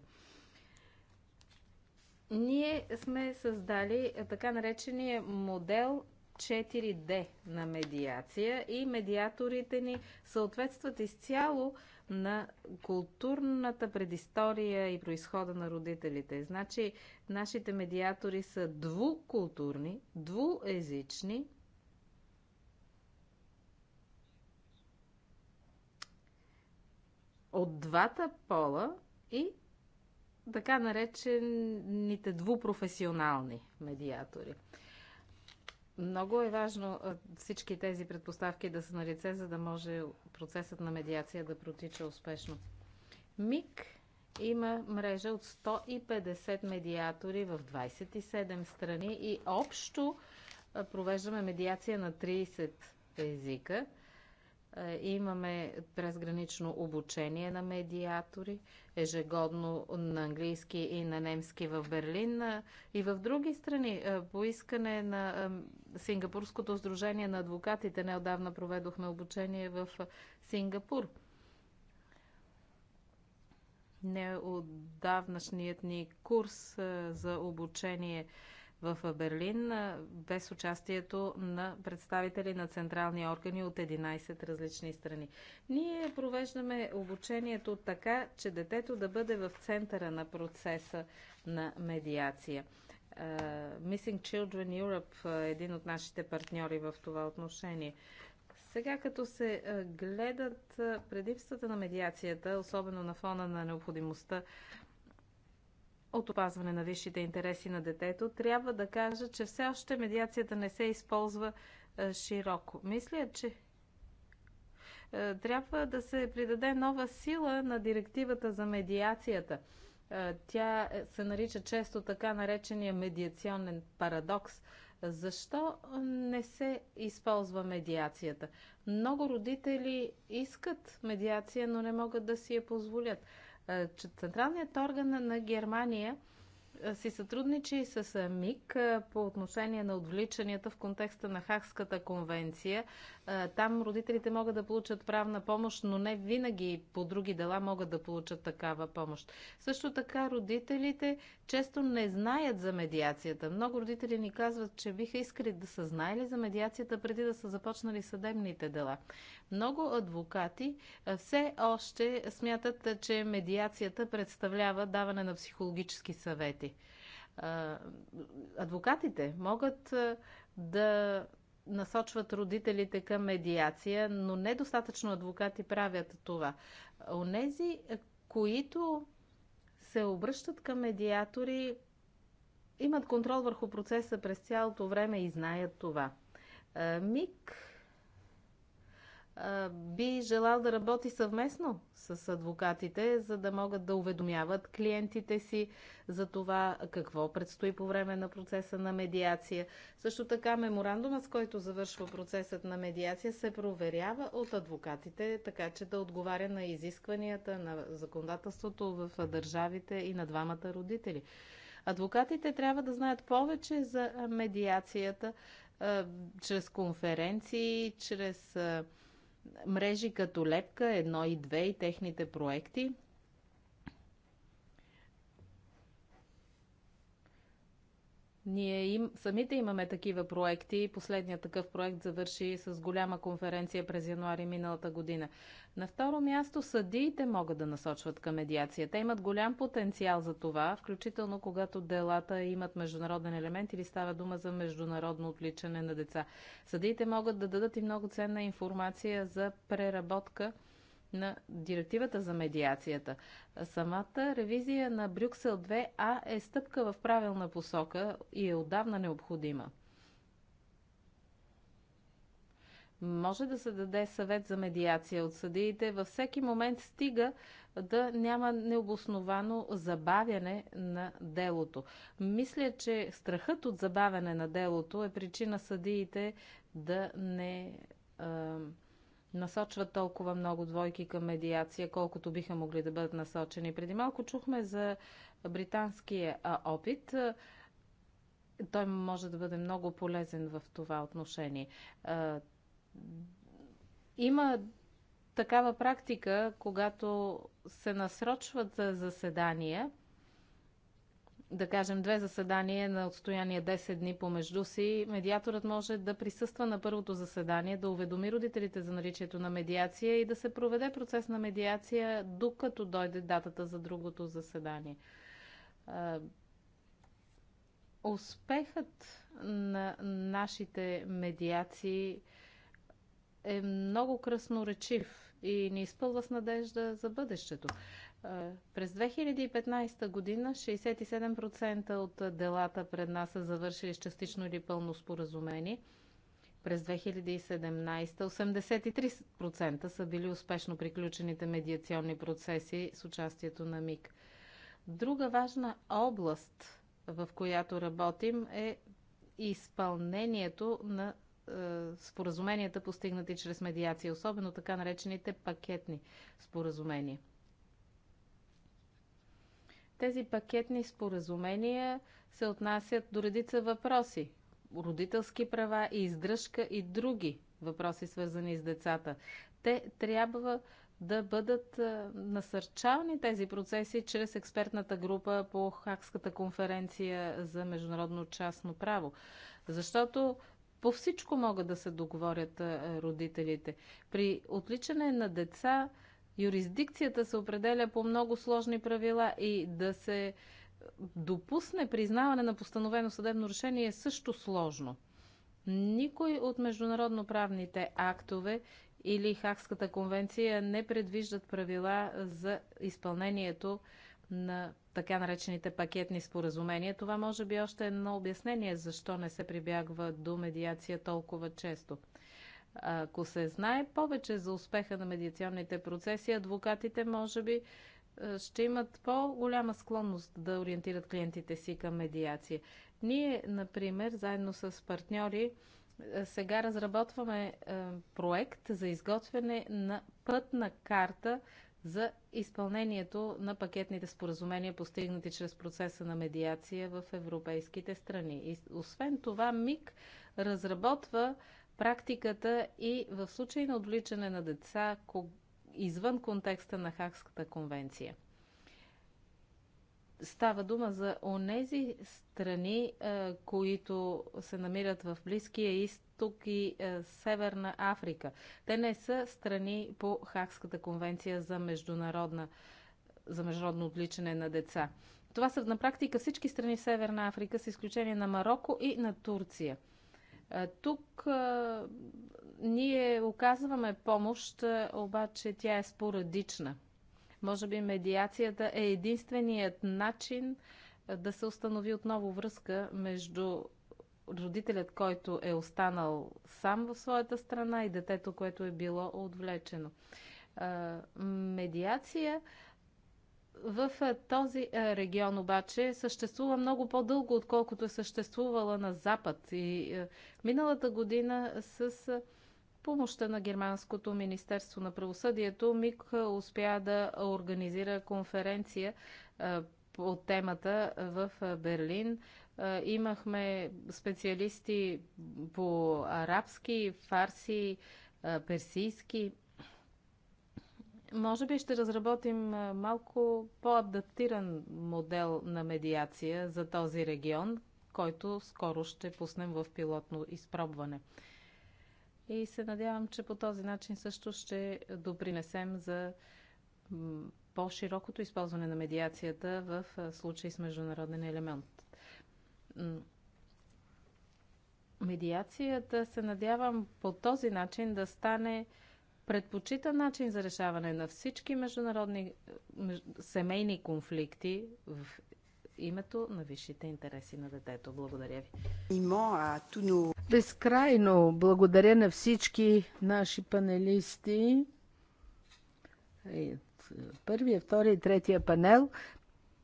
Ние сме създали е, така наречения модел 4D на медиация и медиаторите ни съответстват изцяло на културната предистория и происхода на родителите. Значи, нашите медиатори са двукултурни, двуезични. От двата пола и така наречените двупрофесионални медиатори. Много е важно всички тези предпоставки да са на лице, за да може процесът на медиация да протича успешно. МИК има мрежа от 150 медиатори в 27 страни и общо провеждаме медиация на 30 езика. Е, имаме презгранично обучение на медиатори, ежегодно на английски и на немски в Берлин е, и в други страни. Е, по искане на Сингапурското сдружение на адвокатите неодавна проведохме обучение в Сингапур. Неодавнашният ни курс за обучение – в Берлин без участието на представители на централни органи от 11 различни страни. Ние провеждаме обучението така, че детето да бъде в центъра на процеса на медиация. Missing Children Europe е един от нашите партньори в това отношение. Сега като се гледат предимствата на медиацията, особено на фона на необходимостта от опазване на висшите интереси на детето, трябва да кажа, че все още медиацията не се използва е, широко. Мисля, че е, трябва да се придаде нова сила на директивата за медиацията. Е, тя се нарича често така наречения медиационен парадокс. Защо не се използва медиацията? Много родители искат медиация, но не могат да си я позволят. Е, че Централният орган на Германия е, си сътрудничи с е, МИК по отношение на отвличанията в контекста на Хагската конвенция е, там родителите могат да получат правна помощ, но не винаги по други дела могат да получат такава помощ. Също така родителите често не знаят за медиацията. Много родители ни казват, че биха искали да са знаели за медиацията преди да са започнали съдебните дела. Много адвокати е, все още смятат, че медиацията представлява даване на психологически съвети е, адвокатите могат да насочват родителите към медиация, но недостатъчно адвокати правят това. Онези, които се обръщат към медиатори, имат контрол върху процеса през цялото време и знаят това. Е, Мик би желал да работи съвместно с адвокатите, за да могат да уведомяват клиентите си за това какво предстои по време на процеса на медиация. Също така меморандумът, с който завършва процесът на медиация, се проверява от адвокатите, така че да отговаря на изискванията на законодателството в държавите и на двамата родители. Адвокатите трябва да знаят повече за медиацията чрез конференции, чрез мрежи като Лепка 1 и 2 и техните проекти. Ние им, самите имаме такива проекти. Последният такъв проект завърши с голяма конференция през януари миналата година. На второ място съдиите могат да насочват към медиация. Те имат голям потенциал за това, включително когато делата имат международен елемент или става дума за международно отличане на деца. Съдиите могат да дадат и много ценна информация за преработка на директивата за медиацията. Самата ревизия на Брюксел 2А е стъпка в правилна посока и е отдавна необходима. Може да се даде съвет за медиация от съдиите във всеки момент, стига да няма необосновано забавяне на делото. Мисля, че страхът от забавяне на делото е причина съдиите да не насочват толкова много двойки към медиация, колкото биха могли да бъдат насочени. Преди малко чухме за британския опит. Той може да бъде много полезен в това отношение. Има такава практика, когато се насрочват заседания – да кажем, две заседания на отстояние 10 дни помежду си, медиаторът може да присъства на първото заседание, да уведоми родителите за наличието на медиация и да се проведе процес на медиация, докато дойде датата за другото заседание. Успехът на нашите медиации е много красноречив и ни изпълва с надежда за бъдещето. През 2015 година 67% от делата пред нас са завършили с частично или пълно споразумение. През 2017 83% са били успешно приключените медиационни процеси с участието на МИК. Друга важна област, в която работим, е изпълнението на е, споразуменията, постигнати чрез медиация, особено така наречените пакетни споразумения – тези пакетни споразумения се отнасят до редица въпроси. Родителски права и издръжка и други въпроси, свързани с децата. Те трябва да бъдат насърчавани тези процеси чрез експертната група по Хакската конференция за международно частно право. Защото по всичко могат да се договорят родителите. При отличане на деца Юрисдикцията се определя по много сложни правила и да се допусне признаване на постановено съдебно решение е също сложно. Никой от международноправните актове или Хакската конвенция не предвиждат правила за изпълнението на така наречените пакетни споразумения. Това може би още е едно обяснение защо не се прибягва до медиация толкова често. Ако се знае повече за успеха на медиационните процеси, адвокатите може би е, ще имат по-голяма склонност да ориентират клиентите си към медиация. Ние, например, заедно с партньори, е, сега разработваме е, проект за изготвяне на пътна карта за изпълнението на пакетните споразумения, постигнати чрез процеса на медиация в европейските страни. И освен това, МИК разработва практиката и в случай на отвличане на деца извън контекста на Хагската конвенция. Става дума за онези страни, които се намират в Близкия изток и Северна Африка. Те не са страни по Хагската конвенция за, международна, за международно отличане на деца. Това са на практика всички страни в Северна Африка, с изключение на Марокко и на Турция – тук ние оказваме помощ, обаче тя е спорадична. Може би медиацията е единственият начин да се установи отново връзка между родителят, който е останал сам в своята страна и детето, което е било отвлечено. Медиация в този регион обаче съществува много по-дълго, отколкото е съществувала на Запад. И миналата година с помощта на Германското Министерство на правосъдието МИК успя да организира конференция по темата в Берлин. Имахме специалисти по арабски, фарси, персийски може би ще разработим малко по-адаптиран модел на медиация за този регион, който скоро ще пуснем в пилотно изпробване. И се надявам, че по този начин също ще допринесем за по-широкото използване на медиацията в случай с международен елемент. Медиацията се надявам по този начин да стане предпочита начин за решаване на всички международни е, семейни конфликти в името на висшите интереси на детето. Благодаря ви. Безкрайно благодаря на всички наши панелисти. Е, първия, втория и третия панел.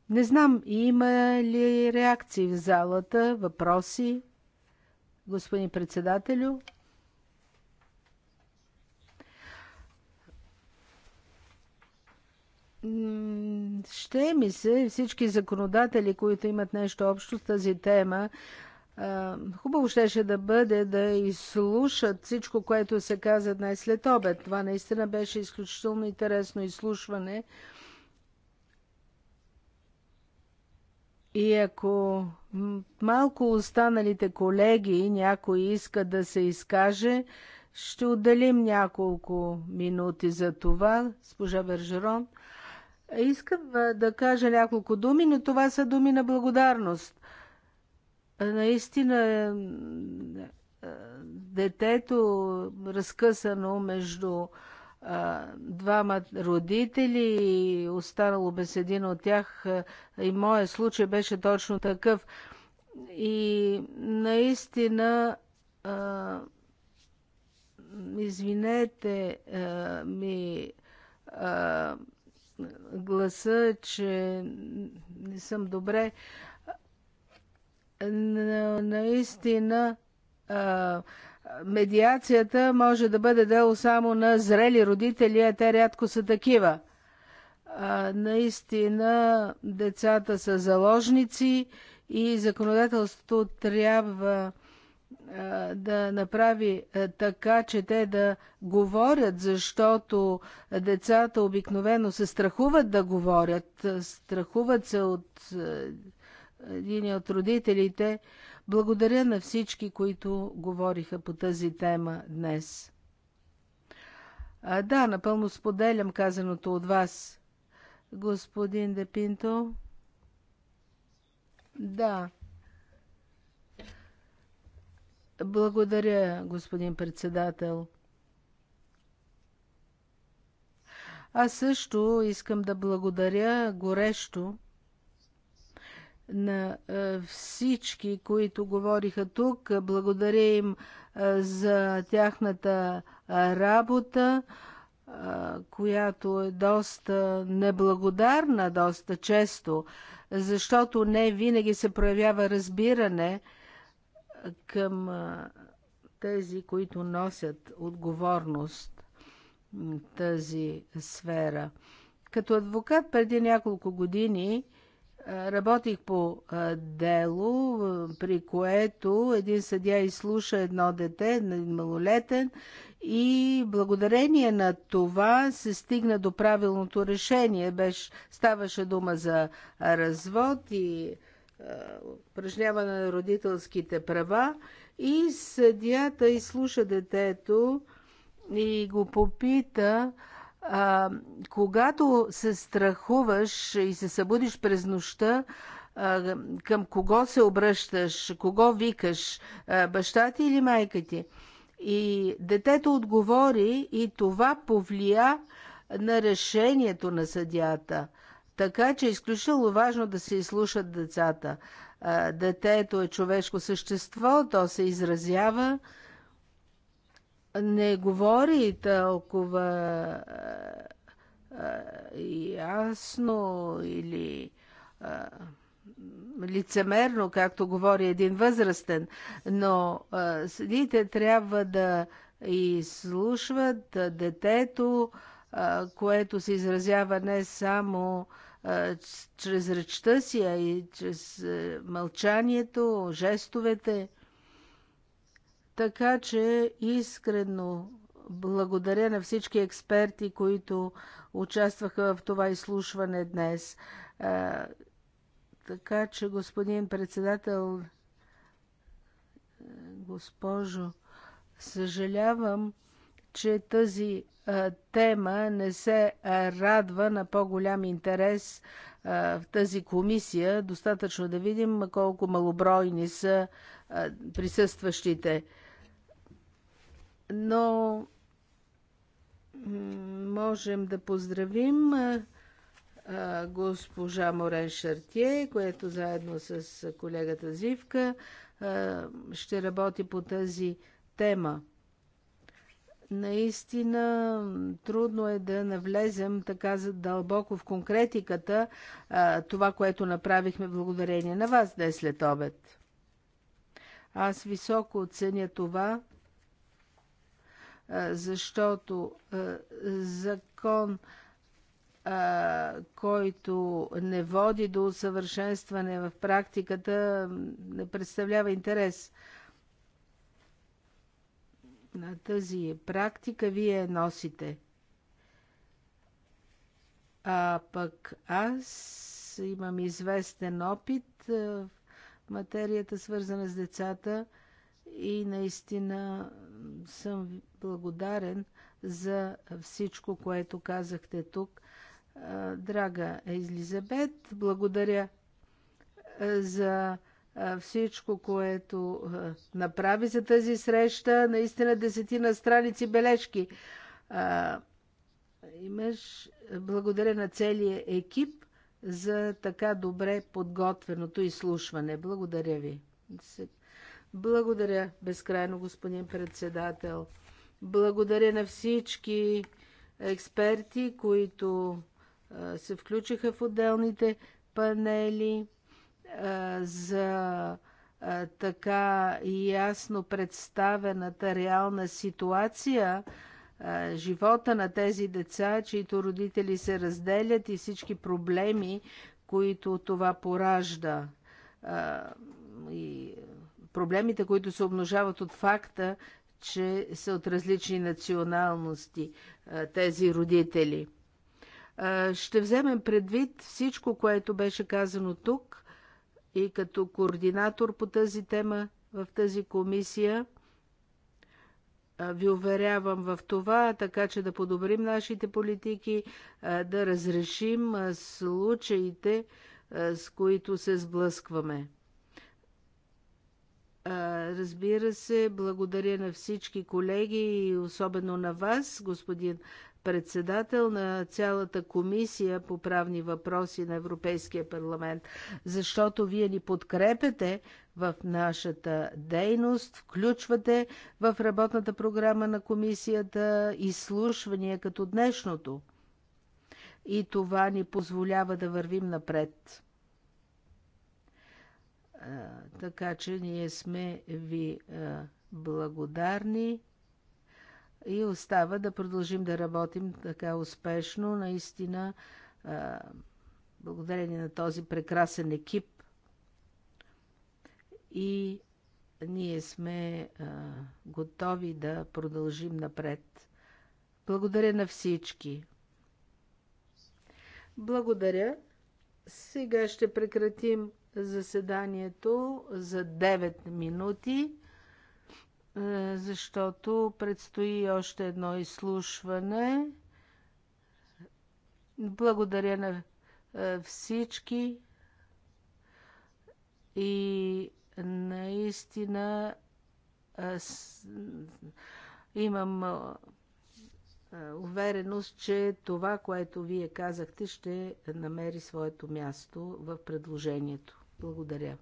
Не знам, има ли реакции в залата, въпроси, господин председателю? Ще ми се всички законодатели, които имат нещо общо с тази тема, хубаво щеше да бъде да изслушат всичко, което се каза днес след обед. Това наистина беше изключително интересно изслушване. И ако малко останалите колеги, някой иска да се изкаже, ще отделим няколко минути за това. Спожа Бержерон. Искам да кажа няколко думи, но това са думи на благодарност. Наистина детето разкъсано между двама родители и останало без един от тях. И моя случай беше точно такъв. И наистина, извинете ми, гласа, че не съм добре. Но, наистина, а, медиацията може да бъде дело само на зрели родители, а те рядко са такива. А, наистина, децата са заложници и законодателството трябва да направи така, че те да говорят, защото децата обикновено се страхуват да говорят, страхуват се от един от родителите. Благодаря на всички, които говориха по тази тема днес. А, да, напълно споделям казаното от вас, господин Депинто. Да. Благодаря, господин председател. Аз също искам да благодаря горещо на всички, които говориха тук. Благодаря им за тяхната работа, която е доста неблагодарна, доста често, защото не винаги се проявява разбиране – към тези, които носят отговорност тази сфера. Като адвокат преди няколко години работих по дело, при което един съдя изслуша едно дете, един малолетен, и благодарение на това се стигна до правилното решение. Беше, ставаше дума за развод и е, упражняване на родителските права и съдията изслуша детето и го попита а, когато се страхуваш и се събудиш през нощта, а, към кого се обръщаш, кого викаш, а, баща ти или майка ти? И детето отговори и това повлия на решението на съдята – така че е изключително важно да се изслушат децата. Детето е човешко същество, то се изразява, не говори толкова ясно или лицемерно, както говори един възрастен, но съдите трябва да изслушват детето, което се изразява не само чрез речта си, а и чрез мълчанието, жестовете. Така че искрено благодаря на всички експерти, които участваха в това изслушване днес. Така че, господин председател, госпожо, съжалявам, че тази тема не се радва на по-голям интерес в тази комисия. Достатъчно да видим колко малобройни са присъстващите. Но можем да поздравим госпожа Морен Шартие, което заедно с колегата Зивка ще работи по тази тема. Наистина трудно е да навлезем така дълбоко в конкретиката това, което направихме благодарение на вас днес след обед. Аз високо оценя това, защото закон, който не води до усъвършенстване в практиката, не представлява интерес – на тази практика вие носите. А пък аз имам известен опит в материята, свързана с децата, и наистина съм благодарен за всичко, което казахте тук. Драга Елизабет, благодаря за всичко, което направи за тази среща. Наистина десетина страници бележки. Имаш благодаря на целия екип за така добре подготвеното изслушване. Благодаря ви. Благодаря безкрайно, господин председател. Благодаря на всички експерти, които се включиха в отделните панели за така ясно представената реална ситуация, живота на тези деца, чието родители се разделят и всички проблеми, които това поражда. И проблемите, които се умножават от факта, че са от различни националности тези родители. Ще вземем предвид всичко, което беше казано тук и като координатор по тази тема в тази комисия ви уверявам в това, така че да подобрим нашите политики, да разрешим случаите, с които се сблъскваме. Разбира се, благодаря на всички колеги и особено на вас, господин председател на цялата комисия по правни въпроси на Европейския парламент, защото вие ни подкрепете в нашата дейност, включвате в работната програма на комисията изслушвания като днешното. И това ни позволява да вървим напред. Така че ние сме ви благодарни и остава да продължим да работим така успешно, наистина, благодарение на този прекрасен екип. И ние сме готови да продължим напред. Благодаря на всички. Благодаря. Сега ще прекратим заседанието за 9 минути. Е, защото предстои още едно изслушване. Благодаря на е, всички и наистина аз е, имам увереност, че това, което вие казахте, ще намери своето място в предложението. Благодаря.